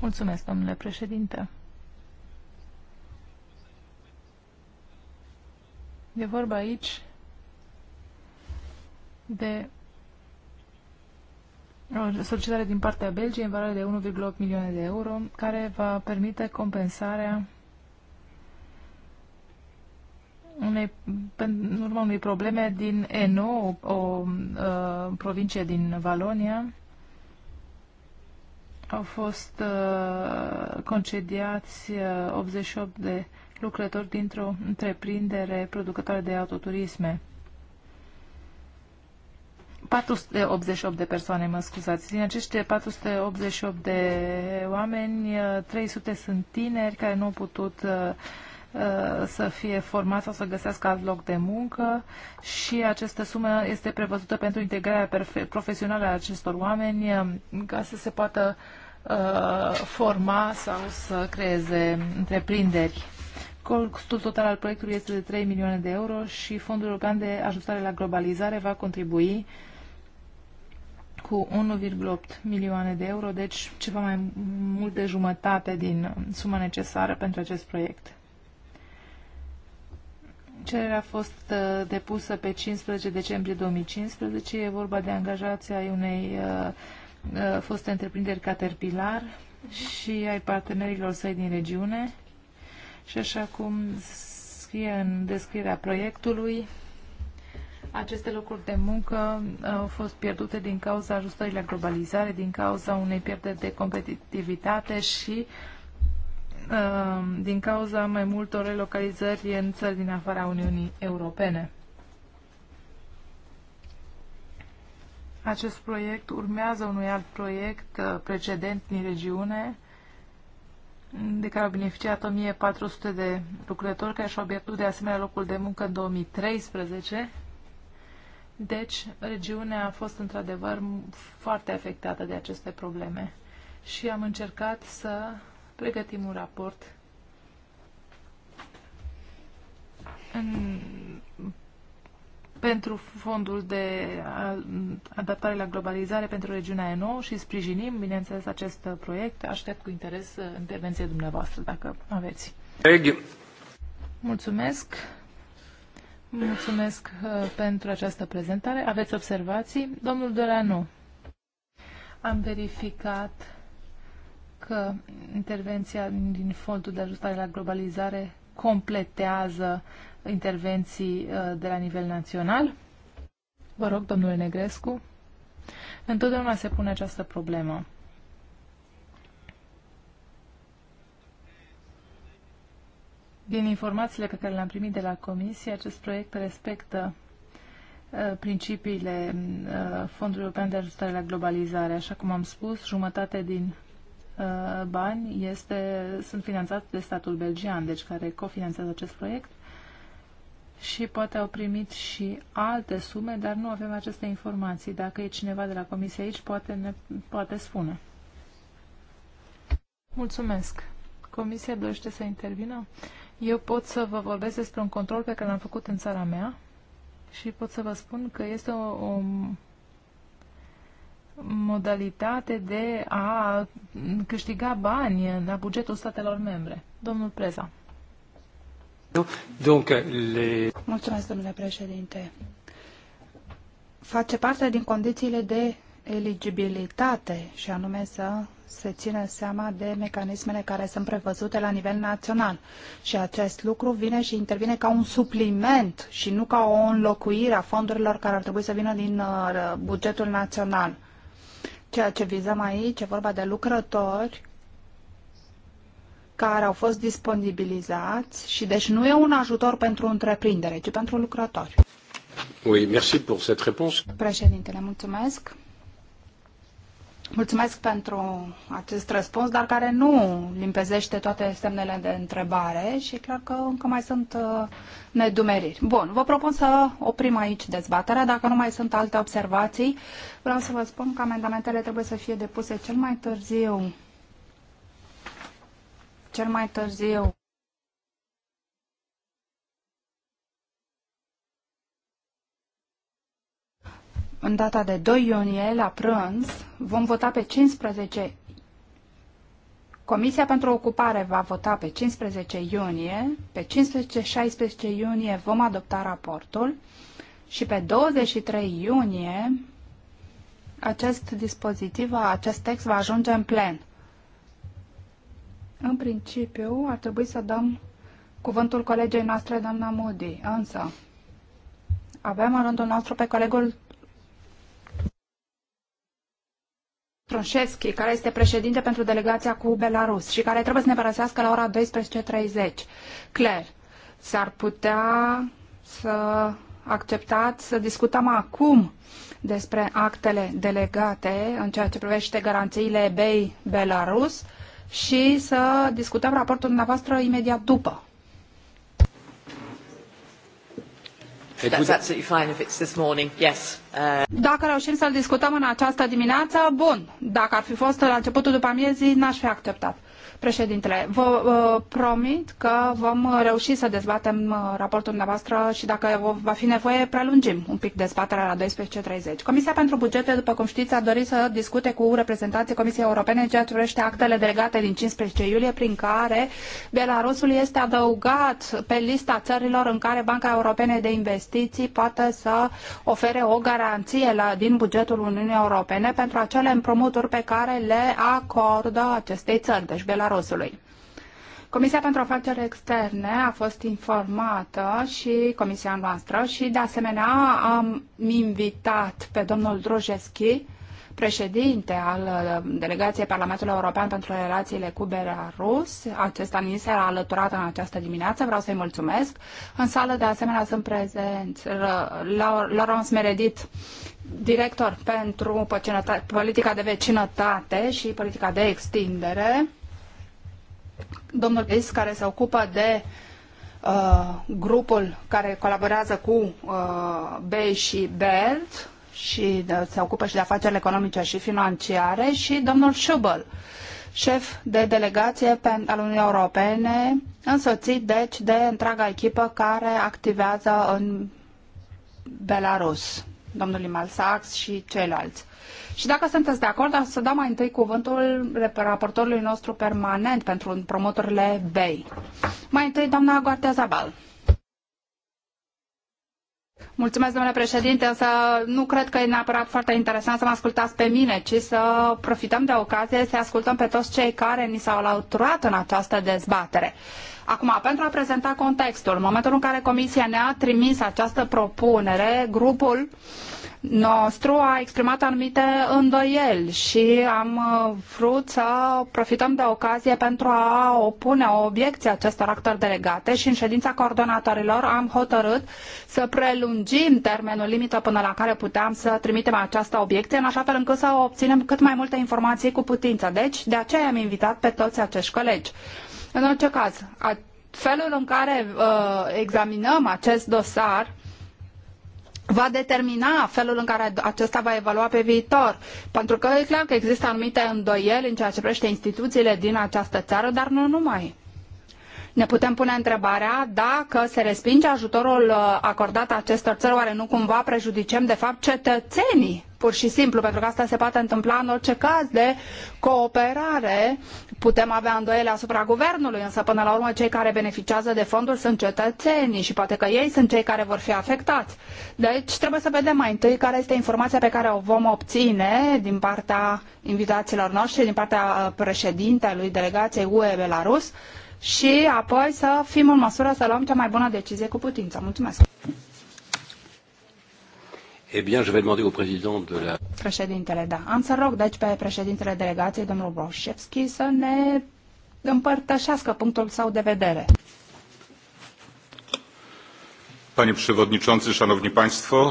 Mulțumesc, domnule președinte. E vorba aici de o solicitare din partea Belgiei în valoare de 1,8 milioane de euro, care va permite compensarea unei, în urma unei probleme din Eno, o, o a, uh, provincie din Valonia. Au fost a, uh, concediați a, uh, 88 de lucrători dintr-o întreprindere producătoare de autoturisme. 488 de persoane, mă scuzați. Din aceste 488 de oameni, 300 sunt tineri care nu au putut uh, uh, să fie formați sau să găsească alt loc de muncă și această sumă este prevăzută pentru integrarea profesională a acestor oameni um, ca să se poată uh, forma sau să creeze întreprinderi. Costul total al proiectului este de 3 milioane de euro și Fondul European de Ajustare la Globalizare va contribui cu 1,8 milioane de euro, deci ceva mai mult de jumătate din suma necesară pentru acest proiect. Cererea a fost uh, depusă pe 15 decembrie 2015. E vorba de angajația unei uh, uh, foste întreprinderi Caterpillar și ai partenerilor săi din regiune și așa cum scrie în descrierea proiectului, aceste locuri de muncă uh, au fost pierdute din cauza ajustării la globalizare, din cauza unei pierderi de competitivitate și uh, din cauza mai multor relocalizări în țări din afara Uniunii Europene. Acest proiect urmează unui alt proiect uh, precedent din regiune, de care au beneficiat 1400 de lucrători care și-au pierdut de asemenea locul de muncă în 2013. Deci, regiunea a fost într-adevăr foarte afectată de aceste probleme și am încercat să pregătim un raport în pentru fondul de adaptare la globalizare pentru regiunea ENO și sprijinim, bineînțeles, acest proiect. Aștept cu interes uh, intervenția dumneavoastră, dacă aveți. Mulțumesc. Mulțumesc uh, pentru această prezentare. Aveți observații? Domnul Doreanu, am verificat că intervenția din fondul de ajustare la globalizare completează intervenții uh, de la nivel național? Vă rog, domnule Negrescu. Întotdeauna se pune această problemă. Din informațiile pe care le-am primit de la Comisie, acest proiect respectă uh, principiile uh, Fondului European de Ajustare la Globalizare. Așa cum am spus, jumătate din bani este, sunt finanțați de statul belgian, deci care cofinanțează acest proiect și poate au primit și alte sume, dar nu avem aceste informații. Dacă e cineva de la comisie aici, poate ne poate spune. Mulțumesc. Comisia dorește să intervină? Eu pot să vă vorbesc despre un control pe care l-am făcut în țara mea și pot să vă spun că este o, o modalitate de a câștiga bani la bugetul statelor membre. Domnul Preza. Exact. Mulțumesc, domnule președinte. Face parte din condițiile de eligibilitate și anume să se țină seama de mecanismele care sunt prevăzute la nivel național. Și acest lucru vine și intervine ca un supliment și nu ca o înlocuire a fondurilor care ar trebui să vină din uh, bugetul național. Ceea ce vizăm aici e vorba de lucrători care au fost disponibilizați și deci nu e un ajutor pentru întreprindere, ci pentru lucrători. Oui, merci pour cette réponse. Președintele, mulțumesc. Mulțumesc pentru acest răspuns, dar care nu limpezește toate semnele de întrebare și clar că încă mai sunt uh, nedumeriri. Bun, vă propun să oprim aici dezbaterea. Dacă nu mai sunt alte observații, vreau să vă spun că amendamentele trebuie să fie depuse cel mai târziu cel mai târziu. În data de 2 iunie, la prânz, vom vota pe 15 Comisia pentru Ocupare va vota pe 15 iunie, pe 15-16 iunie vom adopta raportul și pe 23 iunie acest dispozitiv, acest text va ajunge în plen. În principiu, ar trebui să dăm cuvântul colegei noastre, doamna Moody, însă avem în rândul nostru pe colegul Trunșeschi, care este președinte pentru delegația cu Belarus și care trebuie să ne părăsească la ora 12.30. Claire, s-ar putea să acceptați să discutăm acum despre actele delegate în ceea ce privește garanțiile BEI Belarus și să discutăm raportul dumneavoastră imediat după. fine uh, Dacă reușim să-l discutăm în această dimineață, bun. Dacă ar fi fost la începutul după amiezii, n-aș fi acceptat. Președintele, vă uh, promit că vom reuși să dezbatem uh, raportul dumneavoastră și dacă va fi nevoie, prelungim un pic dezbaterea la 12.30. Comisia pentru bugete, după cum știți, a dorit să discute cu reprezentanții Comisiei Europene în ceea ce privește actele delegate din 15 iulie, prin care Belarusul este adăugat pe lista țărilor în care Banca Europene de Investiții poate să ofere o garanție la, din bugetul Uniunii Europene pentru acele împrumuturi pe care le acordă acestei țări, deci Belarus Belarusului. Comisia pentru Afaceri Externe a fost informată și comisia noastră și, de asemenea, am invitat pe domnul Drojeschi, președinte al uh, Delegației Parlamentului European pentru relațiile cu Belarus. Acesta ni s-a alăturat în această dimineață, vreau să-i mulțumesc. În sală, de asemenea, sunt prezenți uh, Laurence Meredit, director pentru politica de vecinătate și politica de extindere, domnul Bis, care se ocupă de uh, grupul care colaborează cu uh, BEI și BELT și se ocupă și de afaceri economice și financiare și domnul Schubel, șef de delegație al Uniunii Europene, însoțit deci de întreaga echipă care activează în Belarus domnului Malsax și ceilalți. Și dacă sunteți de acord, să dau mai întâi cuvântul raportorului nostru permanent pentru promotorile BEI. Mai întâi, doamna Goartea Zabal. Mulțumesc, domnule președinte, însă nu cred că e neapărat foarte interesant să mă ascultați pe mine, ci să profităm de ocazie să ascultăm pe toți cei care ni s-au alăturat în această dezbatere. Acum, pentru a prezenta contextul, în momentul în care Comisia ne-a trimis această propunere, grupul nostru a exprimat anumite îndoieli și am uh, vrut să profităm de ocazie pentru a opune o obiecție acestor actori delegate și în ședința coordonatorilor am hotărât să prelungim termenul limită până la care puteam să trimitem această obiecție, în așa fel încât să obținem cât mai multe informații cu putință. Deci, de aceea am invitat pe toți acești colegi. În orice caz, a, felul în care uh, examinăm acest dosar va determina felul în care acesta va evalua pe viitor. Pentru că e clar că există anumite îndoieli în ceea ce privește instituțiile din această țară, dar nu numai. Ne putem pune întrebarea dacă se respinge ajutorul uh, acordat acestor țări, oare nu cumva prejudicem de fapt cetățenii pur și simplu, pentru că asta se poate întâmpla în orice caz de cooperare. Putem avea îndoiele asupra guvernului, însă până la urmă cei care beneficiază de fonduri sunt cetățenii și poate că ei sunt cei care vor fi afectați. Deci trebuie să vedem mai întâi care este informația pe care o vom obține din partea invitaților noștri, din partea uh, președintelui delegației UE Belarus și apoi să fim în măsură să luăm cea mai bună decizie cu putință. Mulțumesc! Eh bien, je vais demander au président de la... Președintele, da. Am să rog, deci, pe președintele delegației, domnul Broșevski, să ne împărtășească punctul său de vedere. Panie președinte, Państwo,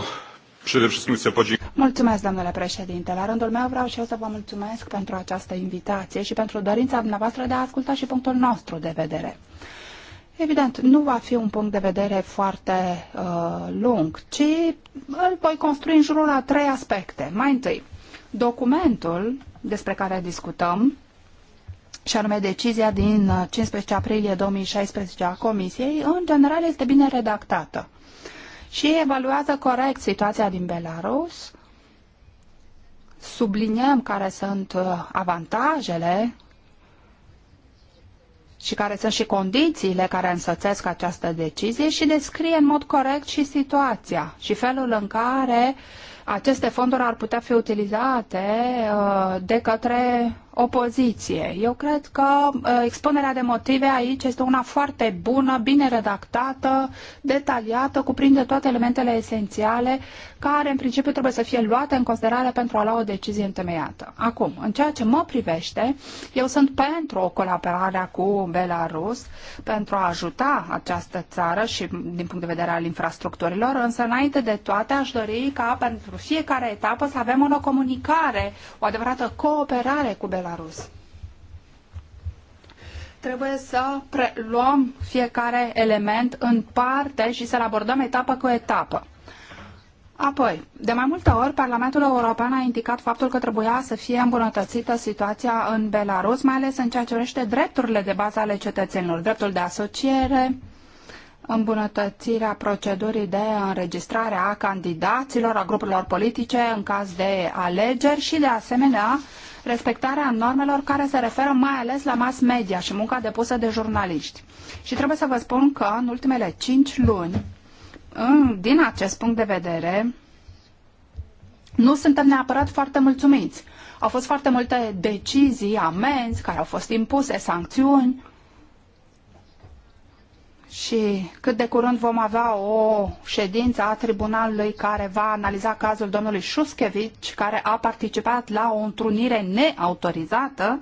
Mulțumesc, domnule președinte. La rândul meu vreau și eu să vă mulțumesc pentru această invitație și pentru dorința dumneavoastră de a asculta și punctul nostru de vedere. Evident, nu va fi un punct de vedere foarte uh, lung, ci îl voi construi în jurul a trei aspecte. Mai întâi, documentul despre care discutăm, și anume decizia din 15 uh, aprilie 2016 a Comisiei, în general este bine redactată și evaluează corect situația din Belarus, subliniem care sunt uh, avantajele și care sunt și condițiile care însoțesc această decizie și descrie în mod corect și situația și felul în care aceste fonduri ar putea fi utilizate uh, de către opoziție. Eu cred că uh, expunerea de motive aici este una foarte bună, bine redactată, detaliată, cuprinde toate elementele esențiale care în principiu trebuie să fie luate în considerare pentru a lua o decizie întemeiată. Acum, în ceea ce mă privește, eu sunt pentru o colaborare cu Belarus pentru a ajuta această țară și din punct de vedere al infrastructurilor, însă înainte de toate aș dori ca pentru fiecare etapă să avem o comunicare, o adevărată cooperare cu Belarus Belarus. Trebuie să preluăm fiecare element în parte și să-l abordăm etapă cu etapă. Apoi, de mai multe ori, Parlamentul European a indicat faptul că trebuia să fie îmbunătățită situația în Belarus, mai ales în ceea ce privește drepturile de bază ale cetățenilor, dreptul de asociere, îmbunătățirea procedurii de înregistrare a candidaților, a grupurilor politice în caz de alegeri și, de asemenea, respectarea normelor care se referă mai ales la mass media și munca depusă de jurnaliști. Și trebuie să vă spun că în ultimele cinci luni, în, din acest punct de vedere, nu suntem neapărat foarte mulțumiți. Au fost foarte multe decizii, amenzi care au fost impuse, sancțiuni, și cât de curând vom avea o ședință a tribunalului care va analiza cazul domnului Șuschevici, care a participat la o întrunire neautorizată.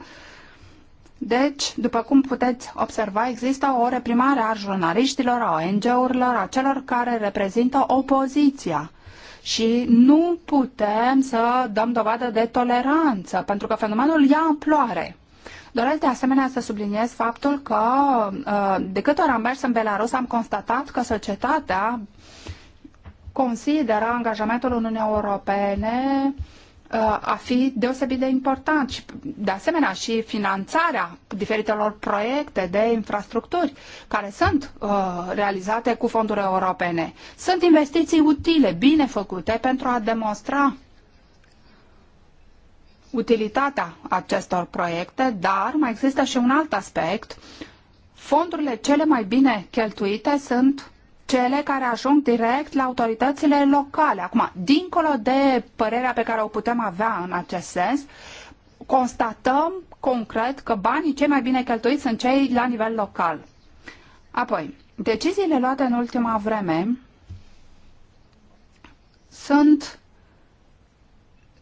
Deci, după cum puteți observa, există o reprimare a jurnaliștilor, a ONG-urilor, a celor care reprezintă opoziția. Și nu putem să dăm dovadă de toleranță, pentru că fenomenul ia amploare. Doresc de asemenea să subliniez faptul că uh, de câte ori am mers în Belarus am constatat că societatea consideră angajamentul Uniunii Europene uh, a fi deosebit de important și, de asemenea, și finanțarea diferitelor proiecte de infrastructuri care sunt uh, realizate cu fonduri europene. Sunt investiții utile, bine făcute, pentru a demonstra utilitatea acestor proiecte, dar mai există și un alt aspect. Fondurile cele mai bine cheltuite sunt cele care ajung direct la autoritățile locale. Acum, dincolo de părerea pe care o putem avea în acest sens, constatăm concret că banii cei mai bine cheltuiți sunt cei la nivel local. Apoi, deciziile luate în ultima vreme sunt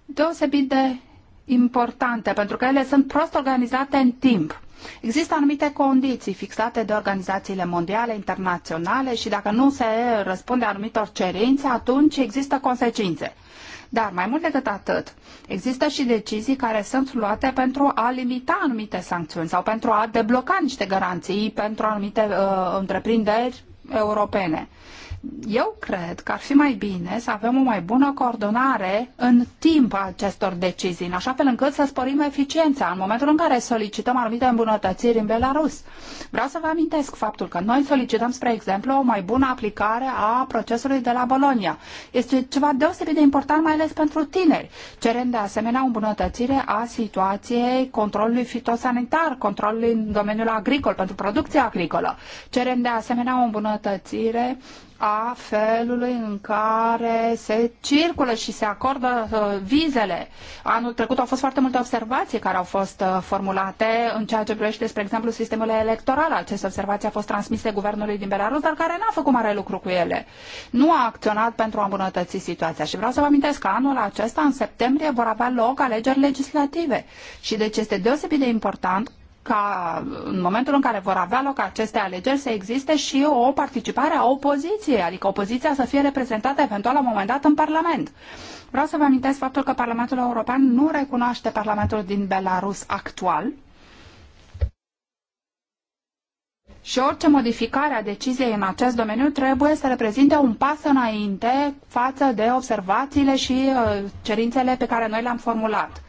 deosebit de importante, pentru că ele sunt prost organizate în timp. Există anumite condiții fixate de organizațiile mondiale, internaționale și dacă nu se răspunde anumitor cerințe, atunci există consecințe. Dar mai mult decât atât, există și decizii care sunt luate pentru a limita anumite sancțiuni sau pentru a debloca niște garanții pentru anumite uh, întreprinderi europene. Eu cred că ar fi mai bine să avem o mai bună coordonare în timp a acestor decizii, în așa fel încât să sporim eficiența în momentul în care solicităm anumite îmbunătățiri în Belarus. Vreau să vă amintesc faptul că noi solicităm, spre exemplu, o mai bună aplicare a procesului de la Bologna. Este ceva deosebit de important, mai ales pentru tineri. Cerem de asemenea o îmbunătățire a situației controlului fitosanitar, controlului în domeniul agricol, pentru producția agricolă. Cerem de asemenea o îmbunătățire a felului în care se circulă și se acordă uh, vizele. Anul trecut au fost foarte multe observații care au fost uh, formulate în ceea ce privește, spre exemplu, sistemul electoral. Aceste observații au fost transmise guvernului din Belarus, dar care n-a făcut mare lucru cu ele. Nu a acționat pentru a îmbunătăți situația. Și vreau să vă amintesc că anul acesta, în septembrie, vor avea loc alegeri legislative. Și deci este deosebit de important ca în momentul în care vor avea loc aceste alegeri să existe și o participare a opoziției, adică opoziția să fie reprezentată eventual la un moment dat în Parlament. Vreau să vă amintesc faptul că Parlamentul European nu recunoaște Parlamentul din Belarus actual și orice modificare a deciziei în acest domeniu trebuie să reprezinte un pas înainte față de observațiile și uh, cerințele pe care noi le-am formulat.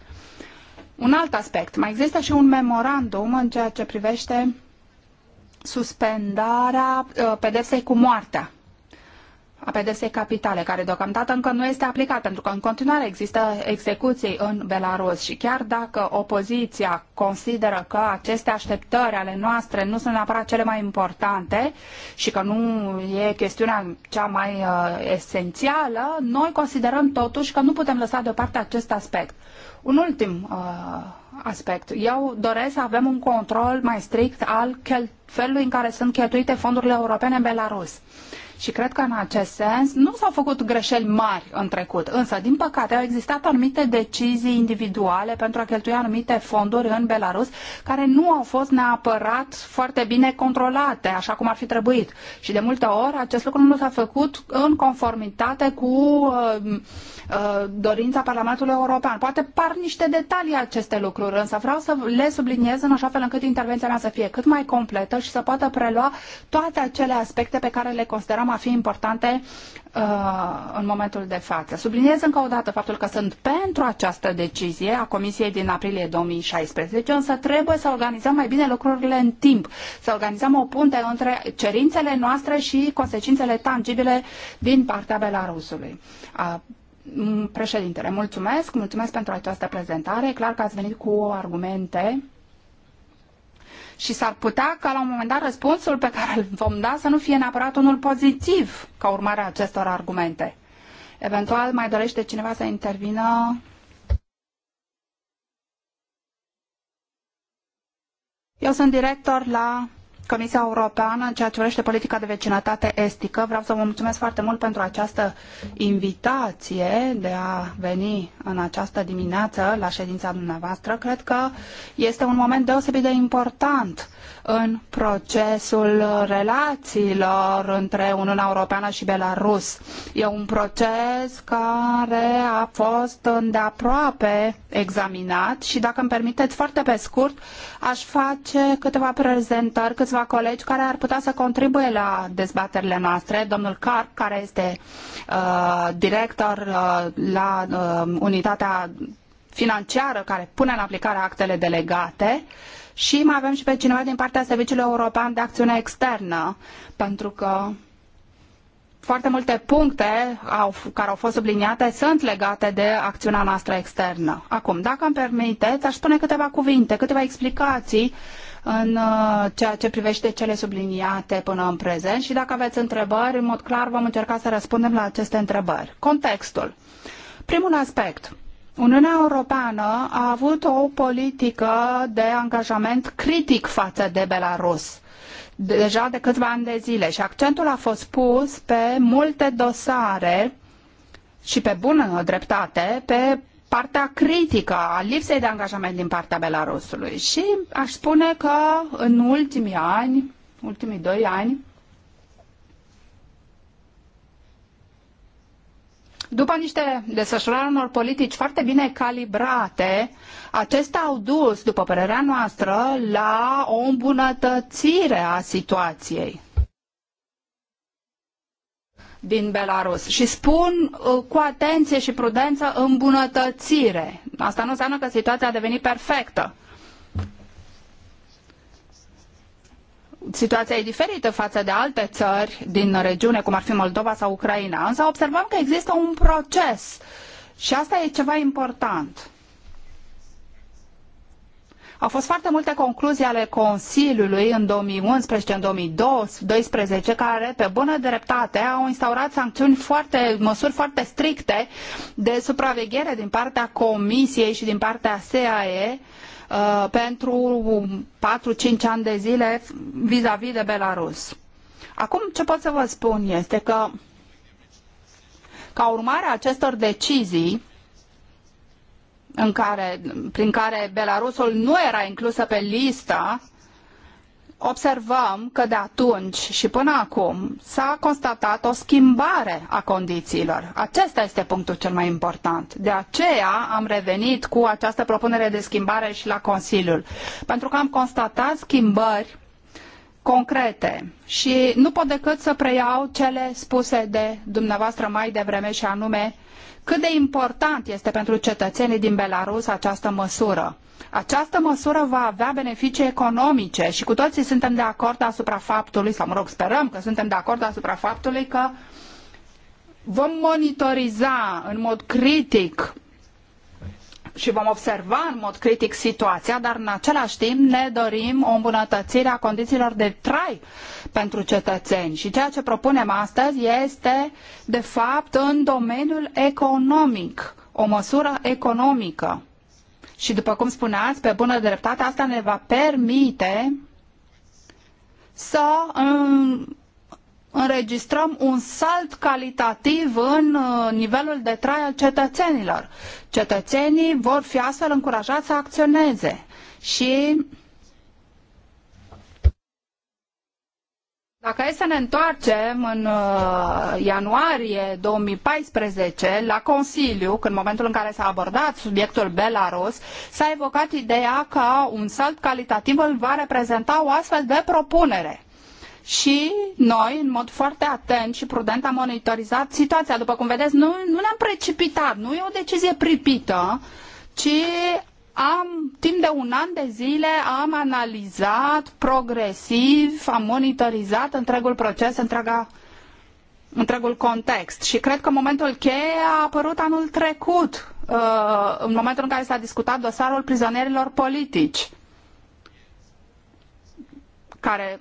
Un alt aspect. Mai există și un memorandum în ceea ce privește suspendarea uh, pedepsei cu moartea a pedepsei capitale, care deocamdată încă nu este aplicat, pentru că în continuare există execuții în Belarus și chiar dacă opoziția consideră că aceste așteptări ale noastre nu sunt neapărat cele mai importante și că nu e chestiunea cea mai uh, esențială, noi considerăm totuși că nu putem lăsa deoparte acest aspect. Un ultim uh, aspect. Eu doresc să avem un control mai strict al felului în care sunt cheltuite fondurile europene în Belarus. Uh, și cred că în acest sens nu s-au făcut greșeli mari în trecut, însă, din păcate, au existat anumite decizii individuale pentru a cheltui anumite fonduri în Belarus care nu au fost neapărat foarte bine controlate, așa cum ar fi trebuit. Și de multe ori acest lucru nu s-a făcut în conformitate cu uh, uh, dorința Parlamentului European. Poate par niște detalii aceste lucruri, însă vreau să le subliniez în așa fel încât intervenția mea să fie cât mai completă și să poată prelua toate acele aspecte pe care le considerăm a fi importante uh, în momentul de față. Subliniez încă o dată faptul că sunt pentru această decizie a Comisiei din aprilie 2016, însă trebuie să organizăm mai bine lucrurile în timp, să organizăm o punte între cerințele noastre și consecințele tangibile din partea Belarusului. Uh, președintele, mulțumesc, mulțumesc pentru această prezentare. E clar că ați venit cu argumente și s-ar putea ca la un moment dat răspunsul pe care îl vom da să nu fie neapărat unul pozitiv ca urmare a acestor argumente. Eventual mai dorește cineva să intervină? Eu sunt director la Comisia Europeană în ceea ce privește politica de vecinătate estică. Vreau să vă mulțumesc foarte mult pentru această invitație de a veni în această dimineață la ședința dumneavoastră. Cred că este un moment deosebit de important în procesul relațiilor între Uniunea Europeană și Belarus. E un proces care a fost îndeaproape examinat și, dacă îmi permiteți foarte pe scurt, aș face câteva prezentări cât câțiva colegi care ar putea să contribuie la dezbaterile noastre. Domnul Carp, care este uh, director uh, la uh, unitatea financiară care pune în aplicare actele delegate și mai avem și pe cineva din partea Serviciului European de Acțiune Externă, pentru că foarte multe puncte au, care au fost subliniate sunt legate de acțiunea noastră externă. Acum, dacă îmi permiteți, aș spune câteva cuvinte, câteva explicații în uh, ceea ce privește cele subliniate până în prezent și dacă aveți întrebări, în mod clar vom încerca să răspundem la aceste întrebări. Contextul. Primul aspect. Uniunea Europeană a avut o politică de angajament critic față de Belarus deja de câțiva ani de zile și accentul a fost pus pe multe dosare și pe bună dreptate pe partea critică a lipsei de angajament din partea Belarusului și aș spune că în ultimii ani, ultimii doi ani, după niște desfășurări unor politici foarte bine calibrate, acestea au dus, după părerea noastră, la o îmbunătățire a situației din Belarus și spun uh, cu atenție și prudență îmbunătățire. Asta nu înseamnă că situația a devenit perfectă. Situația e diferită față de alte țări din regiune, cum ar fi Moldova sau Ucraina, însă observăm că există un proces și asta e ceva important. Au fost foarte multe concluzii ale Consiliului în 2011, în 2012, care, pe bună dreptate, au instaurat sancțiuni foarte, măsuri foarte stricte de supraveghere din partea Comisiei și din partea SAE uh, pentru 4-5 ani de zile vis-a-vis -vis de Belarus. Acum, ce pot să vă spun este că, ca urmare a acestor decizii, în care, prin care Belarusul nu era inclusă pe lista, observăm că de atunci și până acum s-a constatat o schimbare a condițiilor. Acesta este punctul cel mai important. De aceea am revenit cu această propunere de schimbare și la Consiliul, pentru că am constatat schimbări concrete și nu pot decât să preiau cele spuse de dumneavoastră mai devreme și anume uh, cât de important este pentru cetățenii din Belarus această măsură. Această măsură va avea beneficii economice și cu toții suntem de acord asupra faptului, sau mă rog, sperăm că suntem de acord asupra faptului că vom monitoriza în mod critic și vom observa în mod critic situația, dar în același timp ne dorim o îmbunătățire a condițiilor de trai pentru cetățeni. Și ceea ce propunem astăzi este, de fapt, în domeniul economic, o măsură economică. Și după cum spuneați, pe bună dreptate, asta ne va permite să înregistrăm un salt calitativ în uh, nivelul de trai al cetățenilor. Cetățenii vor fi astfel încurajați să acționeze și Dacă e să ne întoarcem în uh, ianuarie 2014 la Consiliu, în momentul în care s-a abordat subiectul Belarus, s-a evocat ideea că un salt calitativ îl va reprezenta o astfel de propunere și noi, în mod foarte atent și prudent, am monitorizat situația. După cum vedeți, nu, nu ne-am precipitat, nu e o decizie pripită, ci am, timp de un an de zile am analizat progresiv, am monitorizat întregul proces, întreaga, întregul context. Și cred că momentul cheie a apărut anul trecut, uh, în momentul în care s-a discutat dosarul prizonierilor politici care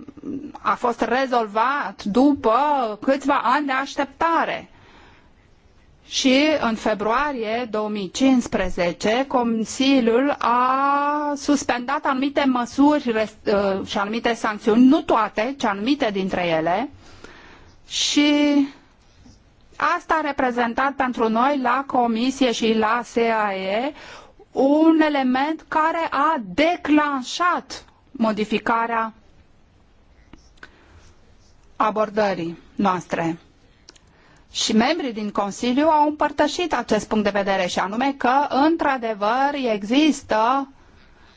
a fost rezolvat după câțiva ani de așteptare. Și în februarie 2015, Consiliul a suspendat anumite măsuri uh, și anumite sancțiuni, nu toate, ci anumite dintre ele. Și asta a reprezentat pentru noi la Comisie și la SAE un element care a declanșat modificarea abordării noastre. Și membrii din Consiliu au împărtășit acest punct de vedere și anume că, într-adevăr, există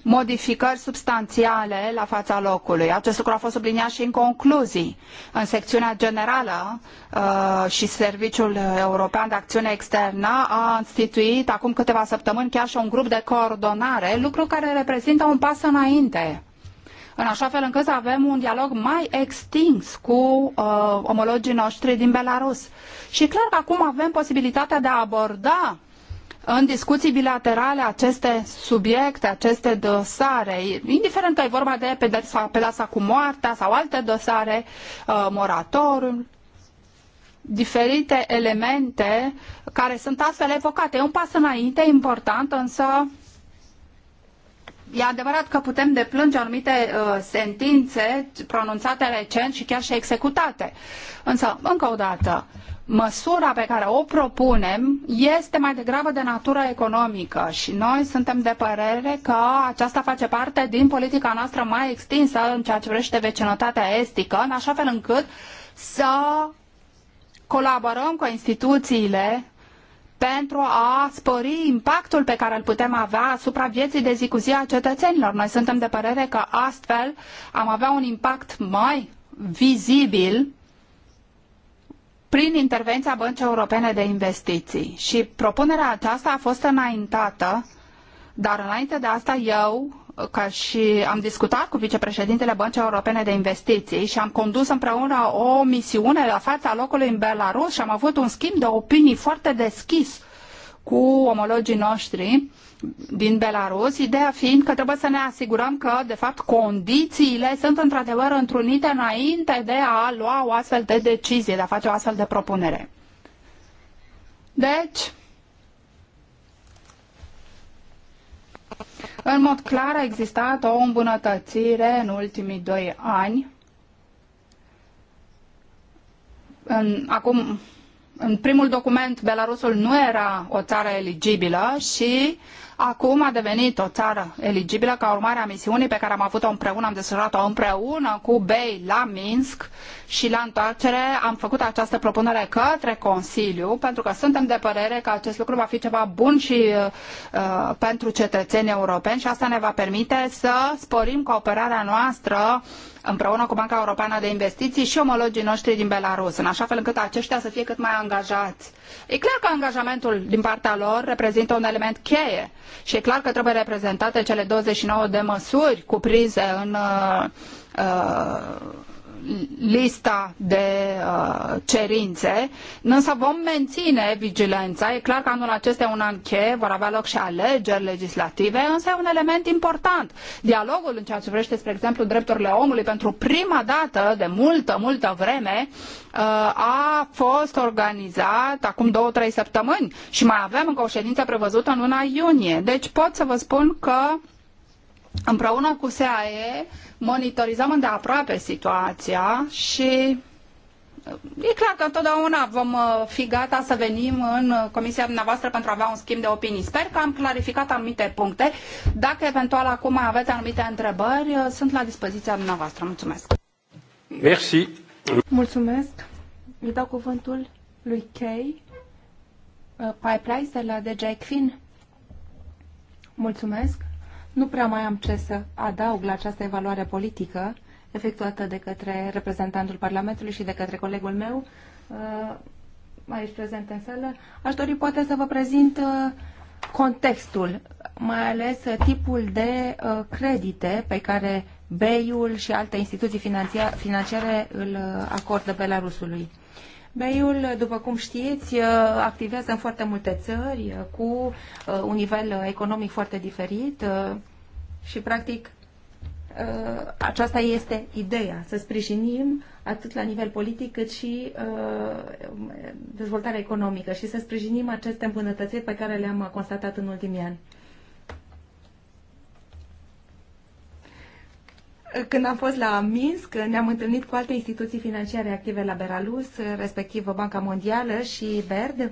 modificări substanțiale la fața locului. Acest lucru a fost subliniat și în concluzii. În secțiunea generală uh, și Serviciul European de Acțiune Externă a instituit acum câteva săptămâni chiar și un grup de coordonare, lucru care reprezintă un pas înainte în așa fel încât să avem un dialog mai extins cu uh, omologii noștri din Belarus. Și clar că acum avem posibilitatea de a aborda în discuții bilaterale aceste subiecte, aceste dosare, indiferent că e vorba de pedepsa, pedepsa cu moartea sau alte dosare, uh, diferite elemente care sunt astfel evocate. E un pas înainte important, însă E adevărat că putem deplânge anumite uh, sentințe pronunțate recent și chiar și executate. Însă, încă o dată, măsura pe care o propunem este mai degrabă de natură economică și noi suntem de părere că aceasta face parte din politica noastră mai extinsă în ceea ce privește vecinătatea estică, în așa fel încât să colaborăm cu instituțiile pentru a spori impactul pe care îl putem avea asupra vieții de zi cu zi a cetățenilor. Noi suntem de părere că astfel am avea un impact mai vizibil prin intervenția Băncii Europene de Investiții. Și propunerea aceasta a fost înaintată, dar înainte de asta eu ca și am discutat cu vicepreședintele Băncii Europene de Investiții și am condus împreună o misiune la fața locului în Belarus și am avut un schimb de opinii foarte deschis cu omologii noștri din Belarus, ideea fiind că trebuie să ne asigurăm că, de fapt, condițiile sunt într-adevăr întrunite înainte de a lua o astfel de decizie, de a face o astfel de propunere. Deci, În mod clar a existat o îmbunătățire în ultimii doi ani. În, acum, în primul document, Belarusul nu era o țară eligibilă și uh, acum a devenit o țară eligibilă ca urmare a misiunii pe care am avut-o împreună, am desfășurat-o împreună cu BEI la Minsk și la întoarcere am făcut această propunere către Consiliu pentru că suntem de părere că acest lucru va fi ceva bun și uh, uh pentru cetățenii europeni și asta ne va permite să sporim cooperarea noastră uh, împreună cu Banca Europeană de Investiții și omologii noștri din Belarus, în așa fel încât aceștia să fie cât mai angajați. E clar că angajamentul din partea lor reprezintă un element cheie și e clar că trebuie reprezentate cele 29 de măsuri cuprinse în uh, uh, lista de uh, cerințe, însă vom menține vigilența. E clar că anul acesta e un an cheie, vor avea loc și alegeri legislative, însă e un element important. Dialogul în ceea ce privește, spre exemplu, drepturile omului, pentru prima dată de multă, multă vreme, uh, a fost organizat acum două-trei săptămâni și mai avem încă o ședință prevăzută în luna iunie. Deci pot să vă spun că împreună cu SAE monitorizăm îndeaproape situația și uh, e clar că întotdeauna vom uh, fi gata să venim în comisia dumneavoastră pentru a avea un schimb de opinii. Sper că am clarificat anumite puncte. Dacă eventual acum mai aveți anumite întrebări, uh, sunt la dispoziția dumneavoastră. Mulțumesc! Merci. Mulțumesc! Îi dau cuvântul lui Kay Pipeline de la DJ Ecfin. Mulțumesc! Nu prea mai am ce să adaug la această evaluare politică efectuată de către reprezentantul Parlamentului și de către colegul meu uh, aici prezent în sală. Aș dori poate să vă prezint uh, contextul, mai ales uh, tipul de credite pe care BEI-ul și alte instituții financiare îl acordă Belarusului bei după cum știți, activează în foarte multe țări uh, cu uh, un nivel uh, economic foarte diferit și, practic, aceasta este ideea, să sprijinim atât la nivel politic cât și dezvoltarea economică și să sprijinim aceste îmbunătățiri pe care le-am constatat în ultimii ani. Când am fost la Minsk, ne-am întâlnit cu alte instituții financiare active la Belarus, respectiv Banca Mondială și BERD.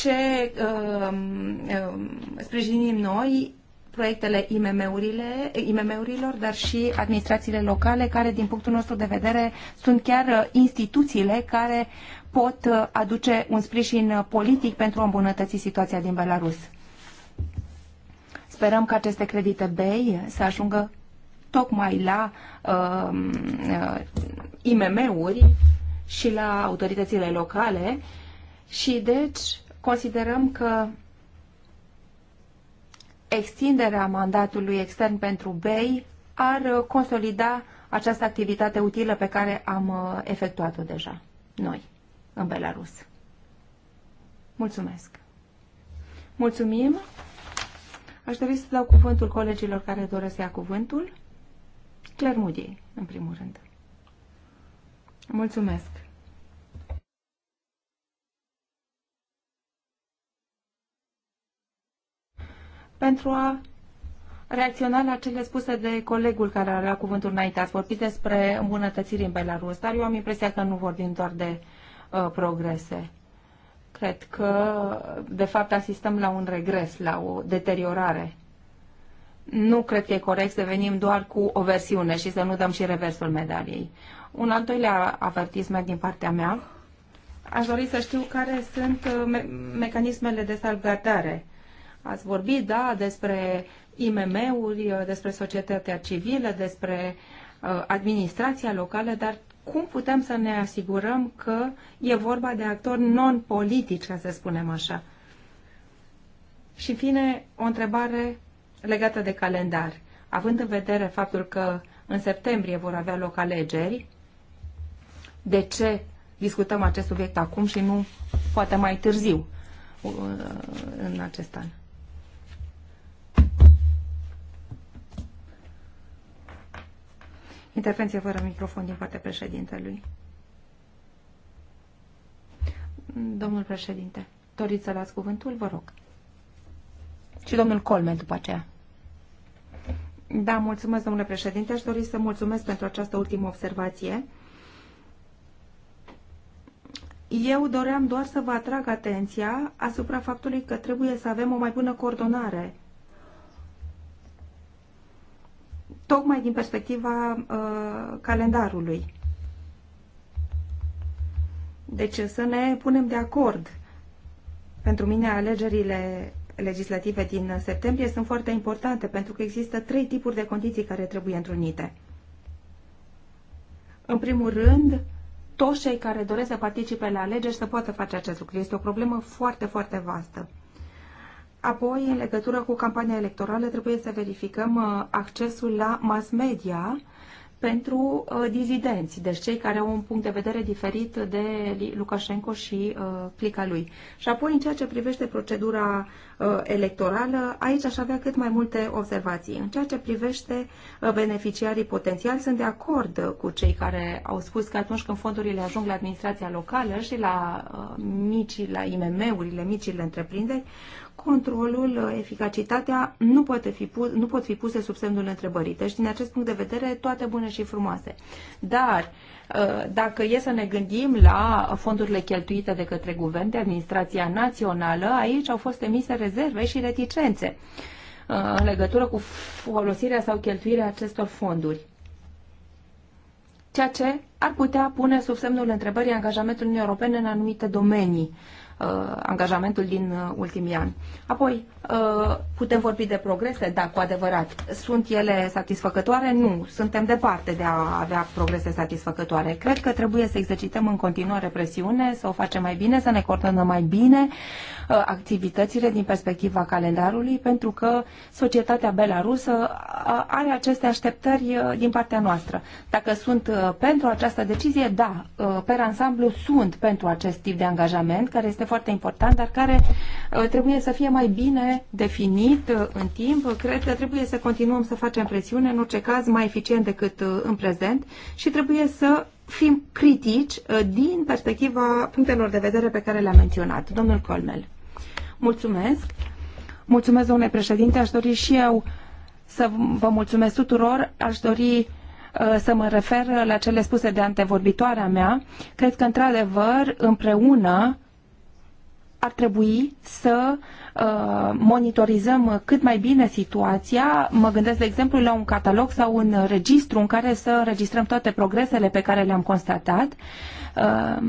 Ce uh, uh, sprijinim noi proiectele imm urilor imm dar și administrațiile locale, care, din punctul nostru de vedere, sunt chiar uh, instituțiile care pot uh, aduce un sprijin uh, politic pentru a îmbunătăți situația din Belarus. Sperăm că aceste credite BEI să ajungă tocmai la um, uh, uh, IMM-uri și la autoritățile locale și deci considerăm că extinderea mandatului extern pentru BEI ar uh, consolida această activitate utilă pe care am efectuat-o deja noi în Belarus. Mulțumesc! Mulțumim! Aș dori să dau cuvântul colegilor care doresc să ia cuvântul. Claire Moody, în primul rând. Mulțumesc! Pentru a reacționa la cele spuse de colegul care a luat cuvântul înainte, ați vorbit despre îmbunătățiri în Belarus, dar eu am impresia că nu vorbim doar de uh, Uh, progrese. Cred că, de fapt, asistăm la un regres, la o deteriorare. Nu cred că e corect să venim doar cu o versiune și să nu dăm și reversul medaliei. Un al doilea avertisment din partea mea. Aș dori să știu care sunt uh, me mecanismele de salvgardare. Ați vorbit, da, despre IMM-uri, uh, despre societatea civilă, despre uh, administrația locală, dar cum putem să ne asigurăm că e vorba de actori non-politici, ca să spunem așa. Și, în fine, o întrebare legată de calendar. Având în vedere faptul că în septembrie vor avea loc alegeri, de ce discutăm acest subiect acum și nu poate mai târziu uh, în acest an? Intervenție fără microfon din partea președintelui. Domnul președinte, doriți să luați cuvântul? Vă rog. Și domnul Colmen după aceea. Da, mulțumesc, domnule președinte. Aș dori să mulțumesc pentru această ultimă observație. Eu doream doar să vă atrag atenția asupra faptului că trebuie să avem o mai bună coordonare tocmai din perspectiva uh, calendarului. Deci să ne punem de acord. Pentru mine alegerile legislative din septembrie sunt foarte importante pentru că există trei tipuri de condiții care trebuie întrunite. În primul rând, toți cei care doresc să participe la alegeri să poată face acest lucru. Este o problemă foarte, foarte vastă. Apoi, în legătură cu campania electorală, trebuie să verificăm uh, accesul la mass media pentru uh, dizidenți, deci cei care au un punct de vedere diferit de Lukashenko și clica uh, lui. Și apoi, în ceea ce privește procedura electorală, aici aș avea cât mai multe observații. În ceea ce privește beneficiarii potențiali, sunt de acord cu cei care au spus că atunci când fondurile ajung la administrația locală și la micii, la IMM-urile, micile întreprinderi, controlul, uh, eficacitatea nu, poate fi pus, nu pot fi puse sub semnul întrebării. Deci, din acest punct de vedere, toate bune și frumoase. Dar, uh, dacă e să ne gândim la fondurile cheltuite de către guvern, de administrația națională, aici au fost emise rezerve și reticențe uh, în legătură cu folosirea sau cheltuirea acestor fonduri ceea ce ar putea pune sub semnul întrebării angajamentul Uniunii Europene în anumite domenii Uh, angajamentul din uh, ultimii ani. Apoi, uh, putem vorbi de progrese? Da, cu adevărat. Sunt ele satisfăcătoare? Nu. Suntem departe de a avea progrese satisfăcătoare. Cred că trebuie să exercităm în continuare presiune, să o facem mai bine, să ne coordonăm mai bine activitățile din perspectiva calendarului, pentru că societatea belarusă are aceste așteptări din partea noastră. Dacă sunt pentru această decizie, da, pe ansamblu sunt pentru acest tip de angajament, care este foarte important, dar care uh, trebuie să fie mai bine definit uh, în timp. Cred că trebuie să continuăm să facem presiune, în orice caz mai eficient decât uh, în prezent și trebuie să fim critici din perspectiva punctelor de vedere pe care le a menționat. Domnul Colmel. Mulțumesc. Mulțumesc, domnule președinte. Aș dori și eu să vă mulțumesc tuturor. Aș dori să mă refer la cele spuse de antevorbitoarea mea. Cred că, într-adevăr, împreună ar trebui să uh, monitorizăm cât mai bine situația. Mă gândesc, de exemplu, la un catalog sau un registru în care să înregistrăm toate progresele pe care le-am constatat. Uh,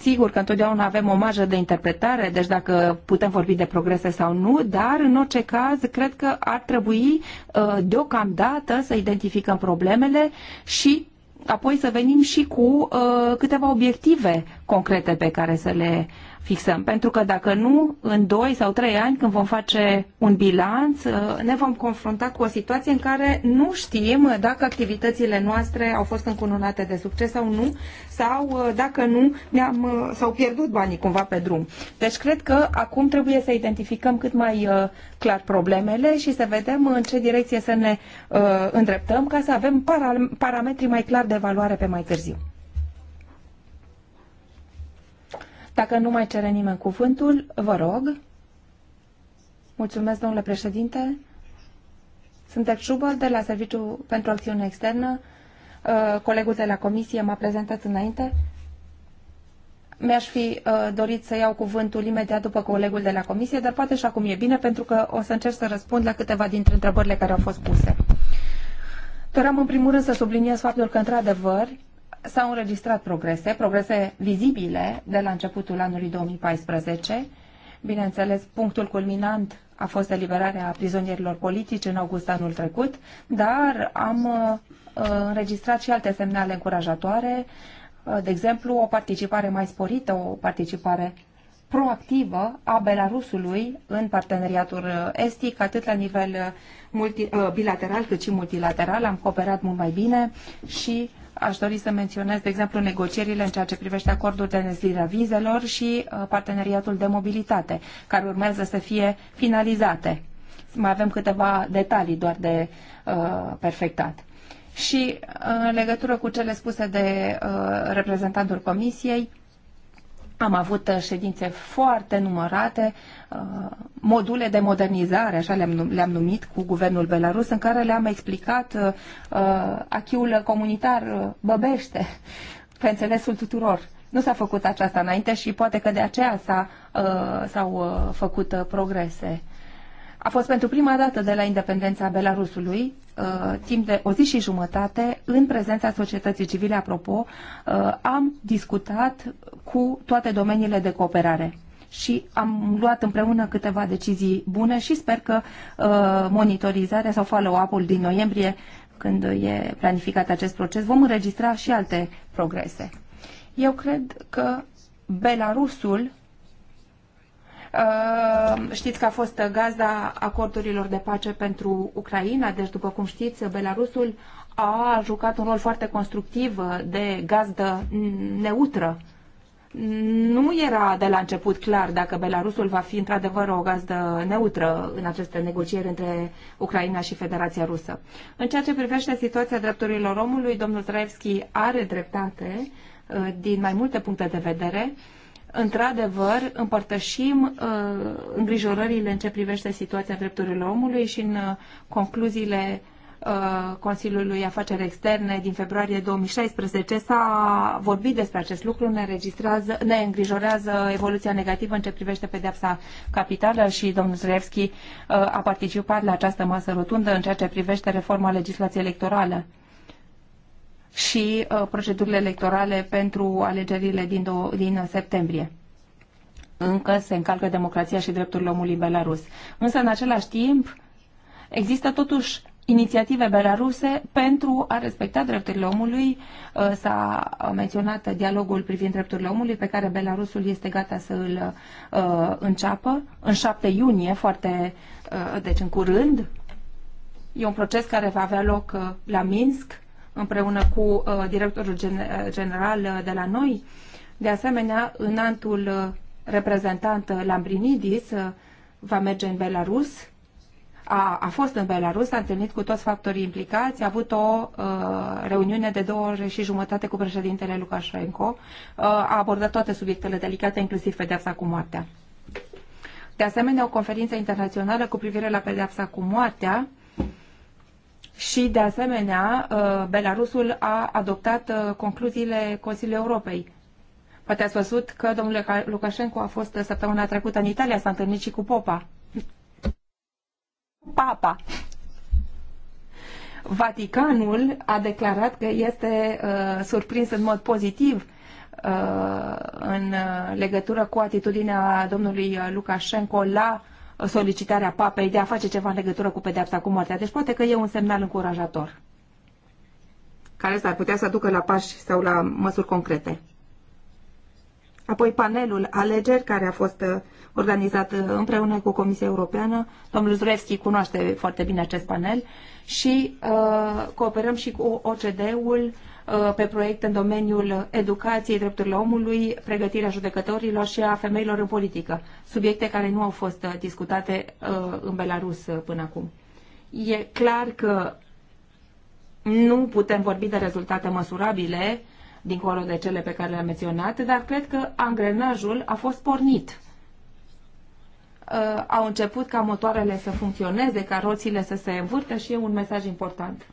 sigur că întotdeauna avem o marjă de interpretare, deci dacă putem vorbi de progrese sau nu, dar în orice caz cred că ar trebui uh, deocamdată să identificăm problemele și apoi să venim și cu uh, câteva obiective concrete pe care să le fixăm. Pentru că dacă nu, în 2 sau 3 ani, când vom face un bilanț, uh, ne vom confrunta cu o situație în care nu știm dacă activitățile noastre au fost încununate de succes sau nu, sau uh, dacă nu, ne-am, uh, s-au pierdut banii cumva pe drum. Deci cred că acum trebuie să identificăm cât mai clar problemele și să vedem în ce direcție să ne îndreptăm ca să avem parametri mai clar de evaluare pe mai târziu. Dacă nu mai cere nimeni cuvântul, vă rog. Mulțumesc, domnule președinte. Sunt Schubert de la Serviciu pentru Acțiune Externă. Uh, colegul de la comisie m-a prezentat înainte. Mi-aș fi uh, dorit să iau cuvântul imediat după colegul de la comisie, dar poate și acum e bine, pentru că o să încerc să răspund la câteva dintre întrebările care au fost puse. Doream în primul rând să subliniez faptul că, într-adevăr, s-au înregistrat progrese, progrese vizibile de la începutul anului 2014. Bineînțeles, punctul culminant a fost eliberarea prizonierilor politici în august anul trecut, dar am uh, înregistrat și alte semnale încurajatoare, uh, de exemplu, o participare mai sporită, o participare proactivă a Belarusului în parteneriatul uh, estic, atât la nivel multi, bilateral cât și multilateral. Am cooperat mult mai bine și Aș dori să menționez, de exemplu, negocierile în ceea ce privește acordul de a vizelor și uh, parteneriatul de mobilitate, care urmează să fie finalizate. Mai avem câteva detalii doar de uh, perfectat. Și uh, în legătură cu cele spuse de uh, reprezentantul Comisiei, am avut uh, ședințe foarte numărate Uh, module de modernizare, așa le-am, le-am numit, cu guvernul Belarus, în care le-am explicat uh, uh achiul comunitar uh, băbește pe înțelesul tuturor. Nu s-a făcut aceasta înainte și poate că de aceea s-a, uh, s-au uh, făcut uh, progrese. A fost pentru prima dată de la independența Belarusului, uh, timp de o zi și jumătate, în prezența societății civile, apropo, uh, am discutat cu toate domeniile de cooperare și am luat împreună câteva decizii bune și sper că uh, monitorizarea sau follow-up-ul din noiembrie, când e planificat acest proces, vom înregistra și alte progrese. Eu cred că Belarusul uh, Știți că a fost gazda acordurilor de pace pentru Ucraina, deci după cum știți, Belarusul a jucat un rol foarte constructiv de gazdă neutră nu era de la început clar dacă Belarusul va fi într-adevăr o gazdă neutră în aceste negocieri între Ucraina și Federația Rusă. În ceea ce privește situația drepturilor omului, domnul Traevski are dreptate uh, din mai multe puncte de vedere. Într-adevăr, împărtășim uh, îngrijorările în ce privește situația drepturilor omului și în uh, concluziile Uh, Consiliului Afaceri Externe din februarie 2016 s-a vorbit despre acest lucru, ne, registrează, ne îngrijorează evoluția negativă în ce privește pedepsa capitală și domnul Zrevski uh, a participat la această masă rotundă în ceea ce privește reforma legislației electorale și uh, procedurile electorale pentru alegerile din, din septembrie încă se încalcă democrația și drepturile omului în Belarus. Însă, în același timp, există totuși inițiative belaruse pentru a respecta drepturile omului. Uh, s-a menționat dialogul privind drepturile omului pe care Belarusul este gata să îl uh, înceapă în 7 iunie, foarte, uh, deci în curând. E un proces care va avea loc la Minsk împreună cu directorul general de la noi. De asemenea, în antul reprezentant Lambrinidis va merge în Belarus a, a fost în Belarus, s-a întâlnit cu toți factorii implicați, a avut o uh, reuniune de două ore și jumătate cu președintele Lukashenko, uh, a abordat toate subiectele delicate, inclusiv pedeapsa cu moartea. De asemenea, o conferință internațională cu privire la pedeapsa cu moartea și, de asemenea, uh, Belarusul a adoptat uh, concluziile Consiliului Europei Poate ați văzut că domnul Lukashenko a fost uh, săptămâna trecută în Italia, s-a întâlnit și cu Popa. Papa. Vaticanul a declarat că este uh, surprins în mod pozitiv uh, în uh, legătură cu atitudinea domnului uh, Lukashenko la solicitarea papei de a face ceva în legătură cu pedeapsa cu moartea. Deci poate că e un semnal încurajator care s-ar putea să ducă la pași sau la măsuri concrete. Apoi panelul alegeri care a fost uh, organizat uh, împreună cu Comisia Europeană. Domnul Zurevski cunoaște foarte bine acest panel și uh, cooperăm și cu OCD-ul uh, pe proiecte în domeniul educației, drepturilor omului, pregătirea judecătorilor și a femeilor în politică, subiecte care nu au fost uh, discutate uh, în Belarus până acum. E clar că nu putem vorbi de rezultate măsurabile dincolo de cele pe care le-am menționat, dar cred că angrenajul a fost pornit. Uh, au început ca motoarele să funcționeze, ca roțile să se învârte și e un mesaj important.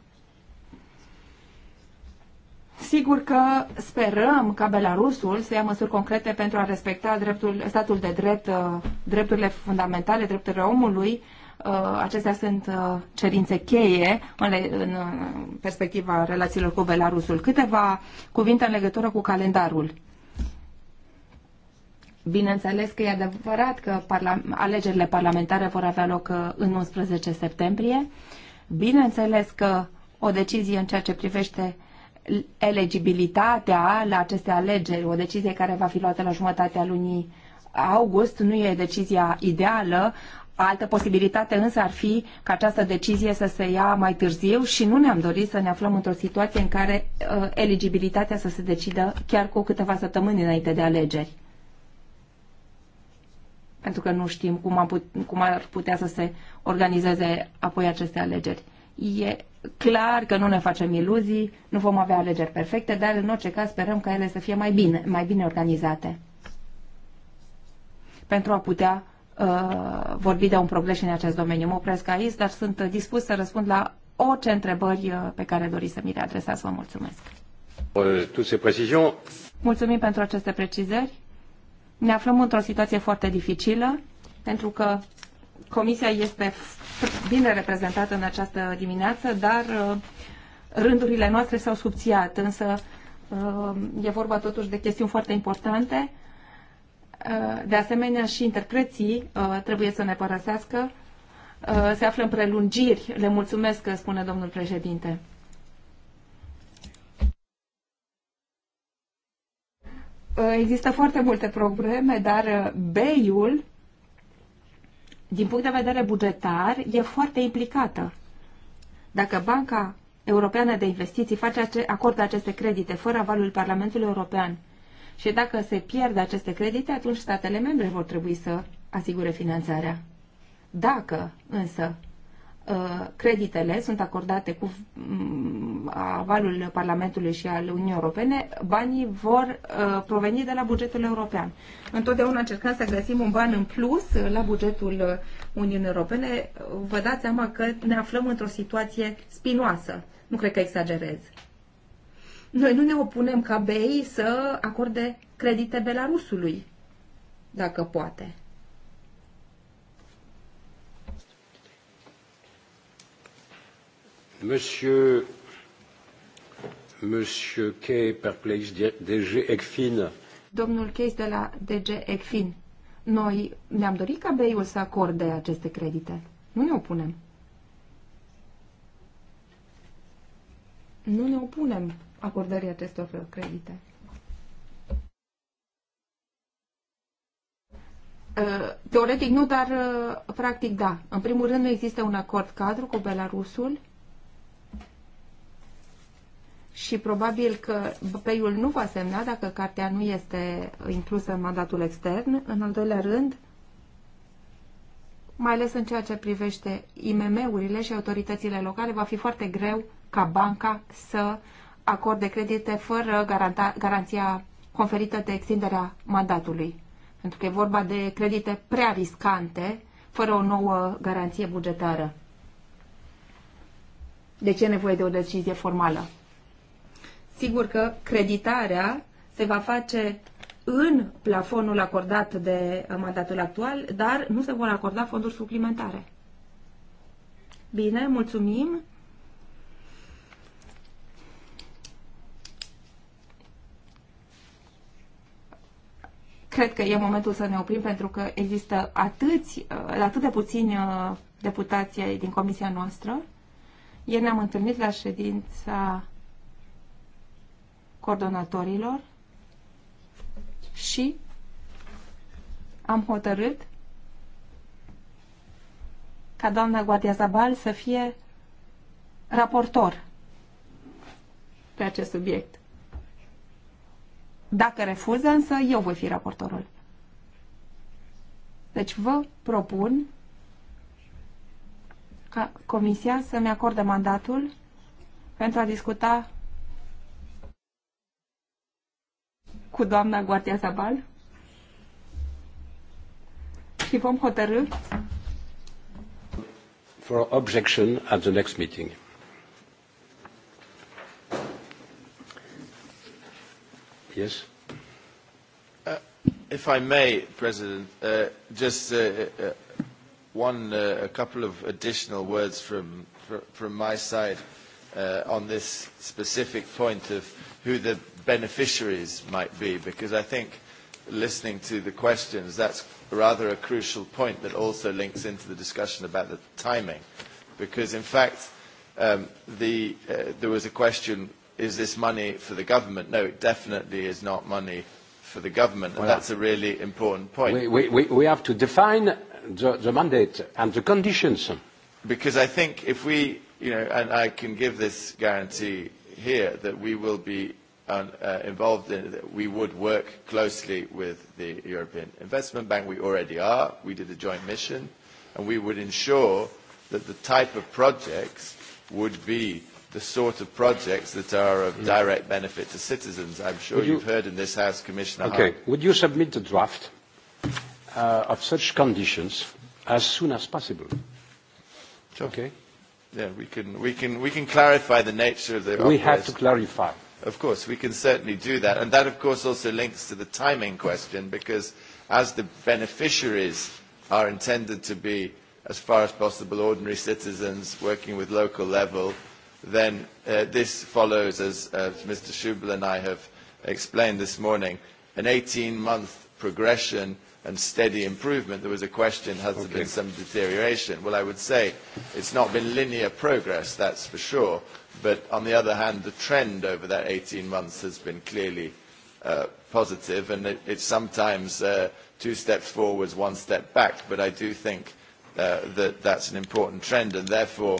Sigur că sperăm ca Belarusul să ia măsuri concrete pentru a respecta dreptul, statul de drept, uh, drepturile fundamentale, drepturile omului, Uh, acestea sunt uh, cerințe cheie în uh, perspectiva relațiilor cu Belarusul. Câteva cuvinte în legătură cu calendarul. Bineînțeles că e adevărat că parla alegerile parlamentare vor avea loc în 11 septembrie. Bineînțeles că o decizie în ceea ce privește elegibilitatea la aceste alegeri, o decizie care va fi luată la jumătatea lunii august, nu e decizia ideală. Altă posibilitate însă ar fi ca această decizie să se ia mai târziu și nu ne-am dorit să ne aflăm într-o situație în care uh, eligibilitatea să se decidă chiar cu câteva săptămâni înainte de alegeri. Pentru că nu știm cum, am put, cum ar putea să se organizeze apoi aceste alegeri. E clar că nu ne facem iluzii, nu vom avea alegeri perfecte, dar în orice caz sperăm ca ele să fie mai bine, mai bine organizate pentru a putea Uh, vorbi de un progres în acest domeniu. Mă opresc aici, dar sunt dispus să răspund la orice întrebări uh, pe care doriți să mi le adresați. Vă mulțumesc. Uh, Mulțumim pentru aceste precizări. Ne aflăm într-o situație foarte dificilă, pentru că comisia este bine reprezentată în această dimineață, dar rândurile noastre s-au subțiat, însă e vorba totuși de chestiuni foarte importante Uh, de asemenea, și interpreții uh, trebuie să ne părăsească. Uh, se află în prelungiri. Le mulțumesc, spune domnul președinte. Există foarte multe probleme, dar BEI-ul, din punct de vedere bugetar, e foarte implicată. Dacă Banca Europeană de Investiții face ace- acordă aceste credite fără avalul Parlamentului European și dacă se pierd aceste credite, atunci statele membre vor trebui să asigure finanțarea. Dacă însă ă, creditele sunt acordate cu mm, avalul Parlamentului și al Uniunii Europene, banii vor ă, proveni de la bugetul european. Întotdeauna încercăm să găsim un ban în plus la bugetul Uniunii Europene. Vă dați seama că ne aflăm într-o situație spinoasă. Nu cred că exagerez. Noi nu ne opunem ca BEI să acorde credite Belarusului, dacă poate. Monsieur, Monsieur Kay, perplex, DG ECFIN. Domnul Case de la DG ECFIN. Noi ne-am dorit ca BEI-ul să acorde aceste credite. Nu ne opunem. Nu ne opunem acordării acestor credite. Uh, teoretic nu, dar uh, practic da. În primul rând nu există un acord cadru cu Belarusul și probabil că bpi nu va semna dacă cartea nu este inclusă în mandatul extern. În al doilea rând, mai ales în ceea ce privește IMM-urile și autoritățile locale, va fi foarte greu ca banca să acord de credite fără garanta, garanția conferită de extinderea mandatului. Pentru că e vorba de credite prea riscante, fără o nouă garanție bugetară. ce e nevoie de o decizie formală. Sigur că creditarea se va face în plafonul acordat de mandatul actual, dar nu se vor acorda fonduri suplimentare. Bine, mulțumim. cred că e momentul să ne oprim pentru că există atâți, atât de puțini uh, deputații din comisia noastră. Ieri ne-am întâlnit la ședința coordonatorilor și am hotărât ca doamna Guardia Zabal să fie raportor pe acest subiect. Dacă refuză, însă eu voi fi raportorul. Deci vă propun ca Comisia să-mi acorde mandatul pentru a discuta cu doamna Guardia Zabal și vom hotărâ for objection at the next meeting. Yes. Uh, if I may, President, uh, just uh, uh one, uh, a couple of additional words from, from my side uh, on this specific point of who the beneficiaries might be, because I think listening to the questions, that's rather a crucial point that also links into the discussion about the timing. Because in fact, um, the, there was a question is this money for the government? No, it definitely is not money for the government, and well, that's a really important point. We, we, we, we have to define the, the mandate and the conditions. Because I think if we, you know, and I can give this guarantee here that we will be um, uh, involved in that we would work closely with the European Investment Bank. We already are. We did a joint mission, and we would ensure that the type of projects would be the sort of projects that are of direct benefit to citizens. I'm sure you, you've heard in this House, Commissioner. Okay. Hart. Would you submit a draft uh, of such conditions as soon as possible? Sure. Okay. Yeah, we can, we, can, we can clarify the nature of the... We operation. have to clarify. Of course, we can certainly do that. And that, of course, also links to the timing question, because as the beneficiaries are intended to be, as far as possible, ordinary citizens working with local level, then uh, this follows, as uh, Mr. Schubel and I have explained this morning, an 18-month progression and steady improvement. There was a question, has okay. there been some deterioration? Well, I would say it's not been linear progress, that's for sure. But on the other hand, the trend over that 18 months has been clearly uh, positive, and it, it's sometimes uh, two steps forwards, one step back. But I do think uh, that that's an important trend, and therefore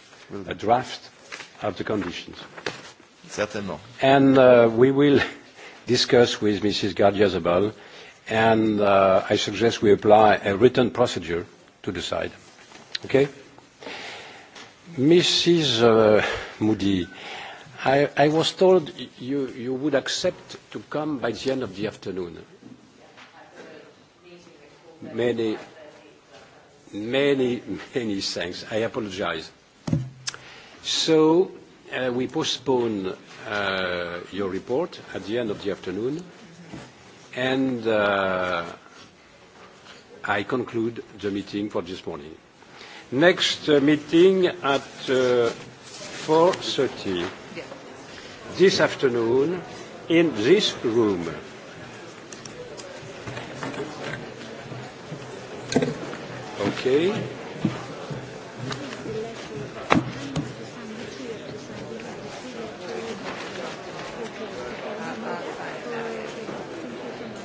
a draft of the conditions. Certainement. And uh, we will discuss with Mrs. Gardiazabal, and uh, I suggest we apply a written procedure to decide. Okay? Mrs. Uh, Moody, I, I was told you, you would accept to come by the end of the afternoon. Many, many, many thanks. I apologize. So uh, we postpone uh, your report at the end of the afternoon, and uh, I conclude the meeting for this morning. Next uh, meeting at uh, 4.30 this afternoon in this room. Okay.